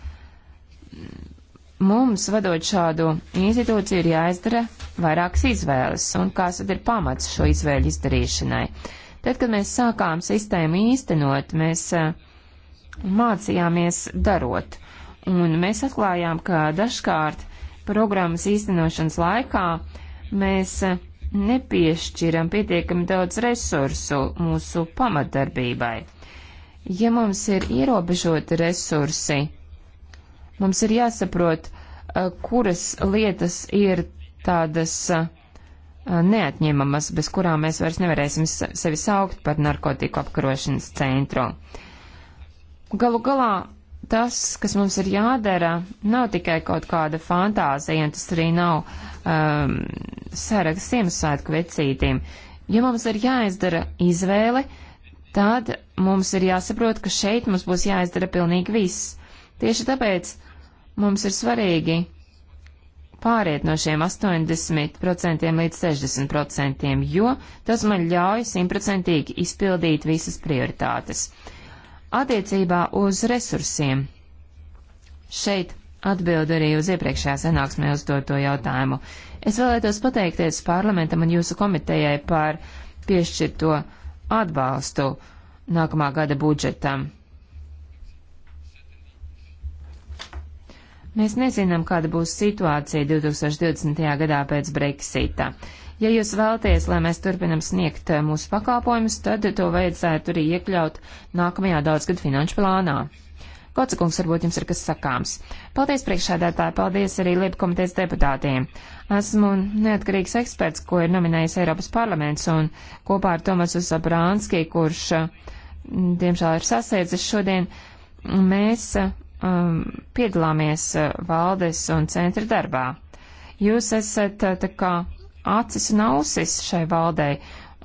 mums, vadot šādu institūciju, ir jāizdara vairākas izvēles, un kāds tad ir pamats šo izvēļu izdarīšanai. Tad, kad mēs sākām sistēmu īstenot, mēs eh, mācījāmies darot, un mēs atklājām, ka dažkārt programmas īstenošanas laikā mēs eh, nepiešķiram pietiekami daudz resursu mūsu pamatdarbībai. Ja mums ir ierobežoti resursi, Mums ir jāsaprot, eh, kuras lietas ir tādas eh, neatņemamas, bez kurām mēs vairs nevarēsim sevi saukt par narkotiku apkarošanas centru. Galu galā tas, kas mums ir jādara, nav tikai kaut kāda fantāzija, un tas arī nav um, ehm, saraksts Ziemassvētku vecītīm. Ja mums ir jāizdara izvēle, tad mums ir jāsaprot, ka šeit mums būs jāizdara pilnīgi viss. Tieši tāpēc Mums ir svarīgi pāriet no šiem 80% līdz 60%, jo tas man ļauj simtprocentīgi izpildīt visas prioritātes. Attiecībā uz resursiem. Šeit atbildu arī uz iepriekšējā sanāksmē uzdoto jautājumu. Es vēlētos pateikties parlamentam un jūsu komitejai par piešķirto atbalstu nākamā gada budžetam. Mēs nezinām, kāda būs situācija 2020. gadā pēc Brexita. Ja jūs vēlaties, lai mēs turpinam sniegt eh, mūsu pakalpojumus, tad to vajadzētu arī iekļaut nākamajā daudzgad finanšu plānā. Kocakungs, varbūt jums ir kas sakāms. Paldies priekšādātāji, paldies arī Lietu komitejas deputātiem. Esmu neatkarīgs eksperts, ko ir nominējis Eiropas parlaments, un kopā ar Tomasu Zabrānski, kurš, eh, diemžēl, ir sasēdzis šodien, mēs um, piedalāmies uh, valdes un centra darbā. Jūs esat uh, tā kā acis un ausis šai valdei,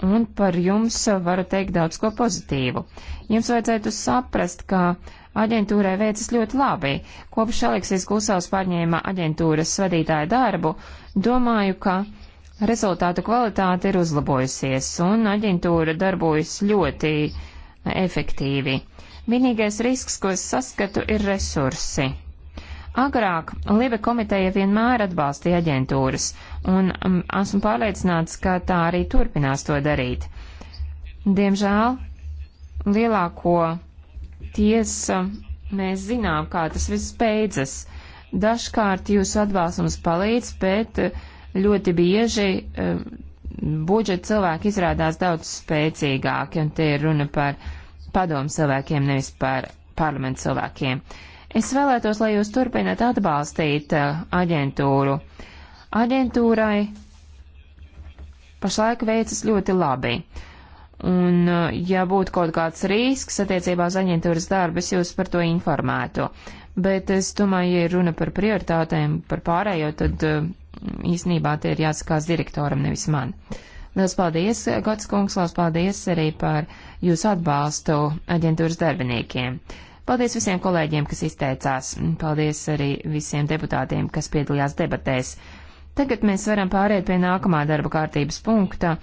un par jums uh, varu teikt daudz ko pozitīvu. Jums vajadzētu saprast, ka aģentūrai veicas ļoti labi. Kopš Aleksijas Klusovs pārņēma aģentūras vadītāja darbu, domāju, ka rezultātu kvalitāte ir uzlabojusies, un aģentūra darbojas ļoti efektīvi. Vienīgais risks, ko es saskatu, ir resursi. Agrāk Libe komiteja vienmēr atbalstīja aģentūras, un mm, esmu pārliecināts, ka tā arī turpinās to darīt. Diemžēl lielāko tiesu mēs zinām, kā tas viss beidzas. Dažkārt jūsu atbalsts mums palīdz, bet eh, ļoti bieži eh, budžeta cilvēki izrādās daudz spēcīgāki, un te ir runa par padomu cilvēkiem, nevis par parlamentu cilvēkiem. Es vēlētos, lai jūs turpināt atbalstīt uh, aģentūru. Aģentūrai pašlaik veicas ļoti labi. Un, uh, ja būtu kaut kāds risks attiecībā uz aģentūras darbu, es jūs par to informētu. Bet es domāju, ja runa par prioritātēm, par pārējo, tad uh, īsnībā tie ir jāsakās direktoram, nevis man. Uh, Liels paldies, Gots kungs, liels paldies arī par jūsu atbalstu aģentūras darbiniekiem. Paldies visiem kolēģiem, kas izteicās. Paldies arī visiem deputātiem, kas piedalījās debatēs. Tagad mēs varam pāriet pie nākamā darba kārtības punkta,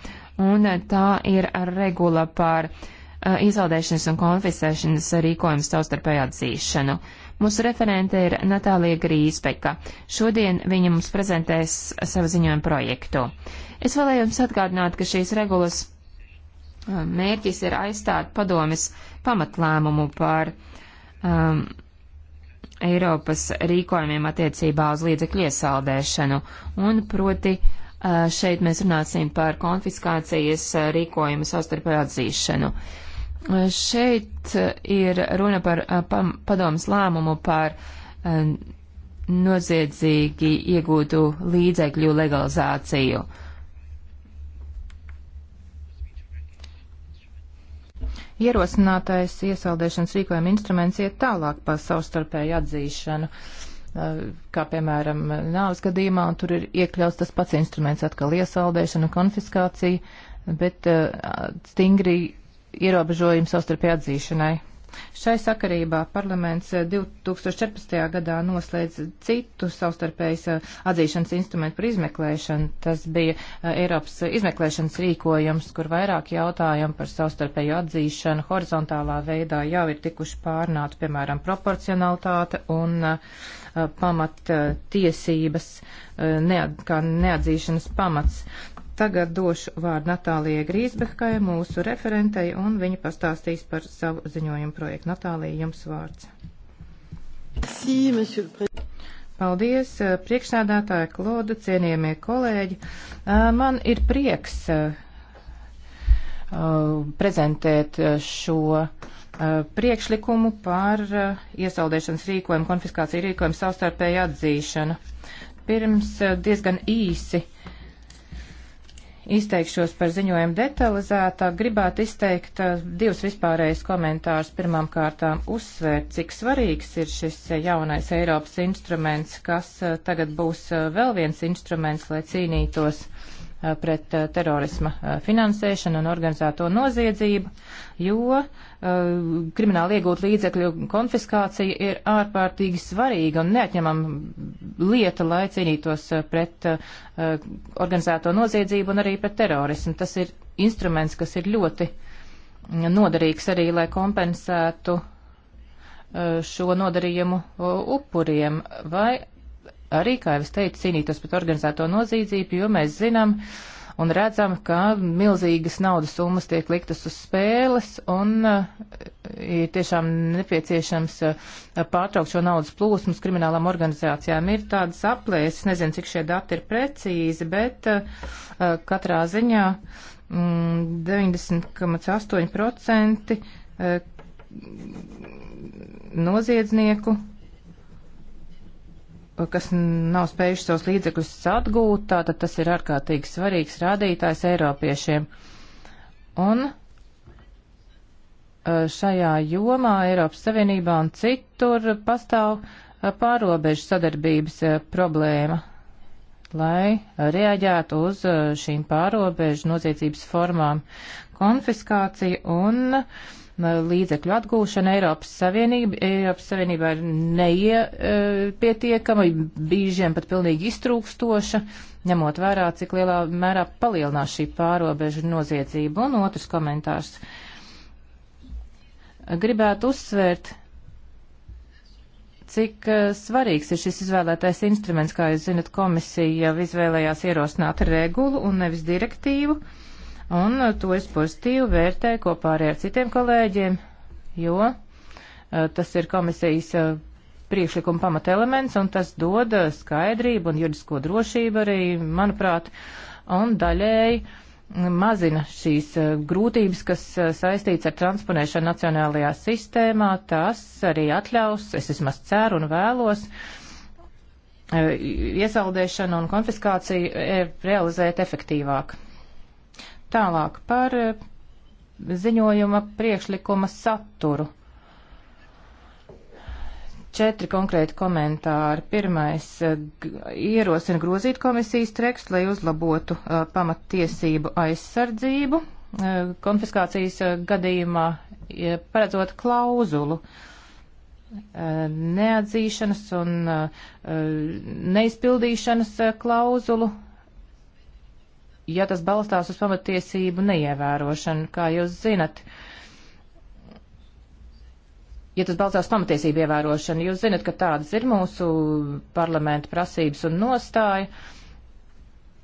un tā ir regula par uh, izaldēšanas un konfiscēšanas rīkojumu savstarpēju atzīšanu. Mūsu referente ir Natālija Grīsbeka. Šodien viņa mums prezentēs savu ziņojumu projektu. Es vēlēju jums atgādināt, ka šīs regulas um, mērķis ir aizstāt padomis pamatlēmumu par um, Eiropas rīkojumiem attiecībā uz līdzekļu iesaldēšanu, un proti uh, šeit mēs runāsim par konfiskācijas uh, rīkojumu savstarpēju atzīšanu. Uh, Šeit ir runa par padomas lēmumu par noziedzīgi iegūtu līdzekļu legalizāciju. Ierosinātais iesaldēšanas rīkojuma instruments iet tālāk par savstarpēju atzīšanu, kā piemēram nāves gadījumā, un tur ir iekļauts tas pats instruments atkal iesaldēšana, konfiskācija, bet stingri ierobežojumi savstarpēji atzīšanai. Šai sakarībā parlaments 2014. Eh, gadā noslēdz citu savstarpējas eh, atzīšanas instrumentu par izmeklēšanu. Tas bija eh, Eiropas izmeklēšanas rīkojums, kur vairāk jautājumu par savstarpēju atzīšanu horizontālā veidā jau ir tikuši pārnāti, piemēram, proporcionalitāte un pamat tiesības, neat, kā neatzīšanas pamats. Tagad došu vārdu Natālijai Grīsbekai, mūsu referentei, un viņa pastāstīs par savu ziņojumu projektu. Natālija, jums vārds. Paldies, eh, priekšsēdētāja Kloda, cienījamie kolēģi. Eh, man ir prieks eh, prezentēt šo priekšlikumu par iesaldēšanas rīkojumu, konfiskāciju rīkojumu savstarpēju atzīšanu. Pirms diezgan īsi uh, izteikšos par ziņojumu detalizētāk, gribētu izteikt uh, divus vispārējus komentārus. Pirmām kārtām uzsvērt, cik svarīgs ir šis uh, jaunais Eiropas instruments, kas uh, tagad būs vēl viens instruments, lai cīnītos pret terorisma finansēšanu un organizēto noziedzību, jo uh, Eh, krimināli iegūt līdzekļu konfiskācija ir ārkārtīgi svarīga un neatņemama lieta, lai cīnītos eh, pret eh, organizēto noziedzību un arī pret terorismu. Tas ir instruments, kas ir ļoti noderīgs arī, lai kompensētu šo nodarījumu upuriem vai arī, kā jau es teicu, cīnītos pret organizēto noziedzību, jo mēs zinām, uh, un redzam, ka milzīgas naudas summas tiek liktas uz spēles un eh, ir tiešām nepieciešams eh, pārtraukt šo naudas plūsmu kriminālām organizācijām. Ir tādas aplēses, nezinu, cik šie dati ir precīzi, bet eh, katrā ziņā 90,8% mm, noziedznieku kas nav spējuši savus līdzekļus atgūt, tātad tas ir ārkārtīgi svarīgs rādītājs Eiropiešiem. Un šajā jomā Eiropas Savienībā un citur pastāv pārobežu sadarbības problēma, lai reaģētu uz šīm pārobežu noziedzības formām konfiskācija un uh, līdzekļu atgūšana Eiropas Savienība. Eiropas Savienībā ir neiepietiekama, bīžiem pat pilnīgi iztrūkstoša, ņemot vērā, cik lielā mērā palielinās šī pārobežu noziedzība. Un otrs komentārs. Gribētu uzsvērt, cik eh, svarīgs ir šis izvēlētais instruments, kā jūs zinat, komisija jau izvēlējās ierosināt regulu un nevis direktīvu. Uh, Un to es pozitīvi vērtēju kopā arī ar citiem kolēģiem, jo eh, tas ir komisijas eh, priekšlikuma pamata elements un tas dod eh, skaidrību un juridisko drošību arī, manuprāt, un daļēji mm, mazina šīs grūtības, kas saistīts ar transponēšanu nacionālajā sistēmā. Tas arī atļaus, es vismaz ceru un vēlos, iesaldēšanu un konfiskāciju realizēt efektīvāk. Tālāk par eh, ziņojuma priekšlikuma saturu. Četri konkrēti komentāri. Pirmais eh, - ierosina grozīt komisijas tekstu, lai uzlabotu uh, pamattiesību aizsardzību uh, konfiskācijas uh, gadījumā, paredzot klauzulu neatzīšanas un neizpildīšanas klauzulu ja tas balstās uz pamatiesību neievērošanu, kā jūs zinat. Ja tas balstās pamatiesību ievērošanu, jūs zinat, ka tādas ir mūsu parlamenta prasības un nostāja.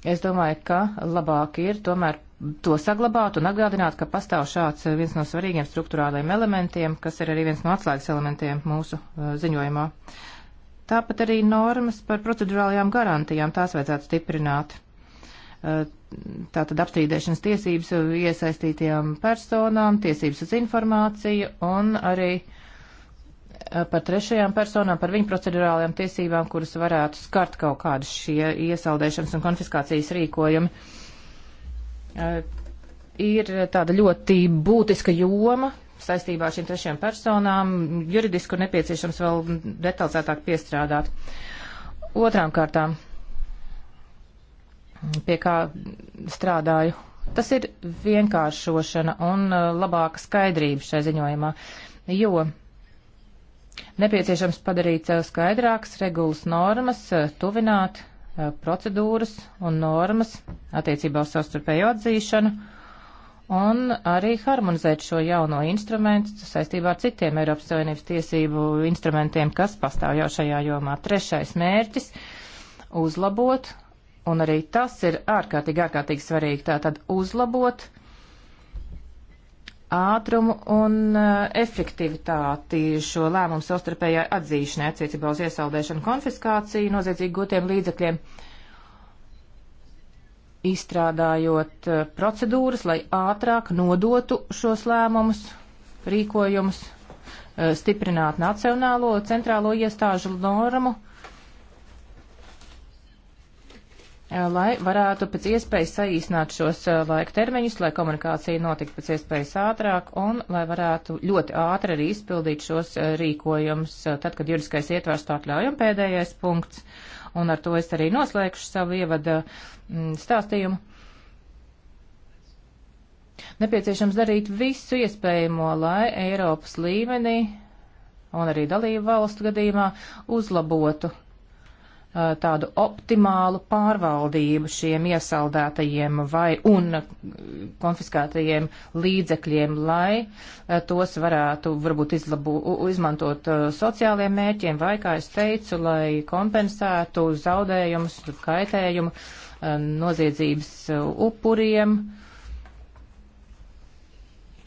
Es domāju, ka labāk ir tomēr to saglabāt un atgādināt, ka pastāv šāds eh, viens no svarīgiem struktūrālajiem elementiem, kas ir arī viens no atslēgas elementiem mūsu uh, ziņojumā. Tāpat arī normas par procedurālajām garantijām tās vajadzētu stiprināt tātad apstrīdēšanas tiesības iesaistītajām personām, tiesības uz informāciju un arī eh, par trešajām personām, par viņu procedurālajām tiesībām, kuras varētu skart kaut kādas šie iesaldēšanas un konfiskācijas rīkojumi. Eh, ir tāda ļoti būtiska joma saistībā ar šīm trešajām personām. Juridiski ir nepieciešams vēl detalizētāk piestrādāt. Otrām kārtām pie kā strādāju. Tas ir vienkāršošana un uh, labāka skaidrība šai ziņojumā, jo nepieciešams padarīt uh, skaidrākas regulas normas, uh, tuvināt procedūras un normas attiecībā uz savstarpēju atzīšanu un arī harmonizēt šo jauno instrumentu saistībā ar citiem Eiropas Savienības tiesību instrumentiem, kas pastāv jau šajā jomā. Trešais mērķis - uzlabot Un arī tas ir ārkārtīgi, ārkārtīgi svarīgi. Tātad uzlabot ātrumu un eh, efektivitāti šo lēmumu savstarpējai atzīšanai attiecībā uz iesaldēšanu, konfiskāciju, noziedzīgi gūtiem līdzekļiem, izstrādājot eh, procedūras, lai ātrāk nodotu šos lēmumus, rīkojumus, eh, stiprināt nacionālo centrālo iestāžu normu Eh, lai varētu pēc iespējas saīsināt šos eh, laika termiņus, lai komunikācija notiktu pēc iespējas ātrāk un lai varētu ļoti ātri arī izpildīt šos eh, rīkojumus, tad, kad juridiskais ietvars to atļauj. Un pēdējais punkts, un ar to es arī noslēgšu savu ievada mm, stāstījumu. Nepieciešams darīt visu iespējamo, lai Eiropas līmenī un arī dalību valstu gadījumā uzlabotu Uh, tādu optimālu pārvaldību šiem iesaldētajiem vai un uh, konfiskētajiem līdzekļiem, lai uh, tos varētu varbūt izlabu, izmantot sociāliem mērķiem vai, kā es teicu, lai kompensētu zaudējumus, kaitējumu noziedzības upuriem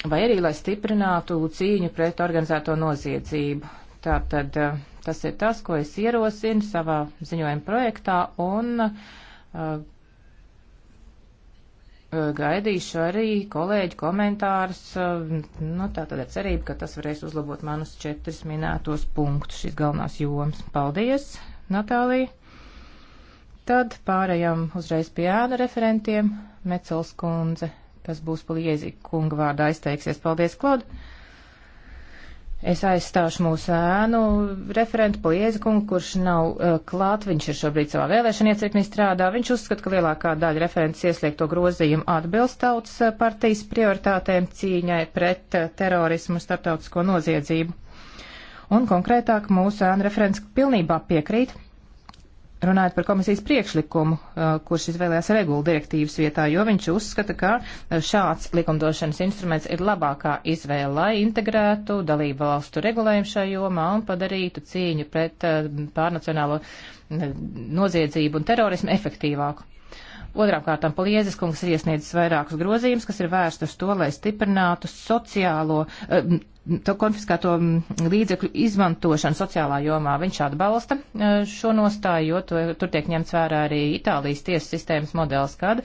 vai arī, lai stiprinātu cīņu pret organizēto noziedzību. Tātad Tas ir tas, ko es ierosinu savā ziņojuma projektā un uh, uh gaidīšu arī kolēģi komentārus. Uh, nu, tā tad ir cerība, ka tas varēs uzlabot manus četrus minētos punktus, šīs galvenās jomas. Paldies, Natālija! Tad pārējām uzreiz pie ēnu referentiem. Mecels kundze, kas būs Liezi kunga vārdā, izteiksies. Paldies, Klod! Es aizstāšu mūsu ēnu referentu Poiezikungu, kurš nav uh, klāt, viņš ir šobrīd savā vēlēšana iecirknī strādā. Viņš uzskata, ka lielākā daļa referents iesliegto grozījumu atbilst tautas eh, partijas prioritātēm cīņai pret uh, terorismu starptautisko noziedzību. Un konkrētāk mūsu ēnu referents pilnībā piekrīt runājot par komisijas priekšlikumu, uh, kurš izvēlējās regulu direktīvas vietā, jo viņš uzskata, ka uh, šāds likumdošanas instruments ir labākā izvēle, lai integrētu dalību valstu regulējumu šajā jomā un padarītu cīņu pret uh, pārnacionālo noziedzību un terorismu efektīvāku. Otrām kārtām Paliezes kungs ir iesniedzis vairākus grozījumus, kas ir vērsti uz to, lai stiprinātu sociālo, to konfiskēto līdzekļu izmantošanu sociālā jomā. Viņš atbalsta e, šo nostāju, jo to, tur tiek ņemts vērā arī Itālijas tiesas sistēmas modelis, kad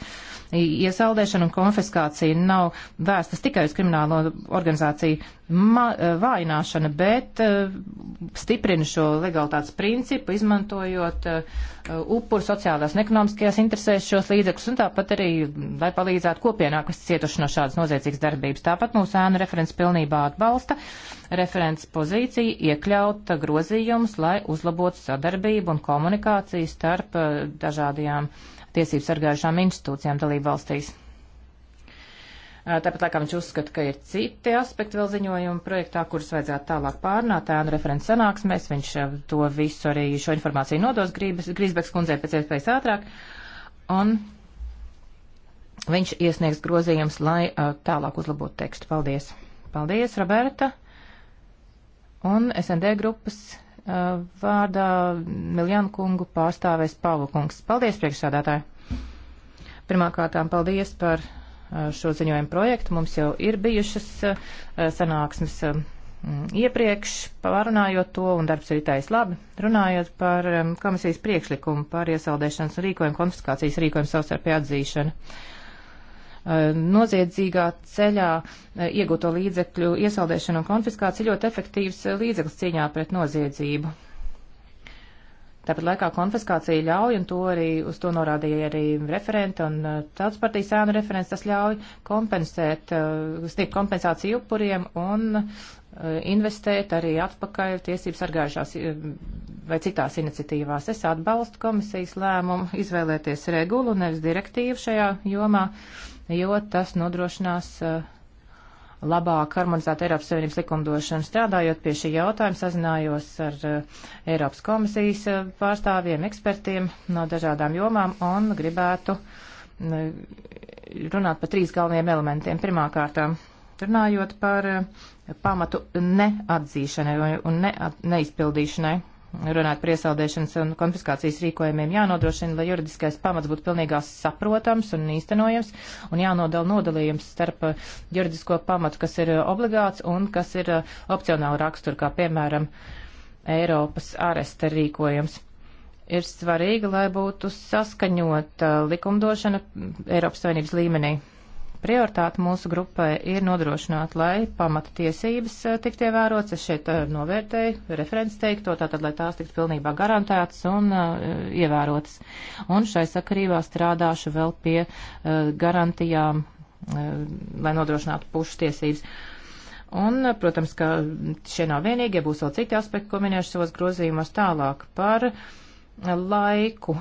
iesaldēšana un konfiskācija nav vērstas tikai uz kriminālo organizāciju e, vājināšana, bet e, stiprina šo legalitātes principu, izmantojot upuru sociālās un ekonomiskajās interesēs šos līdzekļus un tāpat arī, lai palīdzētu kopienā, kas cietuši no šādas noziedzīgas darbības. Tāpat mūsu ēnu referents pilnībā atbalsta atbalsta referents pozīciju iekļaut grozījumus, lai uzlabotu sadarbību un komunikāciju starp uh, dažādajām tiesību sargājušām institūcijām dalību valstīs. Uh, tāpat laikā viņš uzskata, ka ir citi aspekti vēl ziņojuma projektā, kurus vajadzētu tālāk pārnāt, un referents sanāksmēs viņš uh, to visu arī šo informāciju nodos Grīsbeks kundzei pēc iespējas ātrāk, un viņš iesniegs grozījums, lai tālāk uzlabotu tekstu. Paldies! Paldies, Roberta. Un SND grupas uh, vārdā Miljānu kungu pārstāvēs Pāvu kungs. Paldies, priekšsādātāji. Pirmkārtām paldies par uh, šo ziņojumu projektu. Mums jau ir bijušas uh, sanāksmes um, iepriekš pārunājot to, un darbs ir itais labi, runājot par um, komisijas priekšlikumu par iesaldēšanas rīkojumu, konfiskācijas rīkojumu savstarpēju atzīšanu. Eh, noziedzīgā ceļā eh, iegūto līdzekļu iesaldēšana un konfiskācija ļoti efektīvs eh, līdzeklis cīņā pret noziedzību. Tāpat laikā konfiskācija ļauj, un to arī, uz to norādīja arī referenta un tautas partijas ēnu referents, tas ļauj kompensēt, sniegt kompensāciju upuriem un investēt arī atpakaļ tiesību sargājušās vai citās iniciatīvās. Es atbalstu komisijas lēmumu izvēlēties regulu, nevis direktīvu šajā jomā. Uh, jo tas nodrošinās uh, labāk harmonizēt Eiropas Savienības likumdošanu. Strādājot pie šī jautājuma, sazinājos ar uh, Eiropas komisijas uh, pārstāvjiem, ekspertiem no dažādām jomām un gribētu runāt par trīs galvenajiem elementiem. Pirmkārtām, runājot par pamatu neatzīšanai un neat, neizpildīšanai runāt par iesaldēšanas un konfiskācijas rīkojumiem, jānodrošina, lai juridiskais pamats būtu pilnīgā saprotams un īstenojams, un jānodala nodalījums starp uh, juridisko pamatu, kas ir uh, obligāts un kas ir uh, opcionāla rakstura, kā piemēram Eiropas aresta rīkojums. Ir svarīgi, lai būtu saskaņota likumdošana Eiropas Savienības līmenī prioritāte mūsu grupai ir nodrošināt, lai pamata tiesības eh, tiktu ievērots. Es šeit eh, novērtēju referents teikto, tātad, lai tās tiktu pilnībā garantētas un uh, ievērotas. Un šai sakarībā strādāšu vēl pie uh, garantijām, uh, lai nodrošinātu pušu tiesības. Un, protams, ka šie nav vienīgie, būs vēl citi aspekti, ko minēšu savos grozījumos tālāk par laiku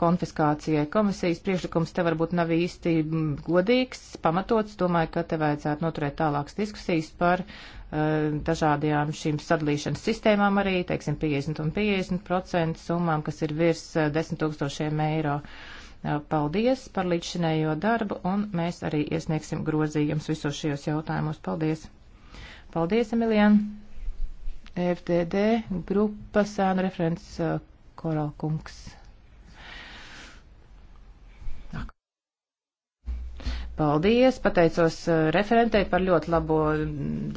konfiskācijai. Komisijas priekšlikums te varbūt nav īsti mm, godīgs, pamatots. Domāju, ka te vajadzētu noturēt tālākas diskusijas par uh, dažādajām šīm sadalīšanas sistēmām arī, teiksim, 50 un 50 procentu summām, kas ir virs 10 e, tūkstošiem eiro. Uh, paldies par līdzšinējo darbu, un mēs arī iesniegsim grozījums visos šajos jautājumos. Paldies! Paldies, Emilian! FDD grupas ēnu referents uh, Koralkungs. Paldies, pateicos eh, referentei par ļoti labo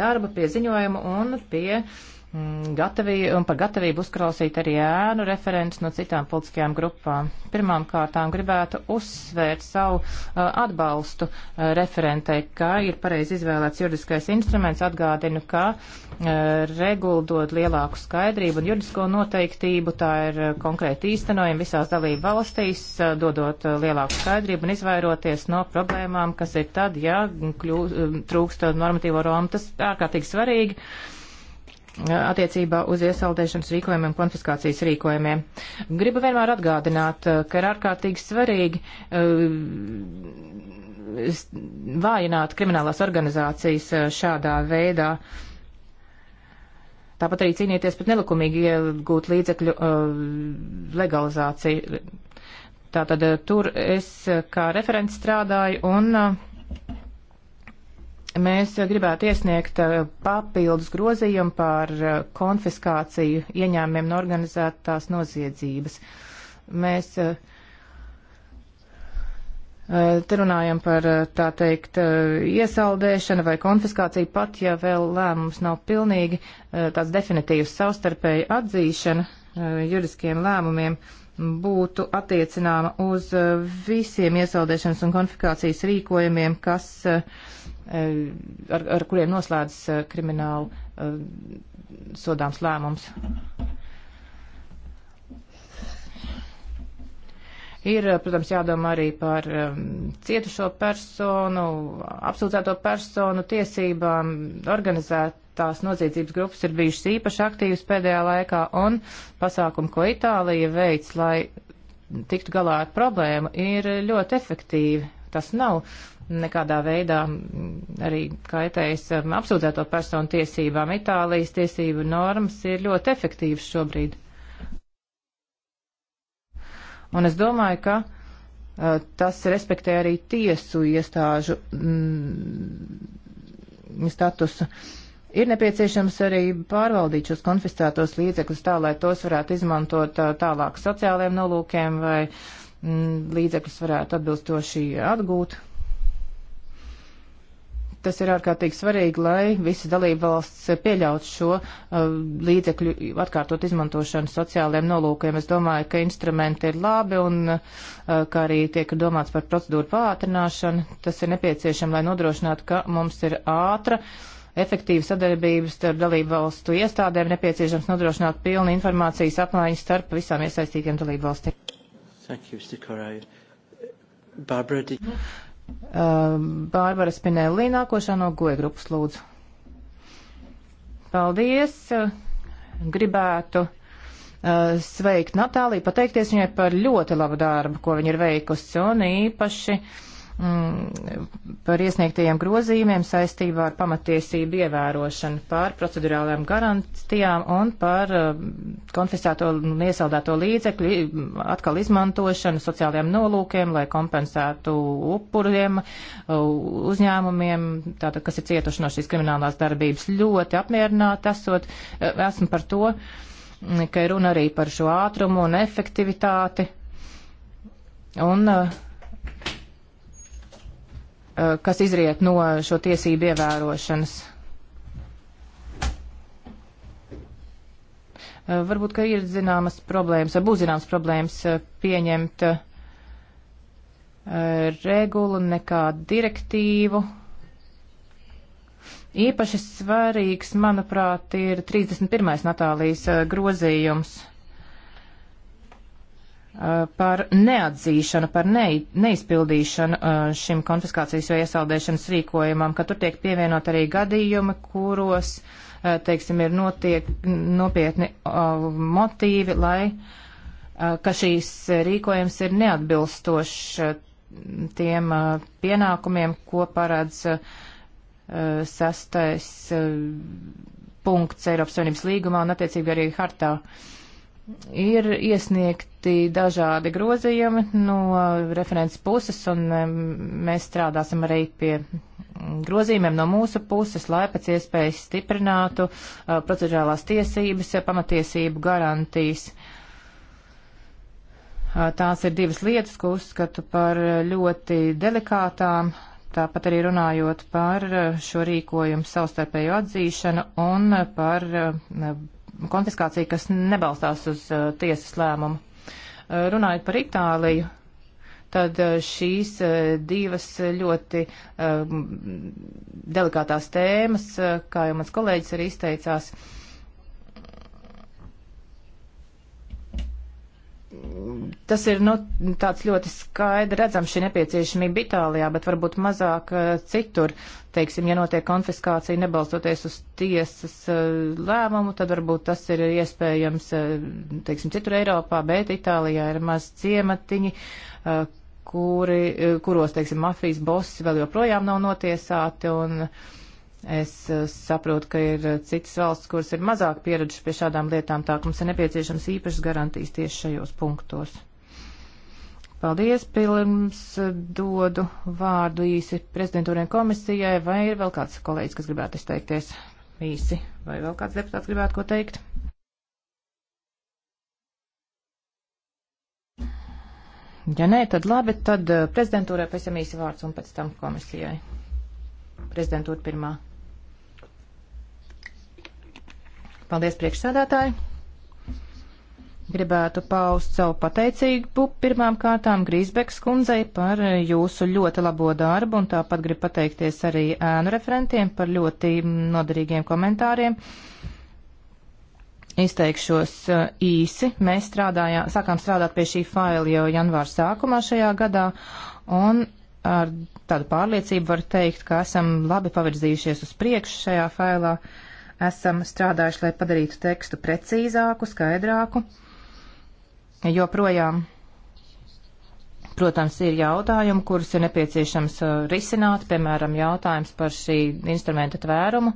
darbu pie ziņojuma un pie uh, Mm, gatavību un par gatavību uzklausīt arī ēnu referents no citām politiskajām grupām. Pirmām kārtām gribētu uzsvērt savu uh, atbalstu uh, referentei, ka ir pareizi izvēlēts juridiskais instruments. Atgādinu, ka uh, reguldot lielāku skaidrību un juridisko noteiktību, tā ir uh, konkrēti īstenojama visās dalību valstīs, uh, dodot uh, lielāku skaidrību un izvairoties no problēmām, kas ir tad, ja kļū, uh, trūkst normatīvo romu. Tas ārkārtīgi svarīgi. Uh, attiecībā uz iesaldēšanas rīkojumiem, konfiskācijas rīkojumiem. Gribu vienmēr atgādināt, eh, ka ir ārkārtīgi svarīgi eh, vājināt kriminālās organizācijas eh, šādā veidā. Tāpat arī cīnīties pret nelikumīgi iegūt līdzekļu legalizāciju. Tātad tur es kā referents strādāju un uh, Mēs gribētu iesniegt uh, papildus grozījumu par uh, konfiskāciju ieņēmumiem no organizētās noziedzības. Mēs uh, te runājam par, tā teikt, iesaldēšanu vai konfiskāciju, pat ja vēl lēmums nav pilnīgi tāds definitīvs savstarpēji atzīšana juridiskiem lēmumiem būtu attiecināma uz visiem iesaldēšanas un konfiskācijas rīkojumiem, kas uh, Eh, ar, ar kuriem noslēdzas eh, kriminālu eh, sodāms lēmums. Ir, protams, jādomā arī par cietušo personu, apsūdzēto personu tiesībām. Organizētās noziedzības grupas ir bijušas īpaši aktīvas pēdējā laikā, un pasākumu, ko Itālija veic, lai tiktu galā ar problēmu, ir ļoti efektīvi. Tas nav nekādā veidā arī kaitējis apsūdzēto personu tiesībām. Itālijas tiesību normas ir ļoti efektīvas šobrīd. Un es domāju, ka uh, tas respektē arī tiesu iestāžu mm, statusu. Ir nepieciešams arī pārvaldīt šos konfiscētos līdzekļus tā, lai tos varētu izmantot uh, tālāk sociālajiem nolūkiem vai mm, līdzekļus varētu atbilstoši atgūt. Tas ir ārkārtīgi svarīgi, lai visas dalība valsts pieļaut šo uh, līdzekļu atkārtot izmantošanu sociālajiem nolūkiem. Es domāju, ka instrumenti ir labi un uh, kā arī tiek domāts par procedūru pātrināšanu. Tas ir nepieciešams, lai nodrošinātu, ka mums ir ātra. Efektīva sadarbības starp dalību valstu iestādēm nepieciešams nodrošināt pilnu informācijas apmaiņu starp visām iesaistītiem dalību valstīm. Thank you, Mr. Correa. Barbara, did... Um, Bārbara Spinelli nākošā no goja grupas lūdzu. Paldies! Gribētu uh, sveikt Natāliju, pateikties viņai par ļoti labu darbu, ko viņa ir veikusi, un īpaši uh, Mm, par iesniegtajiem grozījumiem saistībā ar pamatiesību ievērošanu, par procedurālajām garantijām un par mm, konfiscēto un iesaldēto līdzekļu mm, atkal izmantošanu sociālajiem nolūkiem, lai kompensētu upuriem, uzņēmumiem, tātad, kas ir cietuši no šīs kriminālās darbības. Ļoti apmierināti esot, esmu par to, ka ir runa arī par šo ātrumu un efektivitāti. Un uh, Eh, kas izriet no šo tiesību ievērošanas. Eh, varbūt, ka ir zināmas problēmas, vai būs zināmas problēmas eh, pieņemt regulu nekā direktīvu. Īpaši svarīgs, manuprāt, ir 31. Natālijas grozījums Uh, par neatzīšanu, par ne, neizpildīšanu uh, šim konfiskācijas vai iesaldēšanas rīkojumam, ka tur tiek pievienot arī gadījumi, kuros, uh, teiksim, ir notiek nopietni motīvi, lai, ka šīs rīkojums ir neatbilstošs tiem pienākumiem, ko paredz sastais punkts Eiropas Savienības līgumā un attiecīgi arī hartā. Uh, ir iesniegti dažādi grozījumi no referents puses, un mēs strādāsim arī pie grozījumiem no mūsu puses, lai pēc iespējas stiprinātu eh, procedurālās tiesības, eh, pamatiesību garantijas. Eh, tās ir divas lietas, ko uzskatu par ļoti delikātām, tāpat arī runājot par šo rīkojumu savstarpēju atzīšanu un par konfiskācija, kas nebalstās uz uh, tiesas lēmumu. Uh, runājot par Itāliju, tad uh, šīs divas ļoti delikātās tēmas, kā jau mans kolēģis arī izteicās, tas ir nu, tāds ļoti skaidri redzams šī nepieciešamība Itālijā, bet varbūt mazāk uh, citur. Teiksim, ja notiek konfiskācija nebalstoties uz tiesas uh, lēmumu, tad varbūt tas ir iespējams, uh, teiksim, citur Eiropā, bet Itālijā ir maz ciematiņi, uh, kuri, uh, kuros, teiksim, mafijas bosi vēl joprojām nav notiesāti. Un, uh, Es eh, saprotu, ka ir eh, citas valsts, kuras ir mazāk pieredušas pie šādām lietām, tā ka mums ir nepieciešams īpašas garantijas tieši šajos punktos. Paldies, pirms eh, dodu vārdu īsi prezidentūriem komisijai, vai ir vēl kāds kolēģis, kas gribētu izteikties īsi, vai vēl kāds deputāts gribētu ko teikt? Ja nē, tad labi, tad prezidentūrai pēc tam īsi vārds un pēc tam komisijai. Prezidentūra pirmā. Paldies, priekšsēdētāji! Gribētu paust savu pateicību pirmām kārtām Grīsbekas kundzei par jūsu ļoti labo darbu, un tāpat gribu pateikties arī ēnu referentiem par ļoti noderīgiem komentāriem. Izteikšos e, īsi. Mēs strādājām, sākām strādāt pie šī faila jau janvāra sākumā šajā gadā, un ar tādu pārliecību var teikt, ka esam labi pavirzījušies uz priekšu šajā failā. Uh, esam strādājuši, lai padarītu tekstu precīzāku, skaidrāku. Joprojām, protams, ir jautājumi, kurus ir nepieciešams uh, risināt, piemēram, jautājums par šī instrumenta tvērumu.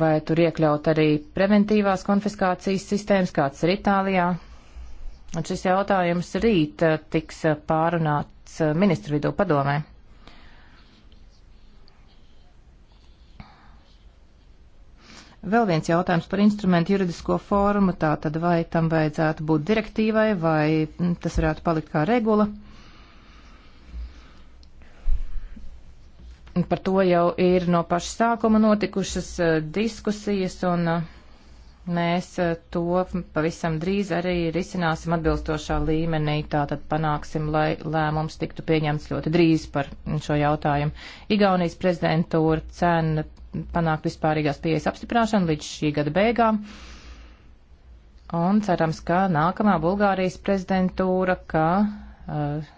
Vai tur iekļaut arī preventīvās konfiskācijas sistēmas, kāds ir Itālijā? Un šis jautājums rīt uh, tiks uh, pārunāts ministru vidū padomē. Vēl viens jautājums par instrumentu juridisko formu, tā tad vai tam vajadzētu būt direktīvai, vai mm, tas varētu palikt kā regula. Par to jau ir no paša sākuma notikušas eh, diskusijas, un eh, mēs eh, to pavisam drīz arī risināsim atbilstošā līmenī. Tātad panāksim, lai lēmums tiktu pieņemts ļoti drīz par šo jautājumu. Igaunijas prezidentūra cena panākt vispārīgās pieejas apstiprināšanu līdz šī gada beigām. Un cerams, ka nākamā Bulgārijas prezidentūra, ka uh,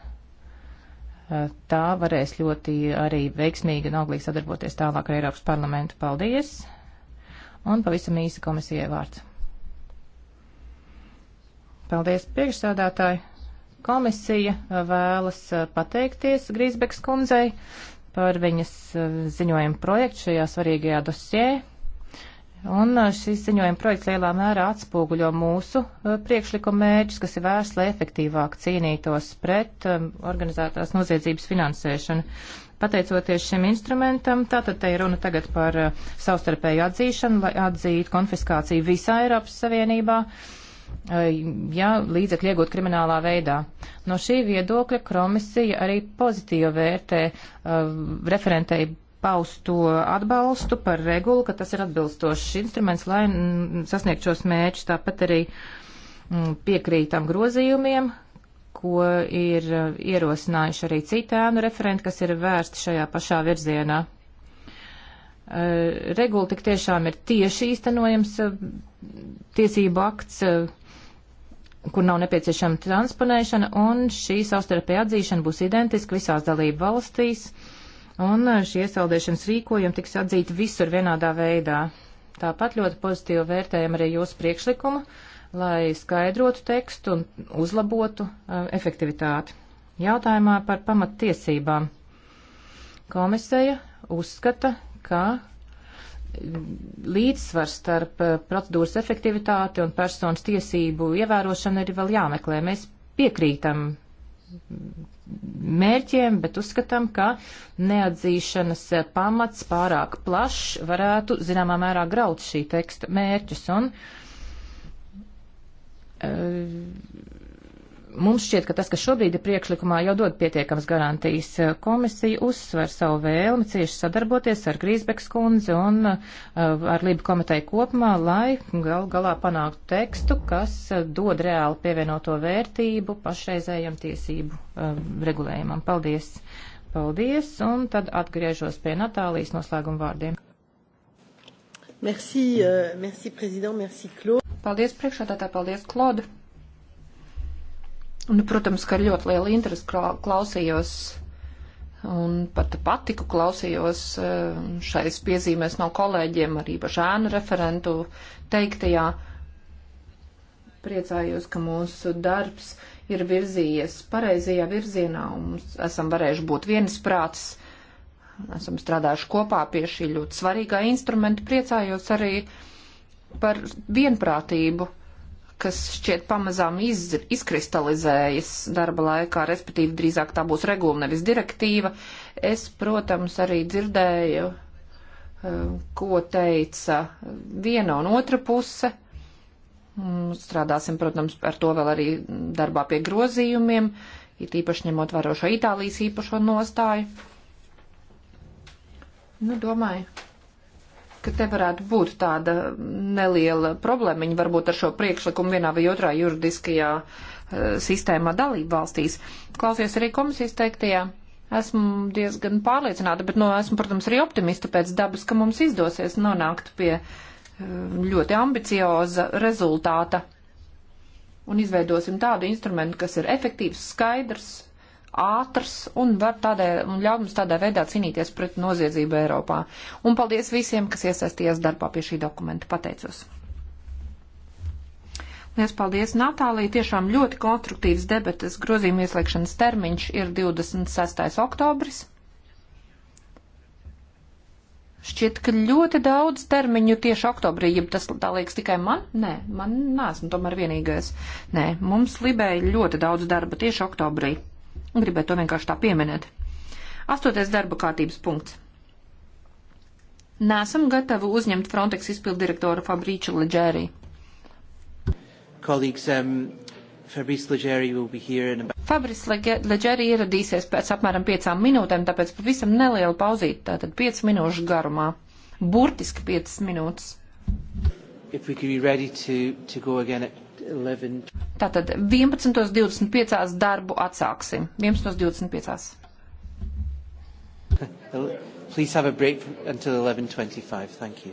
uh, tā varēs ļoti arī veiksmīgi un auglīgi sadarboties tālāk ar Eiropas parlamentu. Paldies! Un pavisam īsi komisijai vārds. Paldies, priekšsādātāji! Komisija uh, vēlas uh, pateikties Grīsbeks kundzei par viņas eh, ziņojumu projektu šajā svarīgajā dosjē. Un eh, šis ziņojuma projekts lielā mērā atspoguļo mūsu eh, priekšlikumu mērķus, kas ir vērsts, lai efektīvāk cīnītos pret organizētās noziedzības finansēšanu. Pateicoties šim instrumentam, tātad te ir runa tagad par savstarpēju atzīšanu, lai atzītu konfiskāciju visā Eiropas Savienībā. Uh, ja līdzekļi iegūt kriminālā veidā. No šī viedokļa komisija arī pozitīvi vērtē uh, referentei paustu atbalstu par regulu, ka tas ir atbilstošs instruments, lai mm, sasniegtu šos mērķus. Tāpat arī mm, piekrītam grozījumiem, ko ir uh, ierosinājuši arī citēnu referenti, kas ir vērsti šajā pašā virzienā. Uh, regula tik tiešām ir tieši īstenojams tiesību akts, kur nav nepieciešama transponēšana, un šī savstarpēja atzīšana būs identiska visās dalību valstīs, un šie iesaldēšanas rīkojumi tiks atzīti visur vienādā veidā. Tāpat ļoti pozitīvi vērtējam arī jūsu priekšlikumu, lai skaidrotu tekstu un uzlabotu uh, efektivitāti. Jautājumā par pamattiesībām. Komisija uzskata, ka līdzsvars starp eh, procedūras efektivitāti un personas tiesību ievērošanu ir vēl jāmeklē. Mēs piekrītam mērķiem, bet uzskatām, ka neatzīšanas eh, pamats pārāk plašs varētu zināmā mērā graut šī teksta mērķus. Un, uh, Mums šķiet, ka tas, kas šobrīd ir priekšlikumā, jau dod pietiekams garantijas. Komisija uzsver savu vēlmi cieši sadarboties ar Grīsbeks kundzi un uh, ar Lību komiteju kopumā, lai gal galā panāktu tekstu, kas uh, dod reāli pievienoto vērtību pašreizējam tiesību uh, regulējumam. Paldies! Paldies! Un tad atgriežos pie Natālijas noslēguma vārdiem. Merci, uh, merci, prezident, merci, Klod. Paldies, priekšādātā, paldies, Klod. Nu, protams, ka ar ļoti lielu interesi klausījos un pat patiku klausījos eh, šais piezīmēs no kolēģiem, arī bažēnu referentu teiktajā. Priecājos, ka mūsu darbs ir virzījies pareizajā virzienā un mums esam varējuši būt viensprāts. Esam strādājuši kopā pie šī ļoti svarīgā instrumenta. Priecājos arī par vienprātību kas šķiet pamazām iz, izkristalizējas darba laikā, respektīvi drīzāk tā būs regula, nevis direktīva. Es, protams, arī dzirdēju, um, ko teica viena un otra puse. Mm, strādāsim, protams, ar to vēl arī darbā pie grozījumiem, it īpaši ņemot vērā šo Itālijas īpašo nostāju. Nu, domāju, ka te varētu būt tāda neliela problēmiņa varbūt ar šo priekšlikumu vienā vai otrā juridiskajā uh, sistēmā dalību valstīs. Klausies arī komisijas teiktajā. Esmu diezgan pārliecināta, bet, nu, no, esmu, protams, arī optimista pēc dabas, ka mums izdosies nonākt pie uh, ļoti ambicioza rezultāta un izveidosim tādu instrumentu, kas ir efektīvs, skaidrs, ātrs un var tādē, un ļauj mums tādā veidā cīnīties pret noziedzību Eiropā. Un paldies visiem, kas iesaistījās darbā pie šī dokumenta. Pateicos! Liels paldies, Natālija. Tiešām ļoti konstruktīvs debetes grozījuma ieslēgšanas termiņš ir 26. oktobris. Šķiet, ka ļoti daudz termiņu tieši oktobrī, ja tas tā liekas tikai man, nē, man nāsmu tomēr vienīgais. Nē, mums libēja ļoti daudz darba tieši oktobrī. Gribētu to vienkārši tā pieminēt. Astoties darba kārtības punkts. Nesam gatavi uzņemt Frontex izpildu direktoru Fabrīču Leģērī. Colleagues, um, Fabrice Leģērī will be here in about... Fabris Leģērī ieradīsies pēc apmēram piecām minūtēm, tāpēc pavisam neliela pauzīte, tātad 5 minūšu garumā. Burtiski 5 minūtes. If we could be ready to, to go again at Tātad 11.25. darbu atsāksim. 11.25. Please have a break until 11.25. Thank you.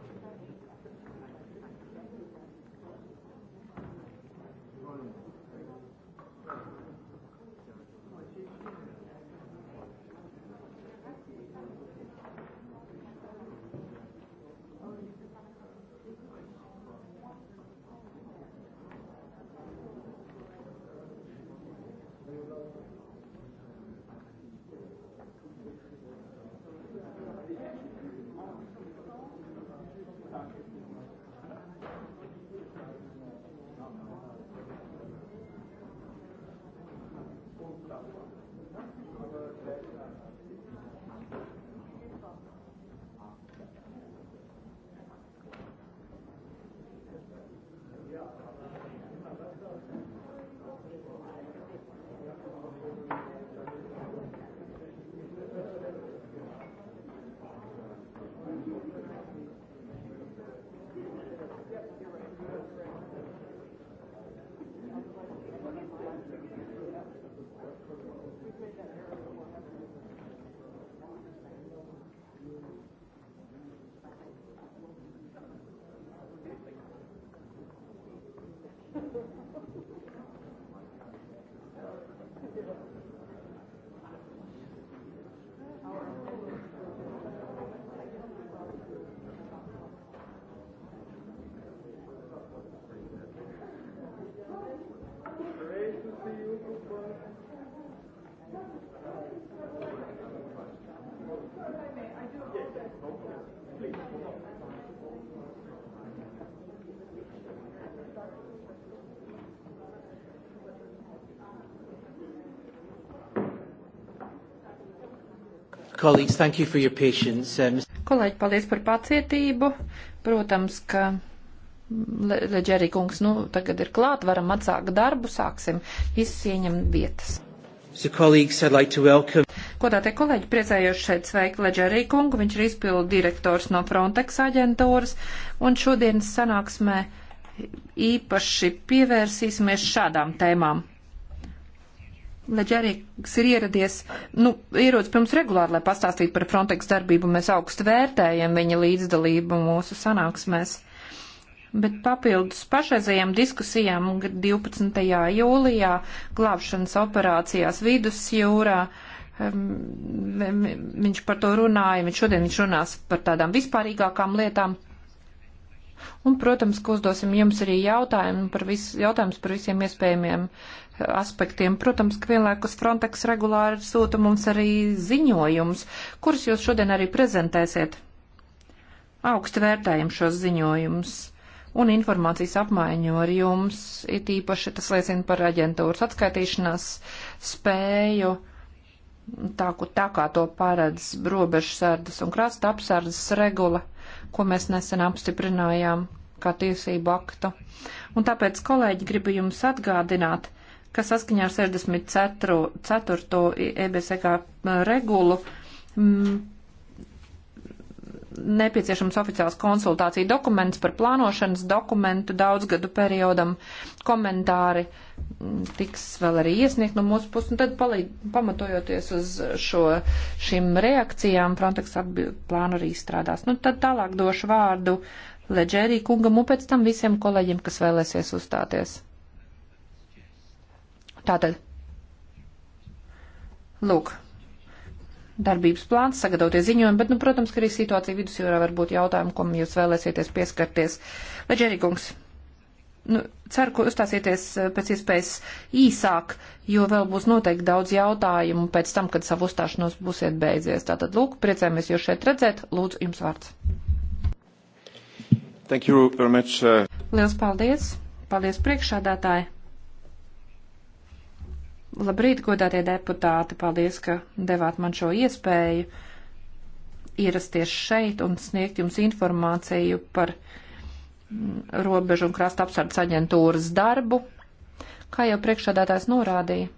Colleagues, thank you for your patience. Uh, kolēģi, paldies par pacietību. Protams, ka Leģerī kungs nu, tagad ir klāt, varam atsākt darbu, sāksim visus ieņemt vietas. So, colleagues, I'd like to welcome. Godātie kolēģi, priecājos šeit sveikt Leģerī kungu, viņš ir izpildu direktors no Frontex aģentūras, un šodienas sanāksmē īpaši pievērsīsimies šādām tēmām Leģerīks ir ieradies, nu, ierodas pirms regulāri, lai pastāstītu par Frontex darbību, mēs augstu vērtējam viņa līdzdalību mūsu sanāksmēs. Bet papildus pašreizējām diskusijām 12. jūlijā glābšanas operācijās vidusjūrā viņš par to runāja, viņš šodien viņš runās par tādām vispārīgākām lietām. Un, protams, ka uzdosim jums arī jautājumu par vis, jautājums par visiem iespējamiem uh, aspektiem. Protams, ka vienlaikus Frontex regulāri sūta mums arī ziņojums, kurus jūs šodien arī prezentēsiet. Augstu vērtējam šos ziņojumus un informācijas apmaiņu ar jums, it īpaši tas liecina par aģentūras atskaitīšanās spēju, tā, tā kā to paredz robežsardas un krasta apsardas regula, ko mēs nesen apstiprinājām kā tiesību aktu. Un tāpēc, kolēģi, gribu jums atgādināt, ka saskaņā ar 64. EBSK regulu m, nepieciešams oficiāls konsultācija dokuments par plānošanas dokumentu daudzgadu periodam. Komentāri tiks vēl arī iesniegt no mūsu puses, un tad palīd, pamatojoties uz šo, šim reakcijām, Frontex plānu arī strādās. Nu, tad tālāk došu vārdu Leģērī kungam un pēc tam visiem kolēģiem, kas vēlēsies uzstāties. Tātad, lūk, darbības plāns, sagatavoties ziņojumu, bet, nu, protams, ka arī situācija vidusjūrā var būt jautājumu, kam jūs vēlēsieties pieskarties. Leģerikungs, nu, ceru, ka uzstāsieties eh, pēc iespējas īsāk, jo vēl būs noteikti daudz jautājumu pēc tam, kad savu uzstāšanos būsiet beidzies. Tātad, lūk, priecājamies jūs šeit redzēt. Lūdzu, jums vārds. Thank you very much. Uh... Liels paldies. Paldies priekšādātāji. Labrīt, godātie deputāti, paldies, ka devāt man šo iespēju ierasties šeit un sniegt jums informāciju par mm, robežu un krasta apsardzes aģentūras darbu. Kā jau priekšādātājs norādīja,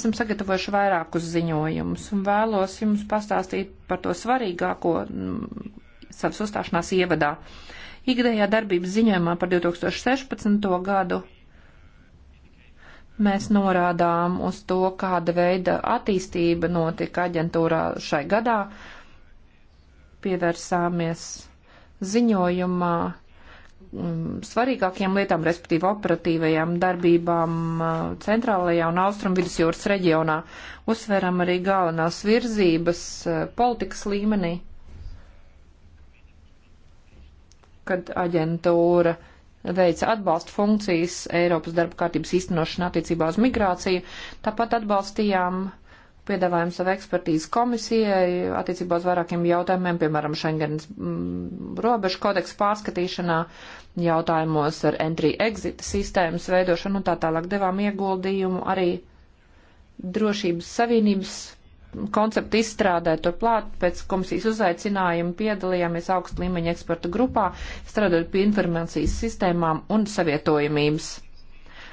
esam sagatavojuši vairākus ziņojumus un vēlos jums pastāstīt par to svarīgāko mm, savas uzstāšanās ievadā. Ikdējā darbības ziņojumā par 2016. gadu Mēs norādām uz to, kāda veida attīstība notika aģentūrā šai gadā. Pievērsāmies ziņojumā mm, svarīgākiem lietām, respektīvi operatīvajām darbībām mm, centrālajā un austrum vidusjūras reģionā. Uzsveram arī galvenās virzības mm, politikas līmenī, kad aģentūra uh, veica atbalsta funkcijas Eiropas darba kārtības īstenošana attiecībā uz migrāciju. Tāpat atbalstījām piedāvājumu savu ekspertīzu komisijai attiecībā uz vairākiem jautājumiem, piemēram, Schengens mm, robežu kodeksu pārskatīšanā, jautājumos ar entry-exit sistēmas veidošanu un tā tālāk devām ieguldījumu arī drošības savienības konceptu izstrādē. Turklāt pēc komisijas uzaicinājuma piedalījāmies augstu līmeņa ekspertu grupā, strādājot pie informācijas sistēmām un savietojamības.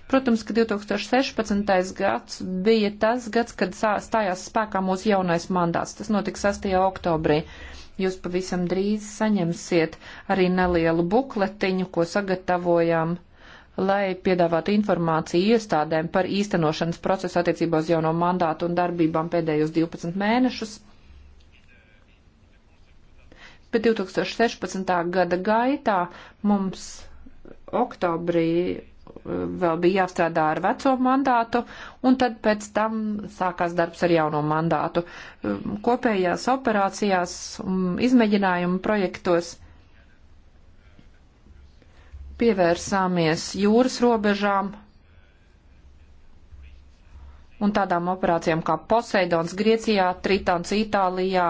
Protams, ka 2016. gads bija tas gads, kad stājās spēkā mūsu jaunais mandāts. Tas notika 6. oktobrī. Jūs pavisam drīz saņemsiet arī nelielu bukletiņu, ko sagatavojām lai piedāvātu informāciju iestādēm par īstenošanas procesu attiecībā uz jauno mandātu un darbībām pēdējos 12 mēnešus. Bet 2016. gada gaitā mums oktobrī uh, vēl bija jāstrādā ar veco mandātu, un tad pēc tam sākās darbs ar jauno mandātu. Um, kopējās operācijās un um, izmēģinājumu projektos pievērsāmies jūras robežām un tādām operācijām kā Poseidons Griecijā, Tritons Itālijā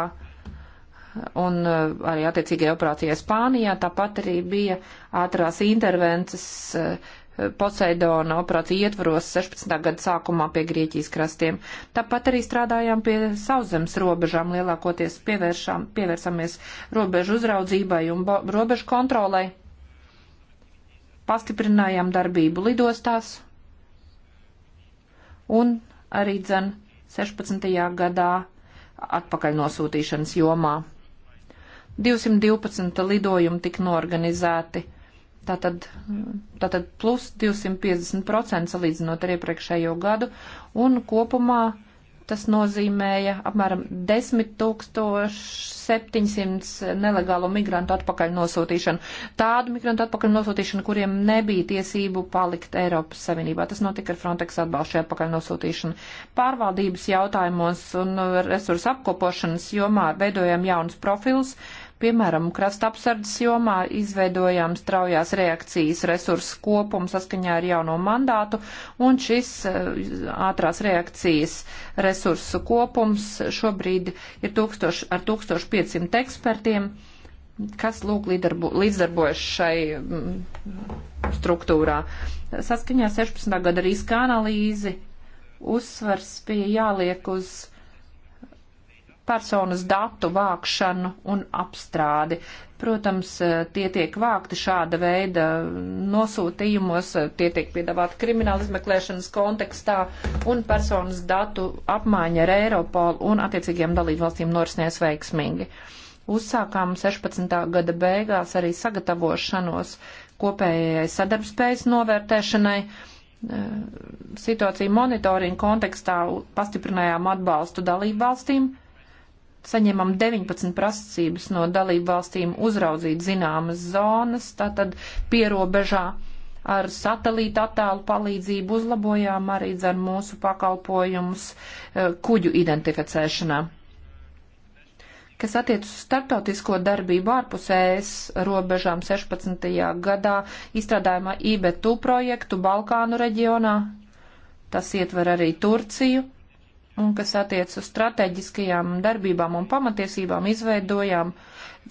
un uh, arī attiecīgajā operācijā Spānijā. Tāpat arī bija ātrās intervences uh, Poseidona operācija ietvaros 16. gada sākumā pie Grieķijas krastiem. Tāpat arī strādājām pie sauszemes robežām, lielākoties pievēršām, pievērsāmies robežu uzraudzībai un robežu kontrolai pastiprinājām darbību lidostās un arī dzen 16. gadā atpakaļ nosūtīšanas jomā. 212 lidojumi tika norganizēti, tātad, tātad plus 250% salīdzinot ar iepriekšējo gadu, un kopumā uh, Tas nozīmēja apmēram 10 700 nelegālo migrantu atpakaļ nosūtīšanu. Tādu migrantu atpakaļ nosūtīšanu, kuriem nebija tiesību palikt Eiropas Savienībā. Tas notika ar Frontex atbalstu atpakaļ nosūtīšanu. Pārvaldības jautājumos un resursu apkopošanas jomā veidojam jaunus profilus. Uh, Piemēram, krasta apsardzes jomā izveidojām straujās reakcijas resursu kopumu saskaņā ar jauno mandātu, un šis eh, ātrās reakcijas resursu kopums šobrīd ir tūkstoš, ar 1500 ekspertiem, kas lūk līdzdarbojas šai mm, struktūrā. Saskaņā 16. gada riska analīzi uzsvars bija jāliek uz personas datu vākšanu un apstrādi. Protams, eh, tie tiek vākti šāda veida nosūtījumos, eh, tie tiek piedāvāti krimināla izmeklēšanas kontekstā un personas datu apmaiņa ar Eiropolu un attiecīgiem dalībvalstīm norisinies veiksmīgi. Uzsākām 16. gada beigās arī sagatavošanos kopējai sadarbspējas novērtēšanai. Eh, situāciju monitoringu kontekstā pastiprinājām atbalstu dalībvalstīm. valstīm saņemam 19 prasības no dalību valstīm uzraudzīt zināmas zonas, tātad pierobežā ar satelīta attēlu palīdzību uzlabojām arī dzar mūsu pakalpojumus eh, kuģu identificēšanā. Kas attiec uz startautisko darbību ārpus ES robežām 16. gadā, izstrādājumā IBTU projektu Balkānu reģionā, tas ietver arī Turciju, un kas attiec uz strateģiskajām darbībām un pamatiesībām, izveidojām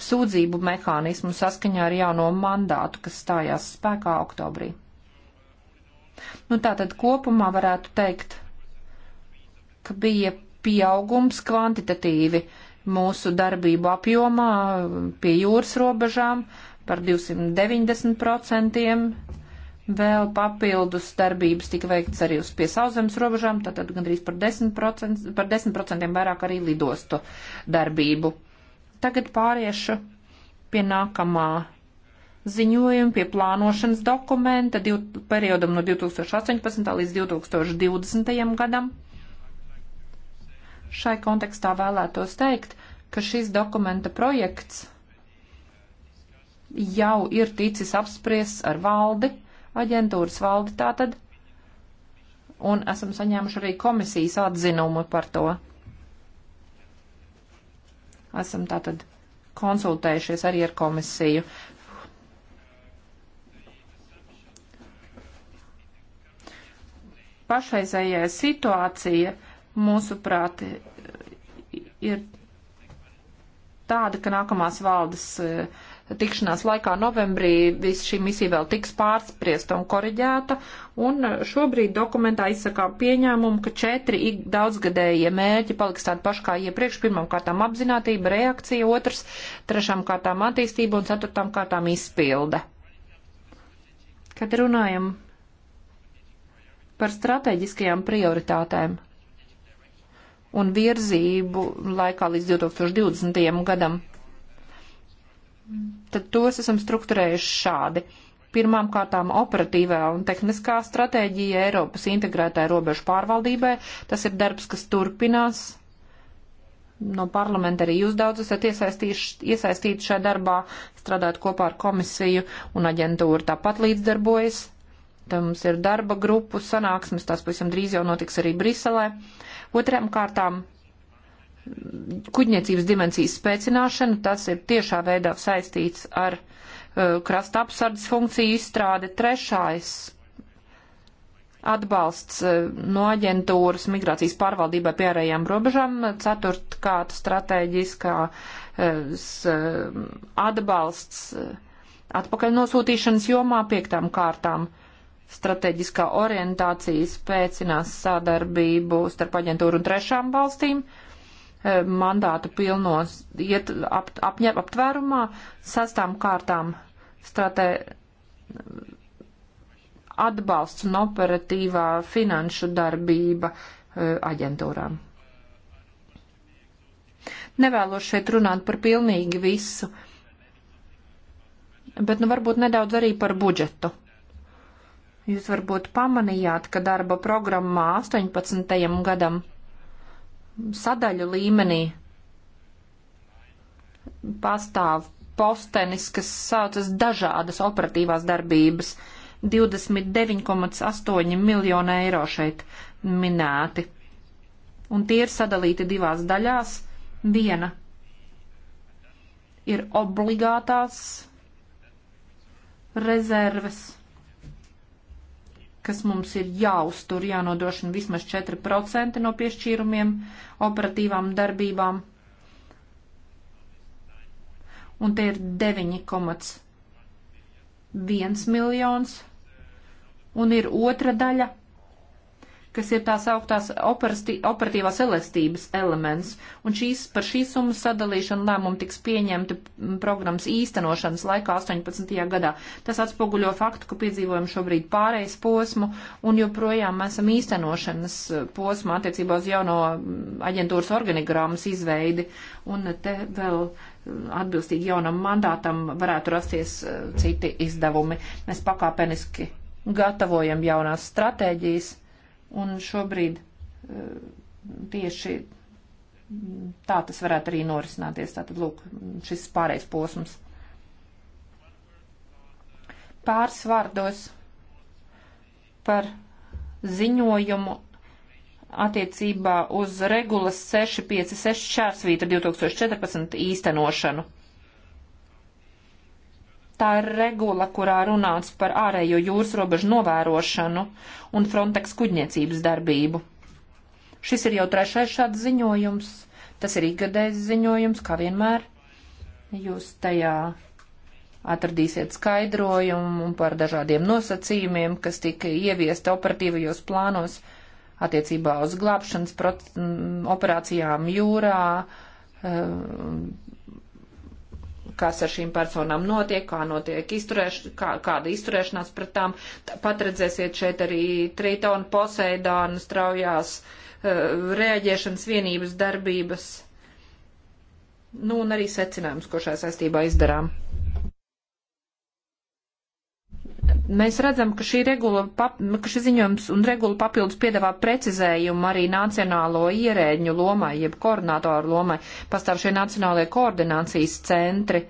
sūdzību mehānismu saskaņā ar jauno mandātu, kas stājās spēkā oktobrī. Nu, tātad kopumā varētu teikt, ka bija pieaugums kvantitatīvi mūsu darbību apjomā pie jūras robežām par 290%, Vēl papildus darbības tika veikts arī uz piesauzemes robežām, tātad gandrīz par 10%, par 10 vairāk arī lidostu darbību. Tagad pāriešu pie nākamā ziņojuma, pie plānošanas dokumenta div, periodam no 2018. līdz 2020. gadam. Šai kontekstā vēlētos teikt, ka šis dokumenta projekts jau ir ticis apspriests ar valdi aģentūras valdi tātad, un esam saņēmuši arī komisijas atzinumu par to. Esam tātad konsultējušies arī ar komisiju. Pašreizējā situācija, mūsuprāt, ir tāda, ka nākamās valdes uh, tikšanās laikā novembrī viss šī misija vēl tiks pārspriesta un koriģēta, un šobrīd dokumentā izsakām pieņēmumu, ka četri daudzgadējie mērķi paliks tādi paši kā iepriekš, pirmam kārtām apzinātība, reakcija, otrs, trešām kārtām attīstība un ceturtām kārtām izpilde. Kad runājam par strateģiskajām prioritātēm un virzību laikā līdz 2020. gadam tad tos esam strukturējuši šādi. Pirmām kārtām operatīvā un tehniskā stratēģija Eiropas integrētai robežu pārvaldībai. Tas ir darbs, kas turpinās. No parlamenta arī jūs daudz esat iesaistīti šajā darbā, strādājot kopā ar komisiju un aģentūru tāpat līdzdarbojas. Tam mums ir darba grupu sanāksmes, tās pavisam drīz jau notiks arī Briselē. Otrām kārtām kuģniecības dimensijas spēcināšana, tas ir tiešā veidā saistīts ar uh, krasta apsardzes funkciju izstrāde. Trešais atbalsts uh, no aģentūras migrācijas pārvaldībai pie ārējām robežām, ceturtkārt stratēģiskā uh, uh, atbalsts uh, atpakaļ nosūtīšanas jomā, piektām kārtām stratēģiskā orientācija spēcinās sadarbību starp aģentūru un trešām valstīm. Uh, Eh, mandātu pilnos iet ap, apņem, aptvērumā, sastām kārtām stratē eh, atbalsts un operatīvā finanšu darbība eh, aģentūrām. Nevēlos šeit runāt par pilnīgi visu, bet nu varbūt nedaudz arī par budžetu. Jūs varbūt pamanījāt, ka darba programmā 18. gadam sadaļu līmenī pastāv postenis, kas saucas dažādas operatīvās darbības. 29,8 miljonu eiro šeit minēti. Un tie ir sadalīti divās daļās. Viena ir obligātās rezerves kas mums ir jāuztur, jānodrošina vismaz 4% no piešķīrumiem operatīvām darbībām. Un te ir 9,1 miljons. Un ir otra daļa kas ir tās augtās operatīvās elastības elements, un šīs, par šīs summas sadalīšanu lēmumu tiks pieņemti programmas īstenošanas laikā 18. gadā. Tas atspoguļo faktu, ka piedzīvojam šobrīd pārējais posmu, un joprojām esam īstenošanas eh, posma attiecībā uz jauno aģentūras organigrammas izveidi, un te vēl atbilstīgi jaunam mandātam varētu rasties eh, citi izdevumi. Mēs pakāpeniski gatavojam jaunās stratēģijas Un šobrīd eh, tieši tā tas varētu arī norisināties. Tātad, lūk, šis pārējais posms. Pāris vārdos par ziņojumu attiecībā uz regulas 656 šķērsvīta 2014 īstenošanu. Tā ir regula, kurā runāts par ārējo jūras robežu novērošanu un Frontex kuģniecības darbību. Šis ir jau trešais šāds ziņojums. Tas ir ikgadējs ziņojums, kā vienmēr. Jūs tajā atradīsiet skaidrojumu par dažādiem nosacījumiem, kas tika ieviesti operatīvajos plānos attiecībā uz glābšanas operācijām jūrā, eh, kas ar šīm personām notiek, kā notiek izturēš, kā, kāda izturēšanās pret tām. Pat redzēsiet šeit arī Tritona Poseidāna straujās uh, reaģēšanas vienības darbības. Nu, un arī secinājums, ko šajā saistībā izdarām. Mēs redzam, ka, regula, pap, ka šis ziņojums un regula papildus piedāvā precizējumu arī nacionālo ierēģņu lomai, jeb koordinātoru lomai. Pastāv šie nacionālie koordinācijas centri.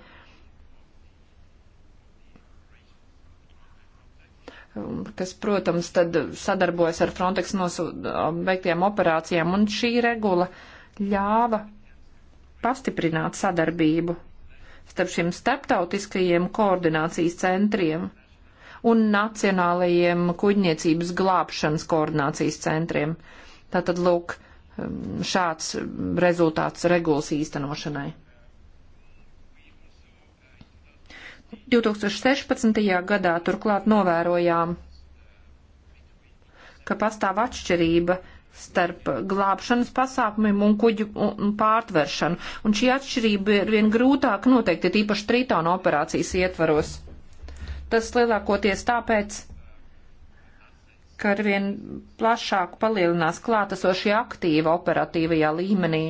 Um, kas, protams, tad sadarbojas ar Frontex um, veiktiem operācijām, un šī regula ļāva pastiprināt sadarbību starp šiem starptautiskajiem koordinācijas centriem un nacionālajiem kuģniecības glābšanas koordinācijas centriem. Tātad, lūk, um, šāds rezultāts regulas īstenošanai. 2016. gadā turklāt novērojām, ka pastāv atšķirība starp glābšanas pasākumiem un kuģu un pārtveršanu, un šī atšķirība ir vien grūtāk noteikti, tīpaši tritona operācijas ietvaros. Tas lielākoties tāpēc, ka arvien plašāk palielinās klātesošie aktīvi operatīvajā līmenī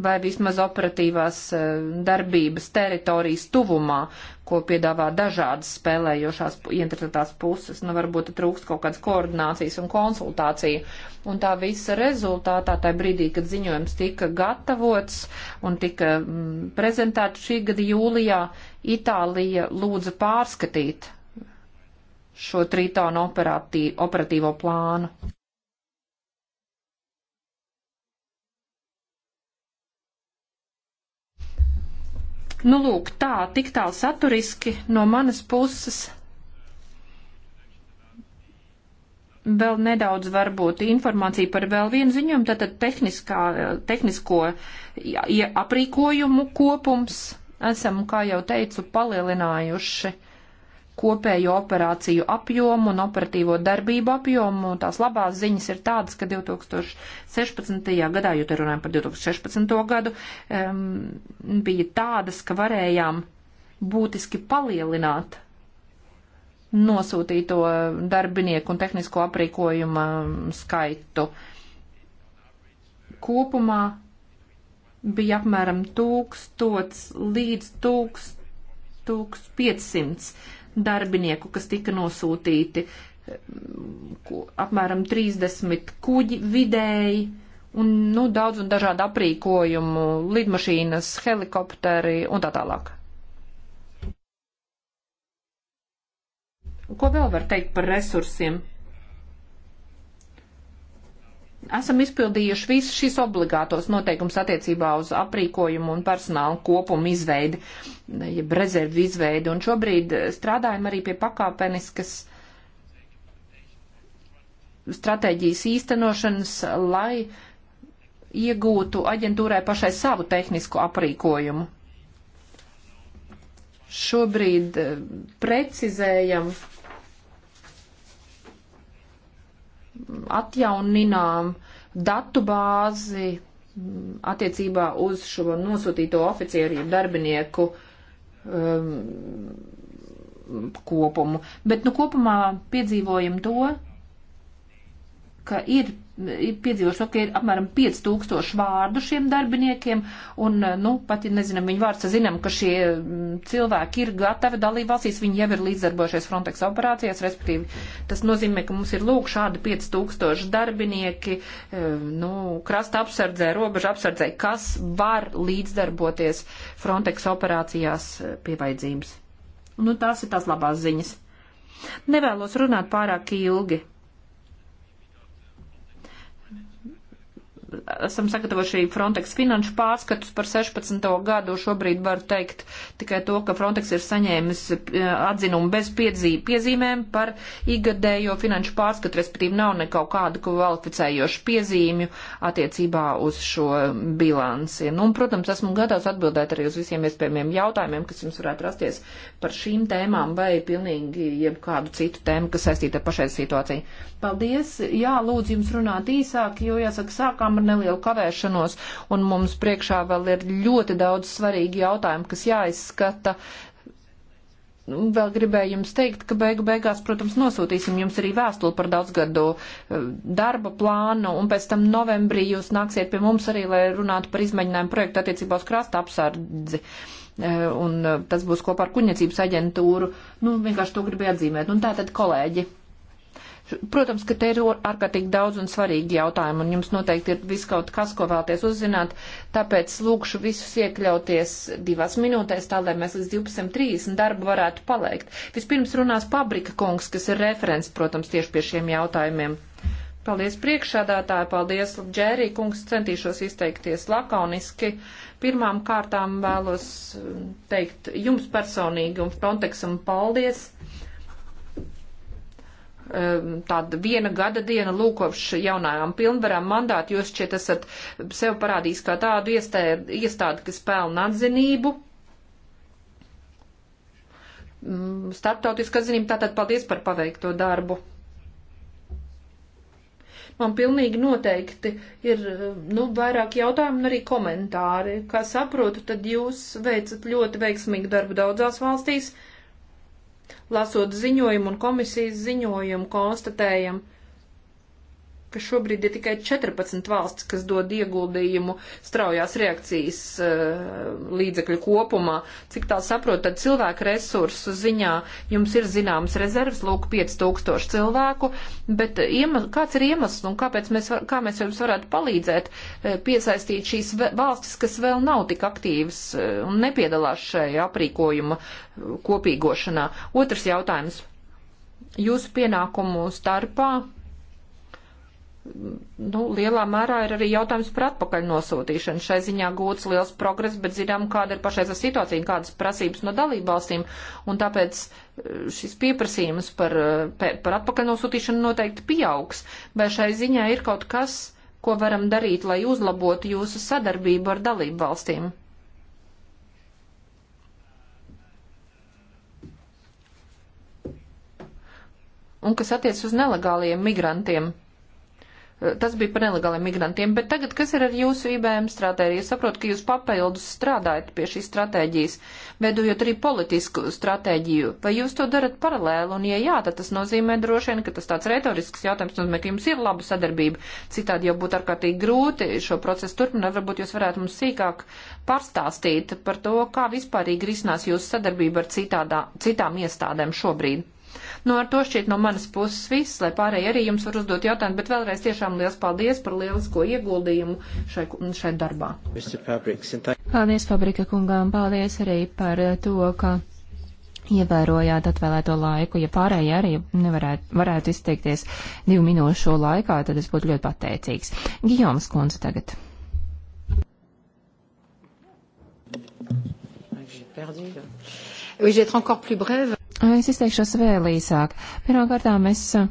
vai vismaz operatīvās eh, darbības teritorijas tuvumā, ko piedāvā dažādas spēlējošās interesētās puses. Nu, varbūt trūkst kaut kādas koordinācijas un konsultāciju. Un tā visa rezultātā, tajā brīdī, kad ziņojums tika gatavots un tika mm, prezentēts šī gada jūlijā, Itālija lūdza pārskatīt šo tritonu operatīvo plānu. Nu, lūk, tā, tik tālu saturiski no manas puses. Vēl nedaudz varbūt informācija par vēl vienu ziņojumu, tātad tehniskā, tehnisko ja, aprīkojumu kopums. Esam, kā jau teicu, palielinājuši uh, kopējo operāciju apjomu un operatīvo darbību apjomu. Tās labās ziņas ir tādas, ka 2016. gadā, jo te runājam par 2016. gadu, um, bija tādas, ka varējām būtiski palielināt nosūtīto darbinieku un tehnisko aprīkojuma skaitu. Kopumā bija apmēram 1000 līdz 1500 darbinieku, kas tika nosūtīti apmēram 30 kuģi vidēji un nu, daudz un dažādu aprīkojumu, lidmašīnas, helikopteri un tā tālāk. Ko vēl var teikt par resursiem? esam izpildījuši visus šīs obligātos noteikums attiecībā uz aprīkojumu un personāla kopumu izveidi, jeb rezervu izveidi, un šobrīd strādājam arī pie pakāpeniskas stratēģijas īstenošanas, lai iegūtu aģentūrai pašai savu tehnisko aprīkojumu. Šobrīd eh, precizējam atjauninām datu bāzi mm, attiecībā uz šo nosūtīto oficieru darbinieku um, kopumu. Bet, nu, kopumā piedzīvojam to, ka ir piedzīvo šo, ka ir apmēram 5000 vārdu šiem darbiniekiem, un, eh, nu, pat, ja nezinām viņu vārds, zinām, ka šie mm, cilvēki ir gatavi dalībvalstīs, viņi jau ir līdzdarbojušies Frontex operācijās, respektīvi, tas nozīmē, ka mums ir lūk šādi 5000 darbinieki, eh, nu, krasta apsardzē, robeža apsardzē, kas var līdzdarboties Frontex operācijās eh, pie vajadzības. Nu, tās ir tās labās ziņas. Nevēlos runāt pārāk ilgi esam sagatavojuši Frontex finanšu pārskatus par 16. gadu. Šobrīd var teikt tikai to, ka Frontex ir saņēmis eh, atzinumu bez piedzī, piezīmēm par igadējo finanšu pārskatu, respektīvi nav nekaut kādu kvalificējošu piezīmju attiecībā uz šo bilansi. Nu, un, protams, esmu gatavs atbildēt arī uz visiem iespējamiem jautājumiem, kas jums varētu rasties par šīm tēmām vai pilnīgi jebkādu citu tēmu, kas saistīta ar pašai situāciju. Paldies! Jā, lūdzu jums runāt īsāk, jo jāsaka, sākām ar nelielu kavēšanos, un mums priekšā vēl ir ļoti daudz svarīgi jautājumi, kas jāizskata. Vēl gribēju jums teikt, ka beigu beigās, protams, nosūtīsim jums arī vēstuli par daudzgadu eh, darba plānu, un pēc tam novembrī jūs nāksiet pie mums arī, lai runātu par izmēģinājumu projektu attiecībā uz krasta apsardzi eh, un eh, tas būs kopā ar kuģniecības aģentūru. Nu, vienkārši to gribēju atzīmēt. Un tā tad, kolēģi, Protams, ka te ir ārkārtīgi daudz un svarīgi jautājumi, un jums noteikti ir viskaut kas, ko vēlties uzzināt, tāpēc lūkšu visus iekļauties divās minūtēs, tā lai mēs līdz 12.30 darbu varētu palikt. Vispirms runās Pabrika kungs, kas ir referents, protams, tieši pie šiem jautājumiem. Paldies priekšādātāji, paldies Džērī kungs, centīšos izteikties lakoniski. Pirmām kārtām vēlos teikt jums personīgi un Frontexam paldies Um, tāda viena gada diena lūkopš jaunajām pilnvarām mandātu, jūs šķiet esat sev parādījis kā tādu iestādi, iestādi kas pelna atzinību. Mm, Startautiska atzinība, tātad paldies par paveikto darbu. Man pilnīgi noteikti ir, nu, vairāk jautājumu un arī komentāri. Kā saprotu, tad jūs veicat ļoti veiksmīgu darbu daudzās valstīs. Uh, lasot ziņojumu un komisijas ziņojumu, konstatējam, ka šobrīd ir tikai 14 valsts, kas dod ieguldījumu straujās reakcijas eh, līdzekļu kopumā. Cik tā saprot, tad cilvēku resursu ziņā jums ir zināms rezervs, lūk, 5000 cilvēku, bet iemas, kāds ir iemesls un kāpēc mēs, var, kā mēs jums varētu palīdzēt eh, piesaistīt šīs valstis, kas vēl nav tik aktīvas eh, un nepiedalās šajā aprīkojuma kopīgošanā? Otrs jautājums. Jūsu pienākumu starpā nu, lielā mērā ir arī jautājums par atpakaļ nosūtīšanu. Šai ziņā gūts liels progress, bet zinām, kāda ir pašreizā situācija un kādas prasības no dalībvalstīm, un tāpēc eh, šis pieprasījums par, eh, par atpakaļ nosūtīšanu noteikti pieaugs. Vai šai ziņā ir kaut kas, ko varam darīt, lai uzlabotu jūsu sadarbību ar dalībvalstīm? Un kas attiec uz nelegāliem migrantiem? Tas bija par nelegāliem migrantiem, bet tagad kas ir ar jūsu IBM stratēģiju? Es saprotu, ka jūs papildus strādājat pie šīs stratēģijas, veidojot arī politisku stratēģiju. Vai jūs to darat paralēli? Un, ja jā, tad tas nozīmē droši vien, ka tas tāds retorisks jautājums nozīmē, ka jums ir laba sadarbība. Citādi jau būtu ārkārtīgi grūti šo procesu turpināt. Varbūt jūs varētu mums sīkāk pastāstīt par to, kā vispārīgi risinās jūsu sadarbība ar citādā, citām iestādēm šobrīd. Nu, ar to šķiet no manas puses viss, lai pārējie arī jums var uzdot jautājumu, bet vēlreiz tiešām liels paldies par lielisko ieguldījumu šai, šai darbā. Paldies, Fabrika kungām, paldies arī par eh, to, ka ievērojāt atvēlēto laiku. Ja pārējie arī nevarētu varētu izteikties divu minūšu laikā, tad es būtu ļoti pateicīgs. Gijoms Kunze tagad. Oui, je vais être encore plus brève. Es izteikšos vēl īsāk. Pirmkārtām es uh,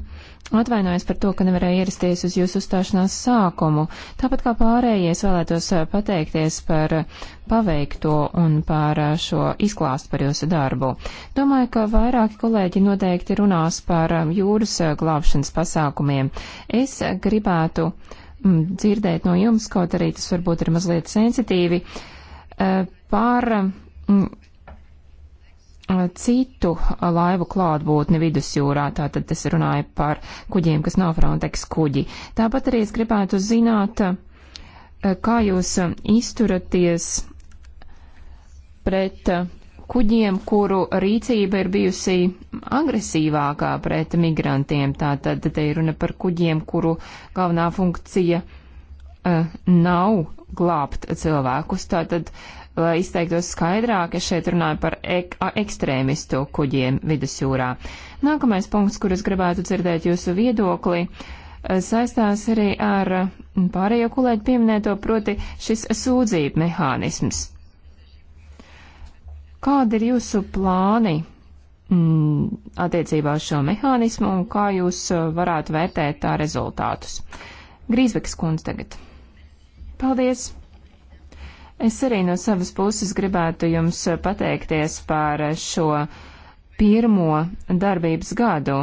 atvainojos par to, ka nevarēju ierasties uz jūsu uzstāšanās sākumu. Tāpat kā pārējie, es vēlētos uh, pateikties par uh, paveikto un par šo izklāstu par jūsu darbu. Domāju, ka vairāki kolēģi noteikti runās par um, jūras glābšanas pasākumiem. Es gribētu mm, dzirdēt no jums, kaut arī tas varbūt ir mazliet sensitīvi, par mm, citu laivu klātbūtni vidusjūrā, tātad es runāju par kuģiem, kas nav Frontex kuģi. Tāpat arī es gribētu zināt, kā jūs izturaties pret kuģiem, kuru rīcība ir bijusi agresīvākā pret migrantiem. Tātad te ir runa par kuģiem, kuru galvenā funkcija uh, nav glābt cilvēkus. Tātad uh, lai izteiktos skaidrāk, es šeit runāju par ek ekstrēmistu kuģiem vidusjūrā. Nākamais punkts, kur es gribētu dzirdēt jūsu viedokli, eh, saistās arī ar pārējo kolēģi pieminēto, proti šis sūdzību mehānisms. Kādi ir jūsu plāni mm, attiecībā uz šo mehānismu un kā jūs eh, varētu vērtēt tā rezultātus? Grīzvekas kundze tagad. Paldies! Es arī no savas puses gribētu jums pateikties par šo pirmo darbības gadu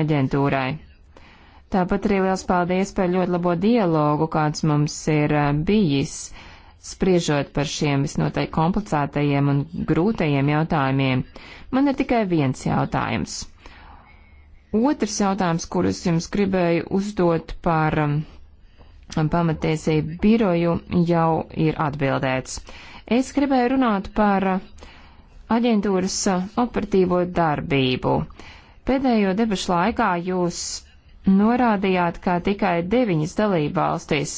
aģentūrai. Tāpat arī liels paldies par ļoti labo dialogu, kāds mums ir bijis, spriežot par šiem visnotaļ komplicētajiem un grūtajiem jautājumiem. Man ir tikai viens jautājums. Otrs jautājums, kurus jums gribēju uzdot par um, pamatiesību biroju jau ir atbildēts. Es gribēju runāt par aģentūras operatīvo darbību. Pēdējo debašu laikā jūs norādījāt, ka tikai deviņas dalībvalstis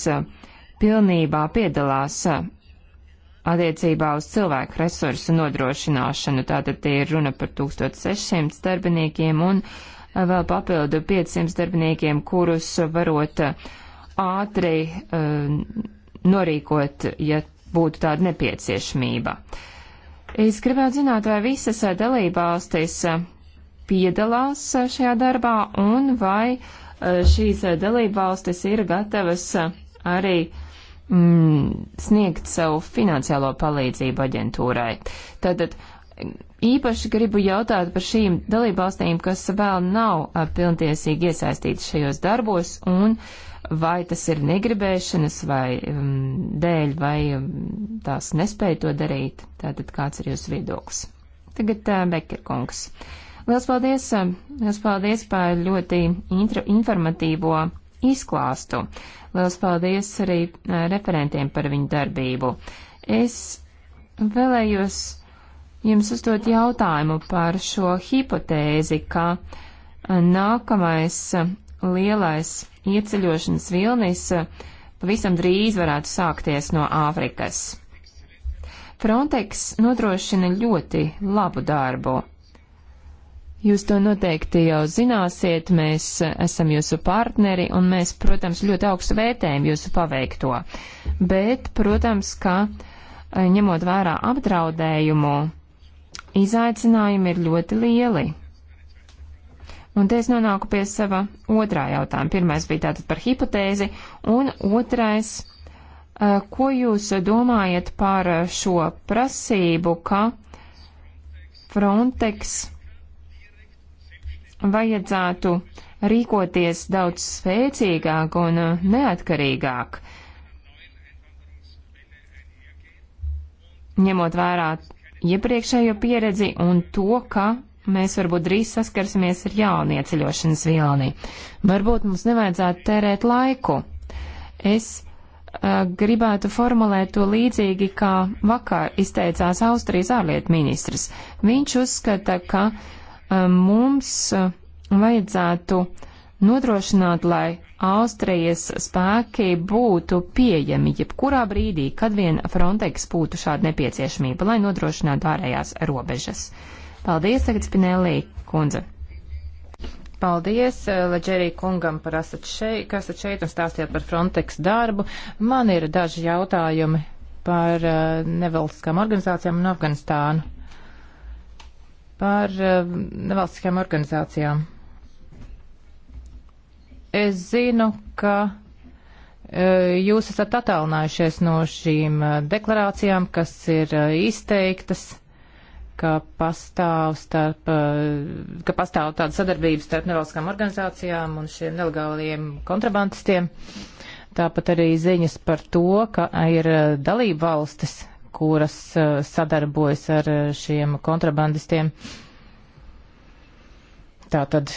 pilnībā piedalās attiecībā uz cilvēku resursu nodrošināšanu. Tātad tie ir runa par 1600 darbiniekiem un vēl papildu 500 darbiniekiem, kurus varot uh, ātri uh, norīkot, ja būtu tāda nepieciešamība. Es gribētu zināt, vai visas eh, dalībvalstis eh, piedalās šajā darbā un vai šīs dalībvalstis ir gatavas arī mm, sniegt savu finansiālo palīdzību aģentūrai. Tātad īpaši gribu jautāt par šīm dalībvalstīm, kas vēl nav pilntiesīgi iesaistītas šajos darbos, un vai tas ir negribēšanas vai um, dēļ, vai um, tās nespēja to darīt. Tātad kāds ir jūsu viedoklis? Tagad uh, Bekerkungs. Liels paldies, uh, liels paldies par ļoti intra, informatīvo izklāstu. Liels paldies arī uh, referentiem par viņu darbību. Es vēlējos jums uzdot jautājumu par šo hipotēzi, ka eh, nākamais eh, lielais ieceļošanas vilnis eh, pavisam drīz varētu sākties no Āfrikas. Frontex nodrošina ļoti labu darbu. Jūs to noteikti jau zināsiet, mēs esam jūsu partneri un mēs, protams, ļoti augstu vērtējam jūsu paveikto. Bet, protams, ka ņemot vērā apdraudējumu, izaicinājumi ir ļoti lieli. Un te es nonāku pie sava otrā jautājuma. Pirmais bija tātad par hipotēzi, un otrais, eh, ko jūs domājat par šo prasību, ka Frontex vajadzētu rīkoties daudz spēcīgāk un eh, neatkarīgāk, ņemot vērā iepriekšējo pieredzi un to, ka mēs varbūt drīz saskarsimies ar jaunu ieceļošanas vilni. Varbūt mums nevajadzētu tērēt laiku. Es uh, gribētu formulēt to līdzīgi, kā vakar izteicās Austrijas ārlietu ministrs. Viņš uzskata, ka uh, mums uh, vajadzētu uh, nodrošināt, lai Austrijas spēki būtu pieejami jebkurā brīdī, kad vien Frontex būtu šāda nepieciešamība, lai nodrošinātu ārējās robežas. Paldies, tagad Spinelli kundze. Paldies, eh, Leģerī kungam, par esat šeit, kas esat šeit un stāstījāt par Frontex darbu. Man ir daži jautājumi par eh, nevalstiskām organizācijām un Afganistānu. Par eh, nevalstiskām organizācijām. Es zinu, ka e, jūs esat attālinājušies no šīm e, deklarācijām, kas ir e, izteiktas, ka pastāv, starp, ka pastāv tāda sadarbība starp nevalstiskām organizācijām un šiem nelegāliem kontrabandistiem. Tāpat arī ziņas par to, ka ir dalība valstis, kuras sadarbojas ar šiem kontrabandistiem. Tātad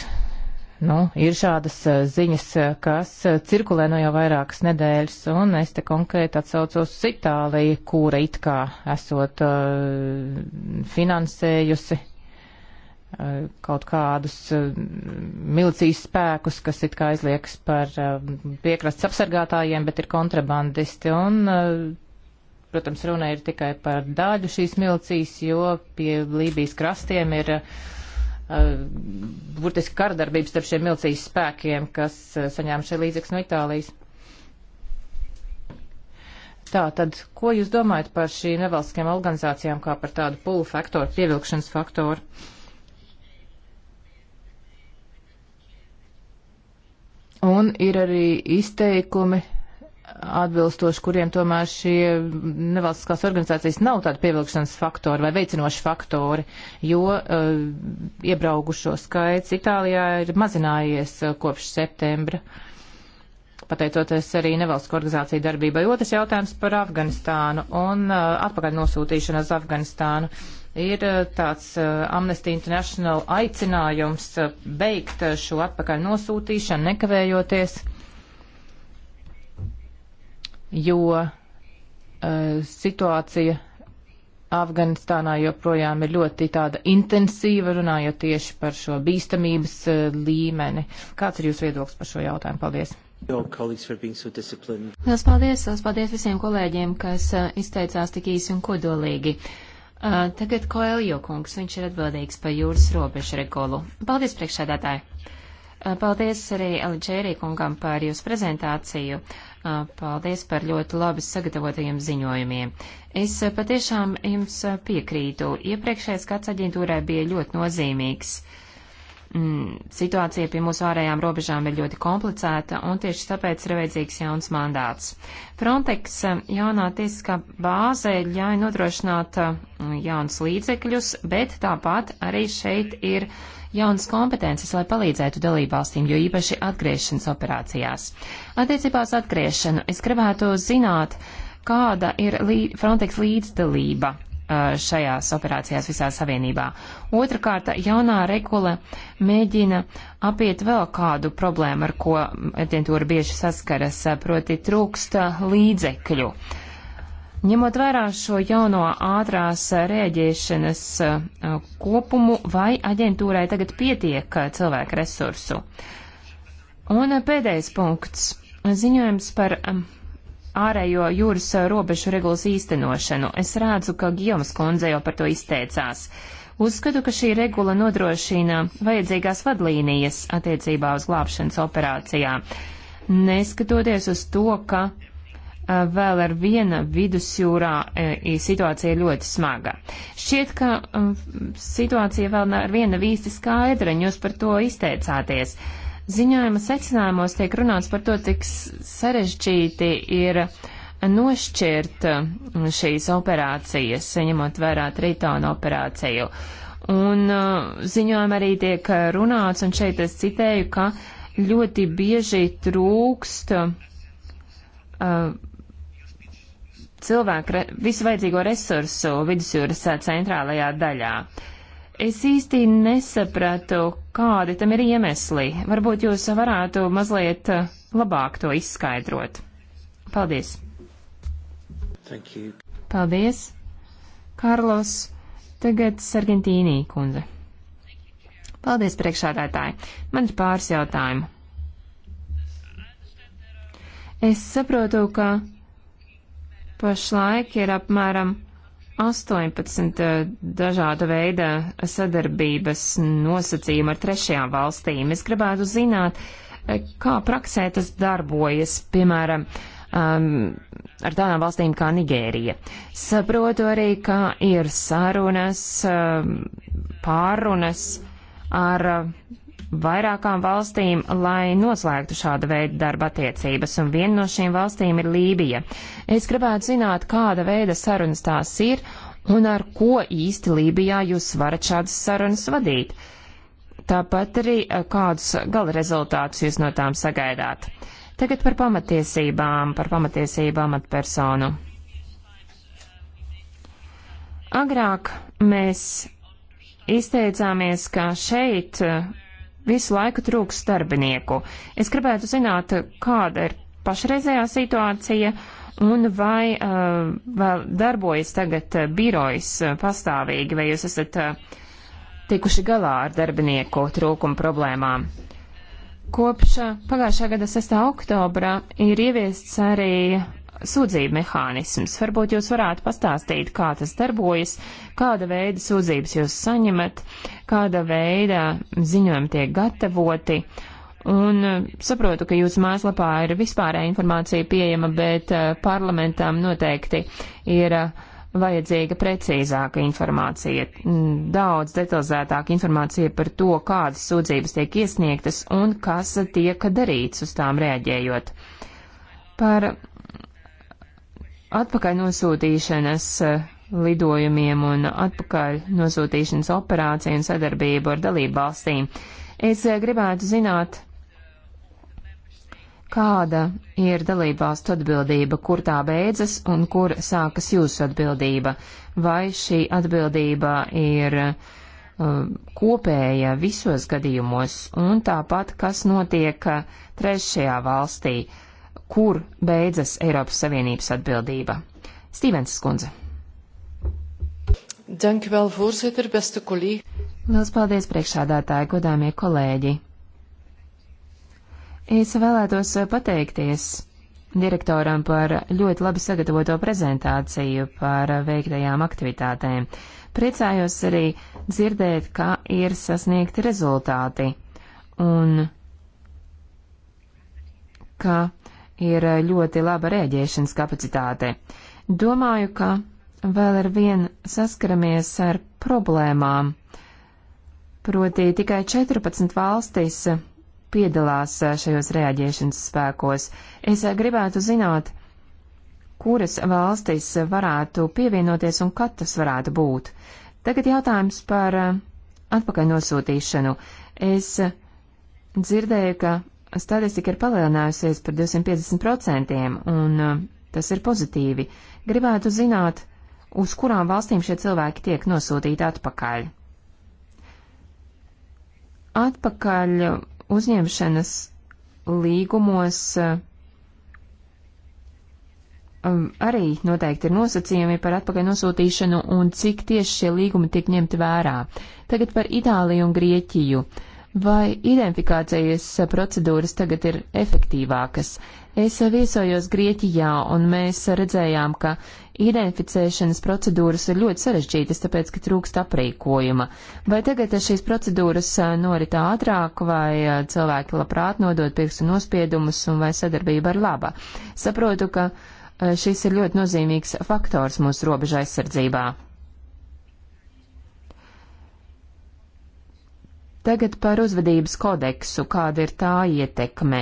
nu, ir šādas eh, ziņas, eh, kas eh, cirkulē no nu jau vairākas nedēļas, un es te konkrēti atsaucos uz Itāliju, kura it kā esot uh, finansējusi uh, kaut kādus uh, milicijas spēkus, kas it kā aizliekas par piekrastes apsargātājiem, bet ir kontrabandisti, un protams, runa ir tikai par daļu šīs milicijas, jo pie Lībijas krastiem ir uh, Eh, burtiski kardarbības starp šiem milicijas spēkiem, kas eh, saņēma šie līdzekļi no Itālijas. Tā tad, ko jūs domājat par šīm nevalstiskajām organizācijām kā par tādu pulu faktoru, pievilkšanas faktoru? Un ir arī izteikumi atbilstoši kuriem tomēr šie nevalstiskās organizācijas nav tādi pievilkšanas faktori vai veicinoši faktori, jo uh, eh, iebraugušo skaits Itālijā ir mazinājies uh, kopš septembra, pateicoties arī nevalstiskā organizācija darbībai. Otrs jautājums par Afganistānu un uh, atpakaļ nosūtīšanu uz Afganistānu. Ir uh, tāds uh, Amnesty International aicinājums uh, beigt uh, šo atpakaļ nosūtīšanu nekavējoties. Uh, jo eh, situācija Afganistānā joprojām ir ļoti tāda intensīva, runājot tieši par šo bīstamības eh, līmeni. Kāds ir jūsu viedoklis par šo jautājumu? Paldies! Lielas paldies! Lielas paldies visiem kolēģiem, kas eh, izteicās tik īsi un kodolīgi. Tagad Koeljo kungs, viņš ir atbildīgs par jūras robežu regulu. Paldies, priekšsēdētāji! Eh, paldies arī Eliģērī kungam par jūsu prezentāciju. Eh, paldies par ļoti labi sagatavotajiem ziņojumiem. Es eh, patiešām jums piekrītu. Iepriekšējais gads aģentūrai bija ļoti nozīmīgs. Mm, situācija pie mūsu ārējām robežām ir ļoti komplicēta, un tieši tāpēc ir vajadzīgs jauns mandāts. Frontex jaunā tiesiskā bāze ļauj nodrošināt jaunus līdzekļus, bet tāpat arī šeit ir uh, jaunas kompetences, lai palīdzētu dalībvalstīm, jo īpaši atgriešanas operācijās. Attiecībā uz atgriešanu es gribētu zināt, kāda ir lī Frontex līdzdalība šajās operācijās visā savienībā. Otrakārt, jaunā regula mēģina apiet vēl kādu problēmu, ar ko aģentūra bieži saskaras, proti trūksta līdzekļu. Uh, Ņemot vērā šo jauno ātrās rēģēšanas uh, kopumu, vai aģentūrai tagad pietiek uh, cilvēku resursu? Un uh, pēdējais punkts - ziņojums par um, ārējo jūras robežu regulas īstenošanu. Es redzu, ka Gijomas kundze jau par to izteicās. Uzskatu, ka šī regula nodrošina vajadzīgās vadlīnijas attiecībā uz glābšanas operācijām, neskatoties uz to, ka Eh, vēl ar viena vidusjūrā eh, situācija ļoti smaga. Šķiet, ka mm, situācija vēl ar viena vīsti skaidra, un jūs par to izteicāties. Ziņojuma secinājumos tiek runāts par to, cik sarežģīti ir nošķirt mm, šīs operācijas, ņemot vērā tritona operāciju. Un eh, ziņojumā arī tiek runāts, un šeit es citēju, ka ļoti bieži trūkst uh, cilvēku re, visu vajadzīgo resursu vidusjūras centrālajā daļā. Es īsti nesapratu, kādi tam ir iemesli. Varbūt jūs varētu mazliet labāk to izskaidrot. Paldies! Paldies! Karlos, tagad Sargentīnī kundze. Paldies, priekšādātāji. Man ir pāris jautājumu. Es saprotu, ka Pašlaik ir apmēram 18 eh, dažāda veida sadarbības nosacījumi ar trešajām valstīm. Es gribētu zināt, eh, kā praksē tas darbojas, piemēram, um, ar tādām valstīm kā Nigērija. Saprotu arī, ka ir sarunas, um, ehm, pārunas ar vairākām valstīm, lai noslēgtu šāda veida darba attiecības, un viena no šīm valstīm ir Lībija. Es gribētu zināt, kāda veida sarunas tās ir, un ar ko īsti Lībijā jūs varat šādas sarunas vadīt. Tāpat arī eh, kādus gala rezultātus jūs no tām sagaidāt. Tagad par pamatiesībām, par pamatiesībām at personu. Agrāk mēs izteicāmies, ka šeit eh, visu laiku trūks darbinieku. Es gribētu zināt, kāda ir pašreizējā situācija un vai uh, vēl darbojas tagad uh, birojas uh, pastāvīgi, vai jūs esat uh, tikuši galā ar darbinieku trūkumu problēmām. Kopš uh, pagājušā gada 6. oktobra ir ieviests arī sūdzību mehānisms. Varbūt jūs varētu pastāstīt, kā tas darbojas, kāda veida sūdzības jūs saņemat, kāda veida ziņojumi tiek gatavoti. Un eh, saprotu, ka jūsu mājaslapā ir vispārēja informācija pieejama, bet eh, parlamentam noteikti ir eh, vajadzīga precīzāka informācija, mm, daudz detalizētāka informācija par to, kādas sūdzības tiek iesniegtas un kas tiek darīts uz tām reaģējot. Par atpakaļ nosūtīšanas eh, lidojumiem un atpakaļ nosūtīšanas operāciju un sadarbību ar dalību valstīm. Es eh, gribētu zināt, kāda ir dalību valstu atbildība, kur tā beidzas un kur sākas jūsu atbildība. Vai šī atbildība ir eh, kopēja visos gadījumos, un tāpat, kas notiek trešajā valstī, uh, kur beidzas Eiropas Savienības atbildība. Stīvens Skundze. Dankvēl, voorzitter, beste kolēģi. Liels paldies priekšādātāji, godāmie kolēģi. Es vēlētos pateikties direktoram par ļoti labi sagatavoto prezentāciju par veiktajām aktivitātēm. Priecājos arī dzirdēt, kā ir sasniegti rezultāti un ka ir eh, ļoti laba rēģēšanas kapacitāte. Domāju, ka vēl ar vien saskaramies ar problēmām. Proti tikai 14 valstis piedalās eh, šajos rēģēšanas spēkos. Es eh, gribētu zināt, kuras valstis varētu pievienoties un kad tas varētu būt. Tagad jautājums par atpakaļ nosūtīšanu. Es dzirdēju, ka statistika ir palielinājusies par 250%, un uh, tas ir pozitīvi. Gribētu zināt, uz kurām valstīm šie cilvēki tiek nosūtīti atpakaļ. Atpakaļ uzņemšanas līgumos uh, um, arī noteikti ir nosacījumi par atpakaļ nosūtīšanu un cik tieši šie līgumi tiek ņemti vērā. Tagad par Itāliju un Grieķiju. Uh, vai identifikācijas procedūras tagad ir efektīvākas. Es viesojos Grieķijā, un mēs redzējām, ka identificēšanas procedūras ir ļoti sarežģītas, tāpēc, ka trūkst aprīkojuma. Vai tagad šīs procedūras norit ātrāk, vai cilvēki labprāt nodod pirkstu nospiedumus, un vai sadarbība ir laba? Saprotu, ka eh, šis ir ļoti nozīmīgs faktors mūsu robeža aizsardzībā. Tagad par uzvedības kodeksu, kāda ir tā ietekme.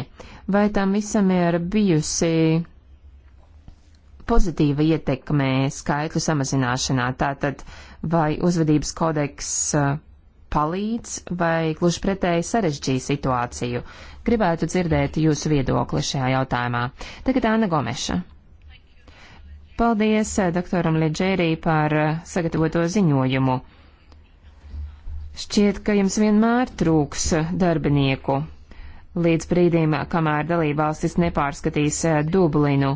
Vai tam visam ir bijusi pozitīva ietekme skaitļu samazināšanā? Tātad, vai uzvedības kodeks uh, palīdz vai gluži pretēji sarežģīja situāciju? Gribētu dzirdēt jūsu viedokli šajā jautājumā. Tagad Anna Gomeša. Paldies doktoram Leģērī par uh, sagatavoto ziņojumu. Šķiet, ka jums vienmēr trūks eh, darbinieku līdz brīdim, kamēr dalībvalstis nepārskatīs eh, Dublinu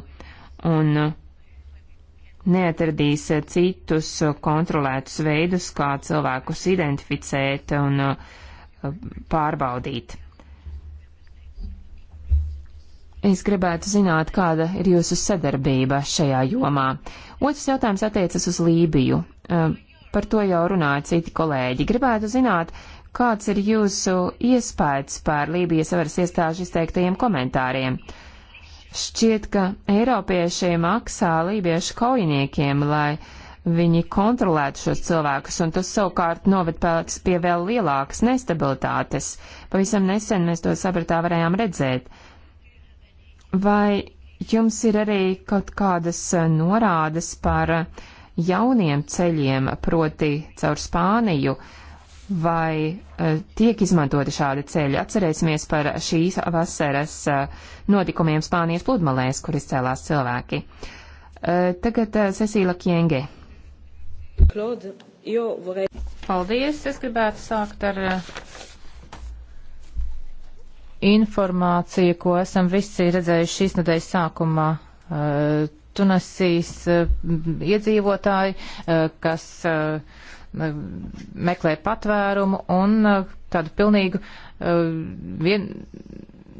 un neatradīs eh, citus kontrolētus veidus, kā cilvēkus identificēt un pārbaudīt. Es gribētu zināt, kāda ir jūsu sadarbība šajā jomā. Otrs jautājums attiecas uz Lībiju par to jau runāja citi kolēģi. Gribētu zināt, kāds ir jūsu iespējas par Lībijas varas iestāžu izteiktajiem komentāriem. Šķiet, ka Eiropieši maksā lībiešu kaujiniekiem, lai viņi kontrolētu šos cilvēkus, un tas savukārt noved pie vēl lielākas nestabilitātes. Pavisam nesen mēs to sapratā varējām redzēt. Vai jums ir arī kaut kādas norādes par uh, jauniem ceļiem, proti caur Spāniju, vai e, tiek izmantoti šādi ceļi. Atcerēsimies par šīs vasaras e, notikumiem Spānijas pludmalēs, kur izcēlās cilvēki. E, tagad Cecīla Kienge. Claude, jo varēja. Paldies, es gribētu sākt ar informāciju, ko esam visi redzējuši šīs nedēļas sākumā. Tunasijas eh, iedzīvotāji, eh, kas eh, meklē patvērumu un tādu pilnīgu vien,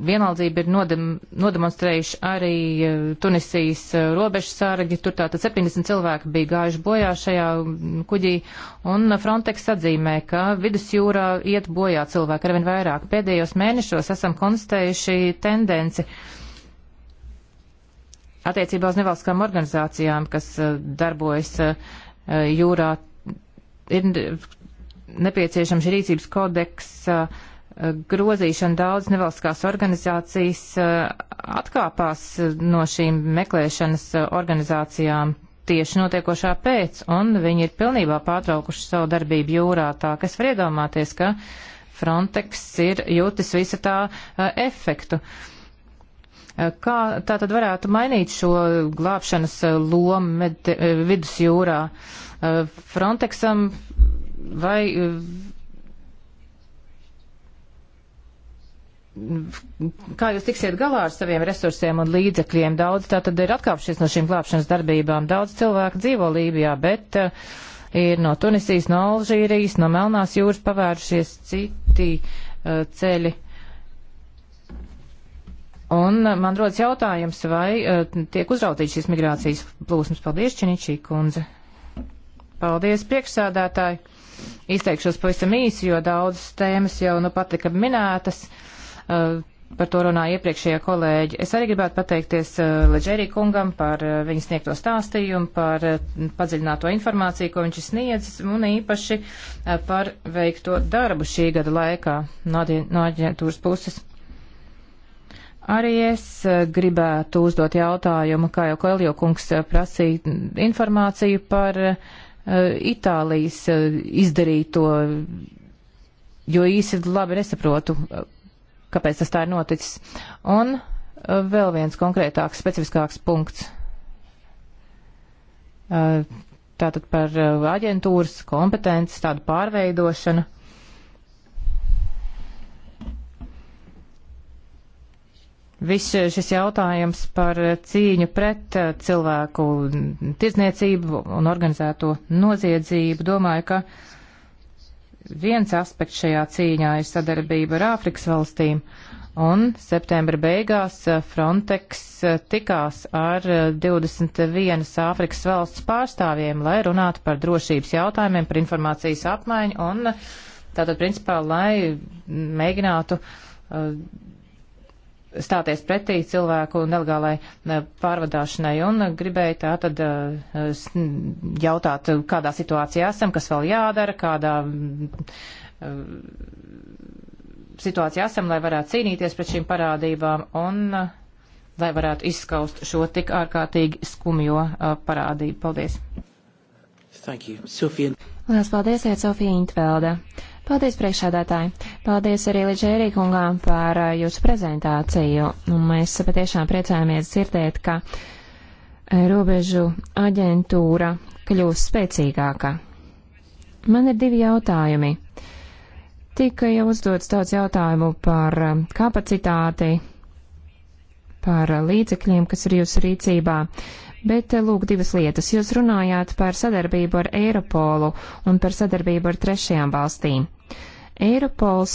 vienaldzību ir nodem, nodemonstrējuši arī Tunisijas robežas sārgi. Tur tātad 70 cilvēki bija gājuši bojā šajā mm, kuģī, un Frontex atzīmē, ka vidusjūrā iet bojā cilvēki arvien vairāk. Pēdējos mēnešos esam konstatējuši tendenci. Uh, attiecībā uz nevalstiskām organizācijām, kas eh, darbojas eh, jūrā, ir nepieciešams rīcības kodeks eh, grozīšana daudz nevalstiskās organizācijas atkāpās no šīm meklēšanas organizācijām tieši notiekošā pēc, un viņi ir pilnībā pārtraukuši savu darbību jūrā, tā ka es varu iedomāties, ka Frontex ir jūtis visa tā efektu. Uh, Eh, kā tā tad varētu mainīt šo glābšanas eh, lomu med, eh, vidusjūrā Frontexam vai kā jūs tiksiet galā ar saviem resursiem un līdzekļiem? Daudz tā tad ir atkāpšies no šīm glābšanas darbībām. Daudz cilvēku dzīvo Lībijā, bet uh, ir no Tunisijas, no Alžīrijas, no Melnās jūras pavērušies citi uh, ceļi. Uh, Un eh, man rodas jautājums, vai uh, tiek uzrautīts šīs migrācijas plūsmas. Paldies, Čeničī kundze. Paldies, priekšsādātāji. Izteikšos pavisam īsi, jo daudzas tēmas jau nu patika minētas. Uh, par to runāja iepriekšējā kolēģi. Es arī gribētu pateikties uh, Leģerī kungam par uh, viņas sniegto stāstījumu, par uh, padziļināto informāciju, ko viņš ir sniedzis, un īpaši uh, par veikto darbu šī gada laikā no, no aģentūras puses. Arī es eh, gribētu uzdot jautājumu, kā jau Koelio kungs eh, prasīja informāciju par eh, Itālijas izdarīto, jo īsi labi nesaprotu, kāpēc tas tā ir noticis. Un vēl viens konkrētāks, specifiskāks punkts. Tātad par aģentūras kompetences, tādu pārveidošanu. Viss eh, šis jautājums par eh, cīņu pret eh, cilvēku tirdzniecību un organizēto noziedzību, domāju, ka viens aspekts šajā cīņā ir sadarbība ar Āfrikas valstīm. Un septembra beigās Frontex tikās ar 21 Āfrikas valsts pārstāvjiem, lai runātu par drošības jautājumiem, par informācijas apmaiņu un tātad principā, lai mēģinātu uh, stāties pretī cilvēku nelegālai pārvadāšanai un gribēju tā tad eh, jautāt, kādā situācijā esam, kas vēl jādara, kādā eh, situācijā esam, lai varētu cīnīties pret šīm parādībām un eh, lai varētu izskaust šo tik ārkārtīgi skumjo parādību. Paldies! Thank you, Sofija. Lielas paldies, Sofija Intvelda. Paldies, priekšādātāji! Paldies arī Liģērī kungām par jūsu prezentāciju. Un mēs patiešām priecājamies dzirdēt, ka robežu aģentūra kļūs spēcīgāka. Man ir divi jautājumi. Tika jau uzdots daudz jautājumu par kapacitāti, par līdzekļiem, kas ir jūsu rīcībā. Bet lūk, divas lietas. Jūs runājāt par sadarbību ar Eiropolu un par sadarbību ar trešajām valstīm. Eiropols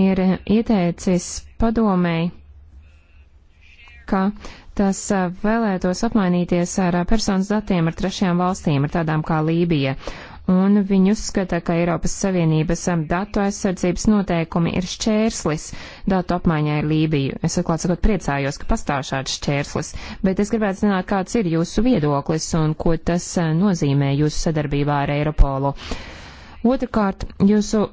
ir ieteicis padomēji, ka tas vēlētos apmainīties ar personas datiem ar trešajām valstīm, ar tādām kā Lībija. Un viņi uzskata, ka Eiropas Savienības datu aizsardzības noteikumi ir šķērslis datu apmaiņai ar Lībiju. Es atklāt sakot priecājos, ka pastāv šāds šķērslis, bet es gribētu zināt, kāds ir jūsu viedoklis un ko tas nozīmē jūsu sadarbībā ar Eiropolu. Otrakārt, jūsu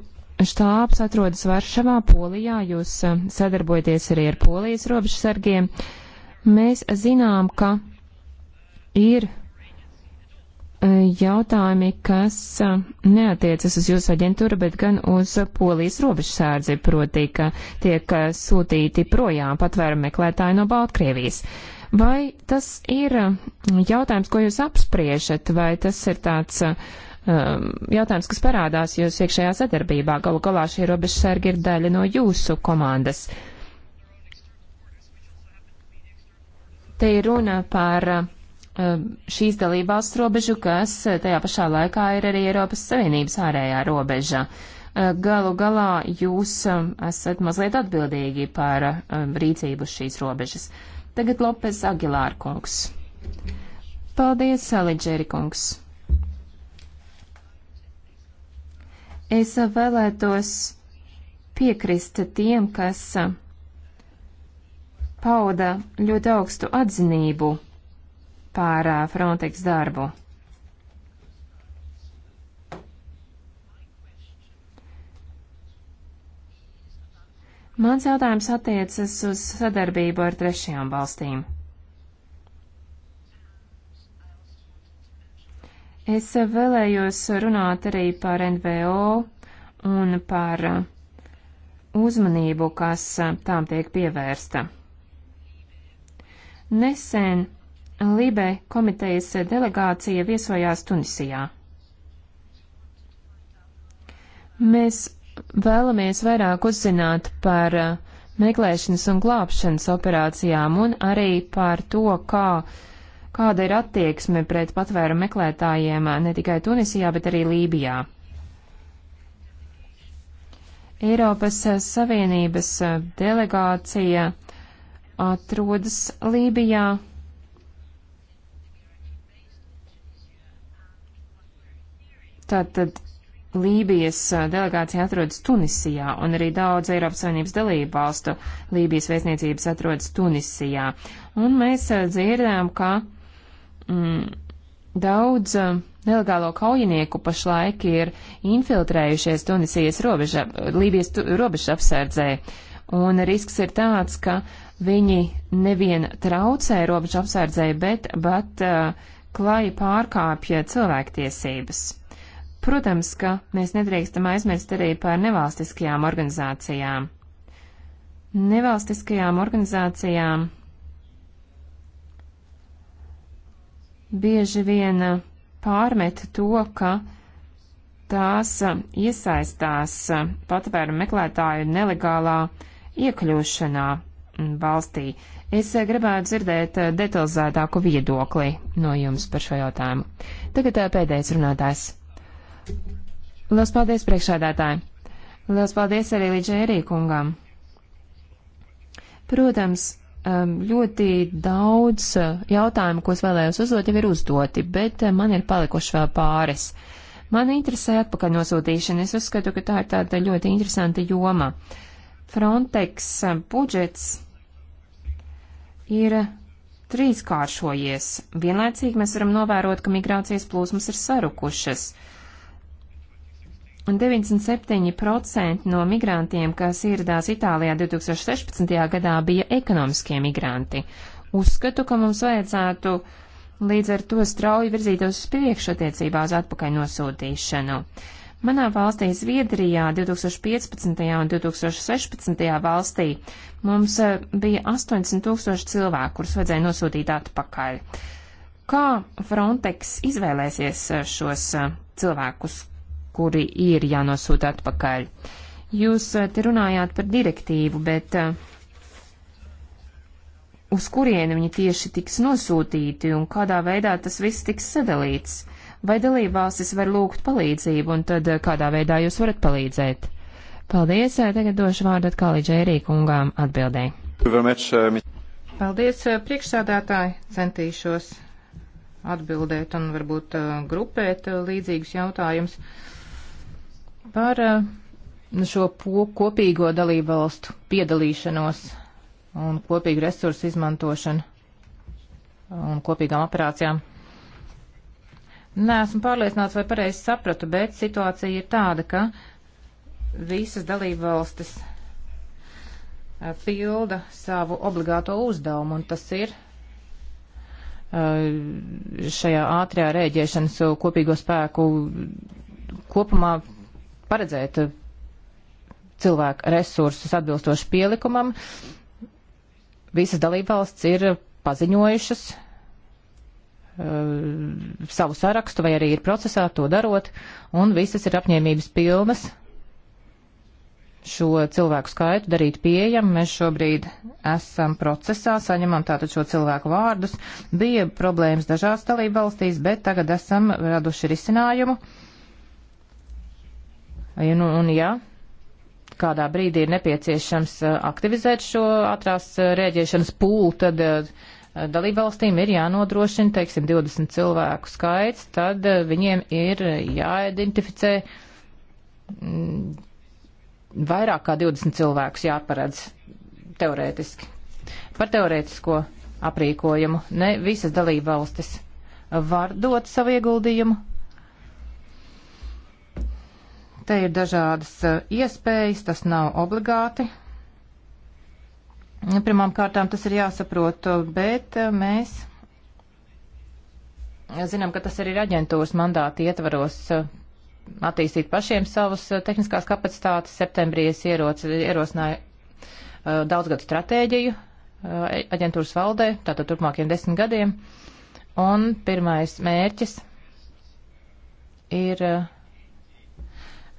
štābs atrodas Varšavā, Polijā, jūs eh, sadarbojaties arī ar Polijas robežsargiem. Mēs zinām, ka ir eh, jautājumi, kas eh, neatiecas uz jūsu aģentūru, bet gan uz polijas robežsārdzi, proti, ka tiek sūtīti projām patvērumu meklētāji no Baltkrievijas. Vai tas ir jautājums, ko jūs apspriežat, vai tas ir tāds uh, um, jautājums, kas parādās jūs iekšējā sadarbībā. Galu galā šie robežsargi ir daļa no jūsu komandas. Te ir runa par uh, šīs dalībvalsts robežu, kas tajā pašā laikā ir arī Eiropas Savienības ārējā robeža. Ehm, galu galā jūs esat mazliet atbildīgi par rīcību šīs robežas. Tagad Lopes Agilāra kungs. Paldies, Aliģeri kungs. Es vēlētos piekrist tiem, kas pauda ļoti augstu atzinību pār Frontex darbu. Mans jautājums attiecas uz sadarbību ar trešajām valstīm. Es vēlējos runāt arī par NVO un par uzmanību, kas tām tiek pievērsta. Nesen Libe komitejas delegācija viesojās Tunisijā. Mēs vēlamies vairāk uzzināt par meklēšanas un glābšanas operācijām un arī par to, kā uh, kāda ir attieksme pret patvēru meklētājiem ne tikai Tunisijā, bet arī Lībijā. Eiropas Savienības delegācija atrodas Lībijā. Tātad Lībijas delegācija atrodas Tunisijā, un arī daudz Eiropas Savienības dalību valstu Lībijas vēstniecības atrodas Tunisijā. Un mēs dzirdējām, ka mm, daudz eh, nelegālo kaujinieku pašlaik ir infiltrējušies Tunisijas robeža, Lībijas tu, robeža apsardzē. Un risks ir tāds, ka viņi nevien traucē robeža apsardzē, bet pat uh, eh, klāji pārkāpja cilvēktiesības. Protams, ka mēs nedrīkstam aizmirst arī par nevalstiskajām organizācijām. Nevalstiskajām organizācijām bieži vien uh, pārmet to, ka tās uh, iesaistās uh, patvērumu meklētāju nelegālā iekļūšanā mm, valstī. Es gribētu dzirdēt detalizētāku viedokli no jums par šo jautājumu. Tagad pēdējais runātājs. Lielas paldies priekšādātāji. Lielas paldies arī Līdžērī kungam. Protams, Um, ļoti daudz uh, jautājumu, ko es vēlējos uzdot, jau ir uzdoti, bet uh, man ir palikuši vēl pāris. Man interesē atpakaļ nosūtīšana. Es uzskatu, ka tā ir tāda ļoti interesanta joma. Frontex uh, budžets ir trīskāršojies. Vienlaicīgi mēs varam novērot, ka migrācijas plūsmas ir sarukušas. Uh, 97% no migrantiem, kas ieradās Itālijā 2016. gadā, bija ekonomiskie migranti. Uzskatu, ka mums vajadzētu līdz ar to strauji virzītos uz priekšu attiecībā uz atpakaļ nosūtīšanu. Manā valstī Zviedrijā 2015. un 2016. valstī mums eh, bija 80 tūkstoši cilvēku, kurus vajadzēja nosūtīt atpakaļ. Kā Frontex izvēlēsies eh, šos eh, cilvēkus, kuri ir jānosūta atpakaļ. Jūs eh, te runājāt par direktīvu, bet eh, uz kurieni viņi tieši tiks nosūtīti un kādā veidā tas viss tiks sadalīts? Vai dalībvalstis var lūgt palīdzību un tad eh, kādā veidā jūs varat palīdzēt? Paldies, tagad došu vārdu atkal Džērī kungām atbildēji. Uh, Paldies, priekšsādātāji, centīšos atbildēt un varbūt grupēt līdzīgus jautājumus par eh, šo kopīgo dalību valstu piedalīšanos un kopīgu resursu izmantošanu un kopīgām operācijām. Nē, esmu pārliecināts, vai pareizi sapratu, bet situācija ir tāda, ka visas dalību valstis eh, pilda savu obligāto uzdevumu, un tas ir eh, šajā ātrajā rēģēšanas kopīgo spēku kopumā paredzēt eh, cilvēku resursus atbilstoši pielikumam. Visas dalībvalsts ir paziņojušas eh, savu sarakstu vai arī ir procesā to darot, un visas ir apņēmības pilnas šo cilvēku skaitu darīt pieejamu. Mēs šobrīd esam procesā, saņemam tātad šo cilvēku vārdus. Bija problēmas dažās dalība valstīs, bet tagad esam raduši risinājumu. Uh, Un, nu, un ja kādā brīdī ir nepieciešams eh, aktivizēt šo ātrās eh, rēģēšanas pūlu, tad eh, dalībvalstīm ir jānodrošina, teiksim, 20 cilvēku skaits, tad viņiem ir jāidentificē mm, vairāk kā 20 cilvēkus jāparedz teorētiski. Par teorētisko aprīkojumu ne visas dalībvalstis var dot savu ieguldījumu, Te ir dažādas eh, iespējas, tas nav obligāti. Pirmām kārtām tas ir jāsaprot, eh, bet eh, mēs zinām, ka tas arī ir aģentūras mandāti ietvaros attīstīt pašiem savus tehniskās kapacitātes. Septembrī es ieroc, ierosināju daudzgadu stratēģiju aģentūras valdē, tātad turpmākiem desmit gadiem. Un pirmais mērķis ir uh,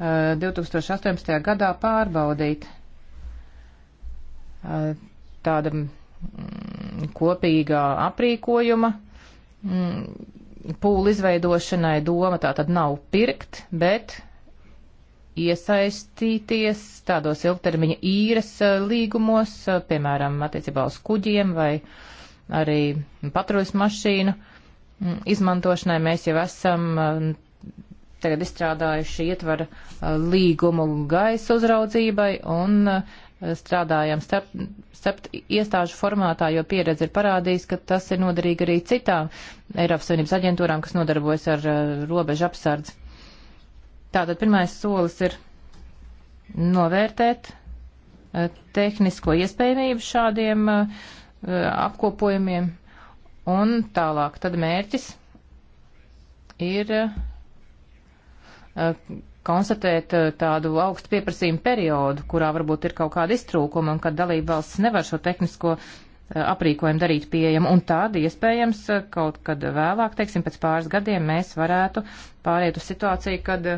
2018. Uh, gadā pārbaudīt uh, tāda mm, kopīgā aprīkojuma mm, pūlu izveidošanai doma tā tad nav pirkt, bet iesaistīties tādos ilgtermiņa īres uh, līgumos, piemēram, attiecībā uz kuģiem vai arī patruļas mašīnu mm, izmantošanai. Mēs jau esam tagad izstrādājuši ietvara uh, līgumu gaisa uzraudzībai un uh, strādājam starp, starp iestāžu formātā, jo pieredze ir parādījis, ka tas ir noderīgi arī citām Eiropas Savienības aģentūrām, kas nodarbojas ar uh, robežu apsardzi. Tātad pirmais solis ir novērtēt tehnisko iespējamību šādiem apkopojumiem, un tālāk tad mērķis ir Eh, konstatēt eh, tādu augstu pieprasījumu periodu, kurā varbūt ir kaut kāda iztrūkuma un kad dalība valsts nevar šo tehnisko eh, aprīkojumu darīt pieejamu. Un tad, iespējams, kaut kad vēlāk, teiksim, pēc pāris gadiem mēs varētu pāriet uz situāciju, kad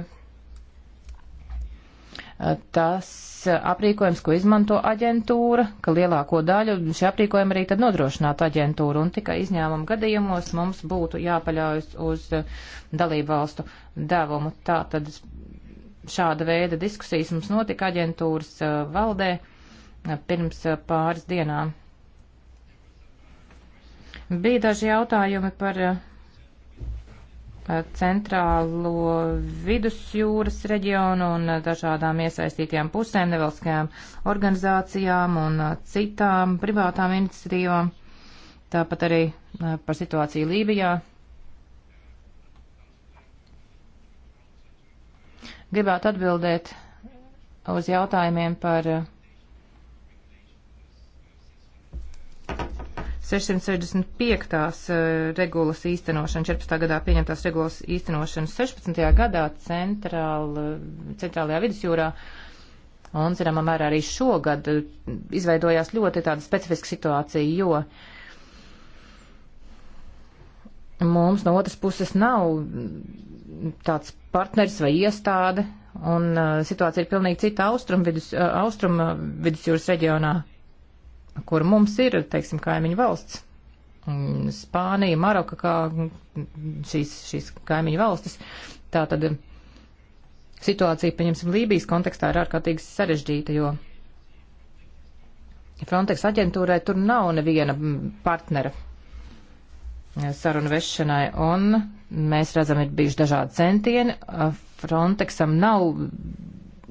tas aprīkojums, ko izmanto aģentūra, ka lielāko daļu šī aprīkojuma arī tad nodrošinātu aģentūru, un tikai izņēmuma gadījumos mums būtu jāpaļaujas uz dalību valstu devumu. Tā tad šāda veida diskusijas mums notika aģentūras uh, valdē uh, pirms uh, pāris dienām. Bija daži jautājumi par centrālo vidusjūras reģionu un dažādām iesaistītajām pusēm, nevalstiskajām organizācijām un citām privātām iniciatīvām. Tāpat arī par situāciju Lībijā. Gribētu atbildēt uz jautājumiem par 665. Eh, regulas īstenošana, 14. gadā pieņemtās regulas īstenošana, 16. gadā centrāla, centrālajā vidusjūrā. Un, zināmā mērā, arī šogad eh, izveidojās ļoti tāda specifiska situācija, jo uh, mums no otras puses nav mm, tāds partners vai iestāde, un uh, situācija ir pilnīgi cita austrum, vidus, uh, austrum uh, vidusjūras reģionā kur mums ir, teiksim, kaimiņu valsts. Spānija, Maroka, kā šīs, šīs kaimiņu valstis. Tā tad situācija, paņemsim, Lībijas kontekstā ir ārkārtīgi sarežģīta, jo Frontex aģentūrai tur nav neviena partnera sarunu vešanai, un mēs redzam, ir bijuši dažādi centieni. Frontexam nav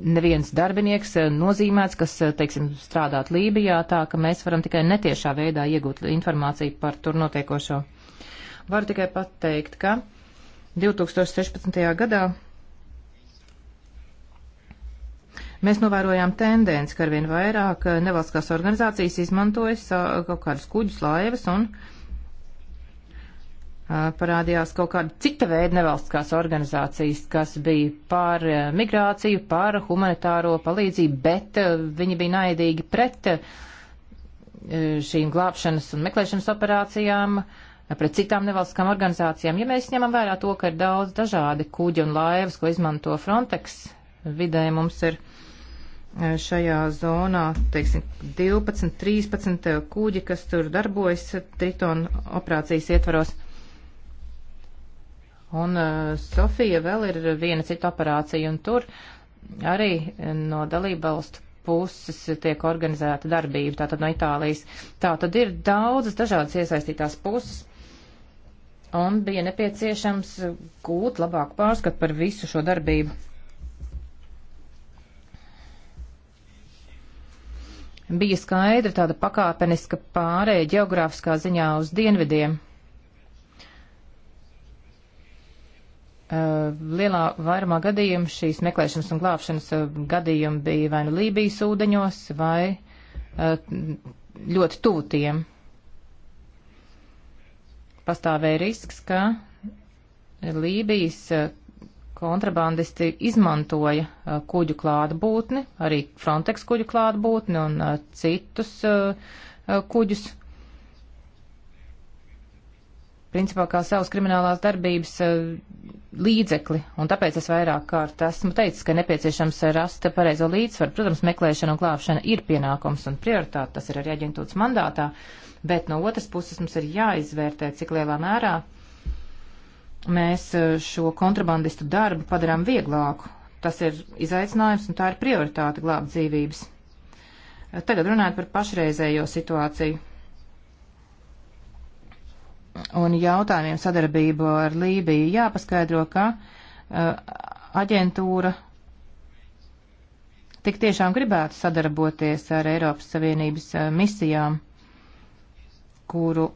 neviens darbinieks eh, nozīmēts, kas, eh, teiksim, strādāt Lībijā, tā ka mēs varam tikai netiešā veidā iegūt informāciju par tur notiekošo. Varu tikai pateikt, ka 2016. gadā mēs novērojām tendenci, ka arvien vairāk eh, nevalstiskās organizācijas izmantojas kaut kādus kuģus, laivas un uh, parādījās kaut kāda cita veida nevalstiskās organizācijas, kas bija par migrāciju, par humanitāro palīdzību, bet viņi bija naidīgi pret šīm glābšanas un meklēšanas operācijām, pret citām nevalstiskām organizācijām. Ja mēs ņemam vērā to, ka ir daudz dažādi kuģi un laivas, ko izmanto Frontex, vidē mums ir šajā zonā, teiksim, 12, 13 kuģi, kas tur darbojas Triton operācijas ietvaros. Un uh, Sofija vēl ir viena cita operācija, un tur arī no dalībvalstu puses tiek organizēta darbība, tātad no Itālijas. Tā tad ir daudzas dažādas iesaistītās puses, un bija nepieciešams gūt labāku pārskatu par visu šo darbību. Bija skaidra tāda pakāpeniska pārēja geogrāfiskā ziņā uz dienvidiem. Eh, lielā vairumā gadījumu šīs meklēšanas un glābšanas eh, gadījumi bija vai nu Lībijas ūdeņos, vai eh, ļoti tuvu tiem. Pastāvēja risks, ka Lībijas kontrabandisti izmantoja kuģu klātbūtni, arī Frontex kuģu klātbūtni un citus kuģus principā kā savas kriminālās darbības eh, līdzekli, un tāpēc es vairāk kārt esmu teicis, ka nepieciešams rast pareizo līdzsvaru. Protams, meklēšana un klāpšana ir pienākums un prioritāte, tas ir arī aģentūras mandātā, bet no otras puses mums ir jāizvērtē, cik lielā mērā mēs eh, šo kontrabandistu darbu padarām vieglāku. Tas ir izaicinājums un tā ir prioritāte glābt dzīvības. Tagad runājot par pašreizējo situāciju un jautājumiem sadarbību ar Lībiju. Jāpaskaidro, ka eh, aģentūra tik tiešām gribētu sadarboties ar Eiropas Savienības eh, misijām, kuru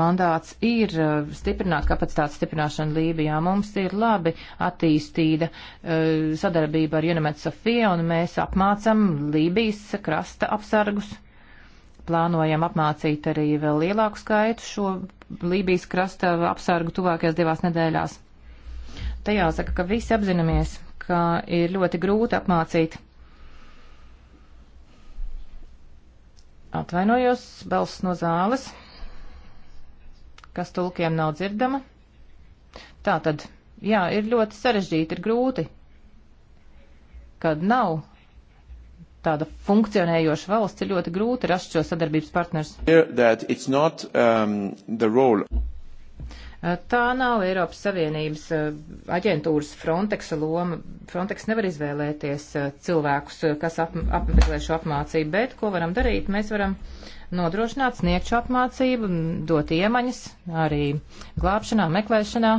mandāts ir eh, stiprināt kapacitātes stiprināšanu Lībijā. Mums ir labi attīstīta sadarbība ar UNMED Sofija, un mēs apmācam Lībijas krasta apsargus plānojam apmācīt arī vēl lielāku skaitu šo Lībijas krasta apsargu tuvākajās divās nedēļās. Te jāsaka, ka visi apzināmies, ka ir ļoti grūti apmācīt. Atvainojos, balss no zāles, kas tulkiem nav dzirdama. Tā tad, jā, ir ļoti sarežģīti, ir grūti, kad nav tāda funkcionējoša valsts ir ļoti grūti rast šo sadarbības partners. Not, um, uh, Tā nav Eiropas Savienības uh, aģentūras Frontexa loma. Frontex nevar izvēlēties uh, cilvēkus, kas ap, apmeklē šo apmācību, bet ko varam darīt? Mēs varam nodrošināt, sniegt šo apmācību, dot iemaņas arī glābšanā, meklēšanā,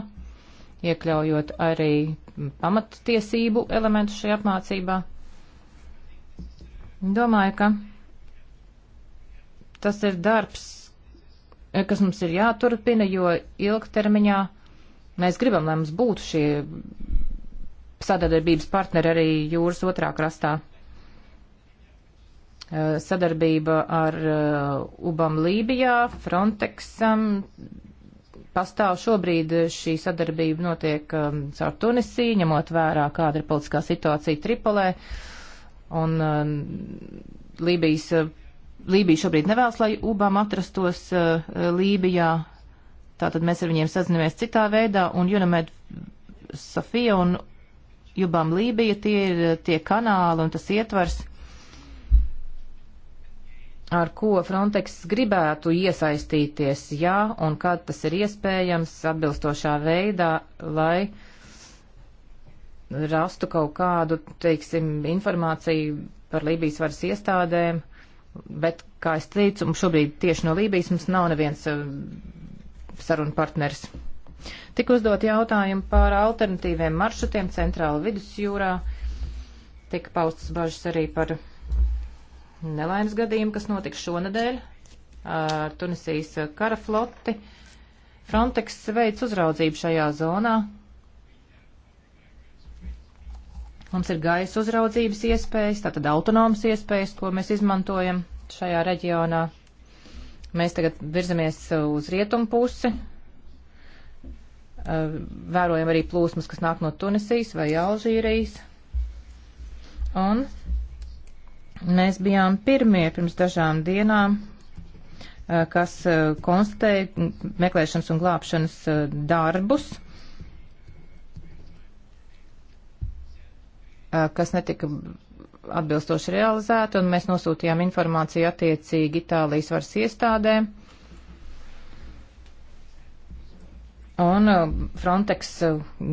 iekļaujot arī pamattiesību elementu šajā apmācībā. Domāju, ka tas ir darbs, eh, kas mums ir jāturpina, jo ilgtermiņā mēs gribam, lai mums būtu šie sadarbības partneri arī jūras otrā krastā. Eh, sadarbība ar eh, UBAM Lībijā, Frontexam, pastāv šobrīd šī sadarbība notiek um, caur Tunisiju, ņemot vērā, kāda ir politiskā situācija Tripolē. Uh, Un um, Lībijas, uh, Lībija šobrīd nevēlas, lai Ubam atrastos uh, Lībijā. Tātad mēs ar viņiem sazinamies citā veidā, un Junamed Sofija un Jubam Lībija tie ir uh, tie kanāli un tas ietvars, ar ko Frontex gribētu iesaistīties, jā, un kad tas ir iespējams atbilstošā veidā, lai uh, rastu kaut kādu, teiksim, informāciju par Lībijas varas iestādēm, bet, kā es teicu, šobrīd tieši no Lībijas mums nav neviens eh, sarunu partners. Tik uzdot jautājumu par alternatīviem maršrutiem centrāla vidusjūrā. Tika paustas bažas arī par nelaimes gadījumu, kas notiks šonadēļ ar Tunisijas kara floti. Frontex veids uzraudzību šajā zonā, Mums ir gaisa uzraudzības iespējas, tātad autonomas iespējas, ko mēs izmantojam šajā reģionā. Mēs tagad virzamies uz rietumu pusi, vērojam arī plūsmas, kas nāk no Tunisijas vai Alžīrijas. Un mēs bijām pirmie pirms dažām dienām, kas konstatēja meklēšanas un glābšanas darbus kas netika atbilstoši realizēta, un mēs nosūtījām informāciju attiecīgi Itālijas varas iestādēm. Un Frontex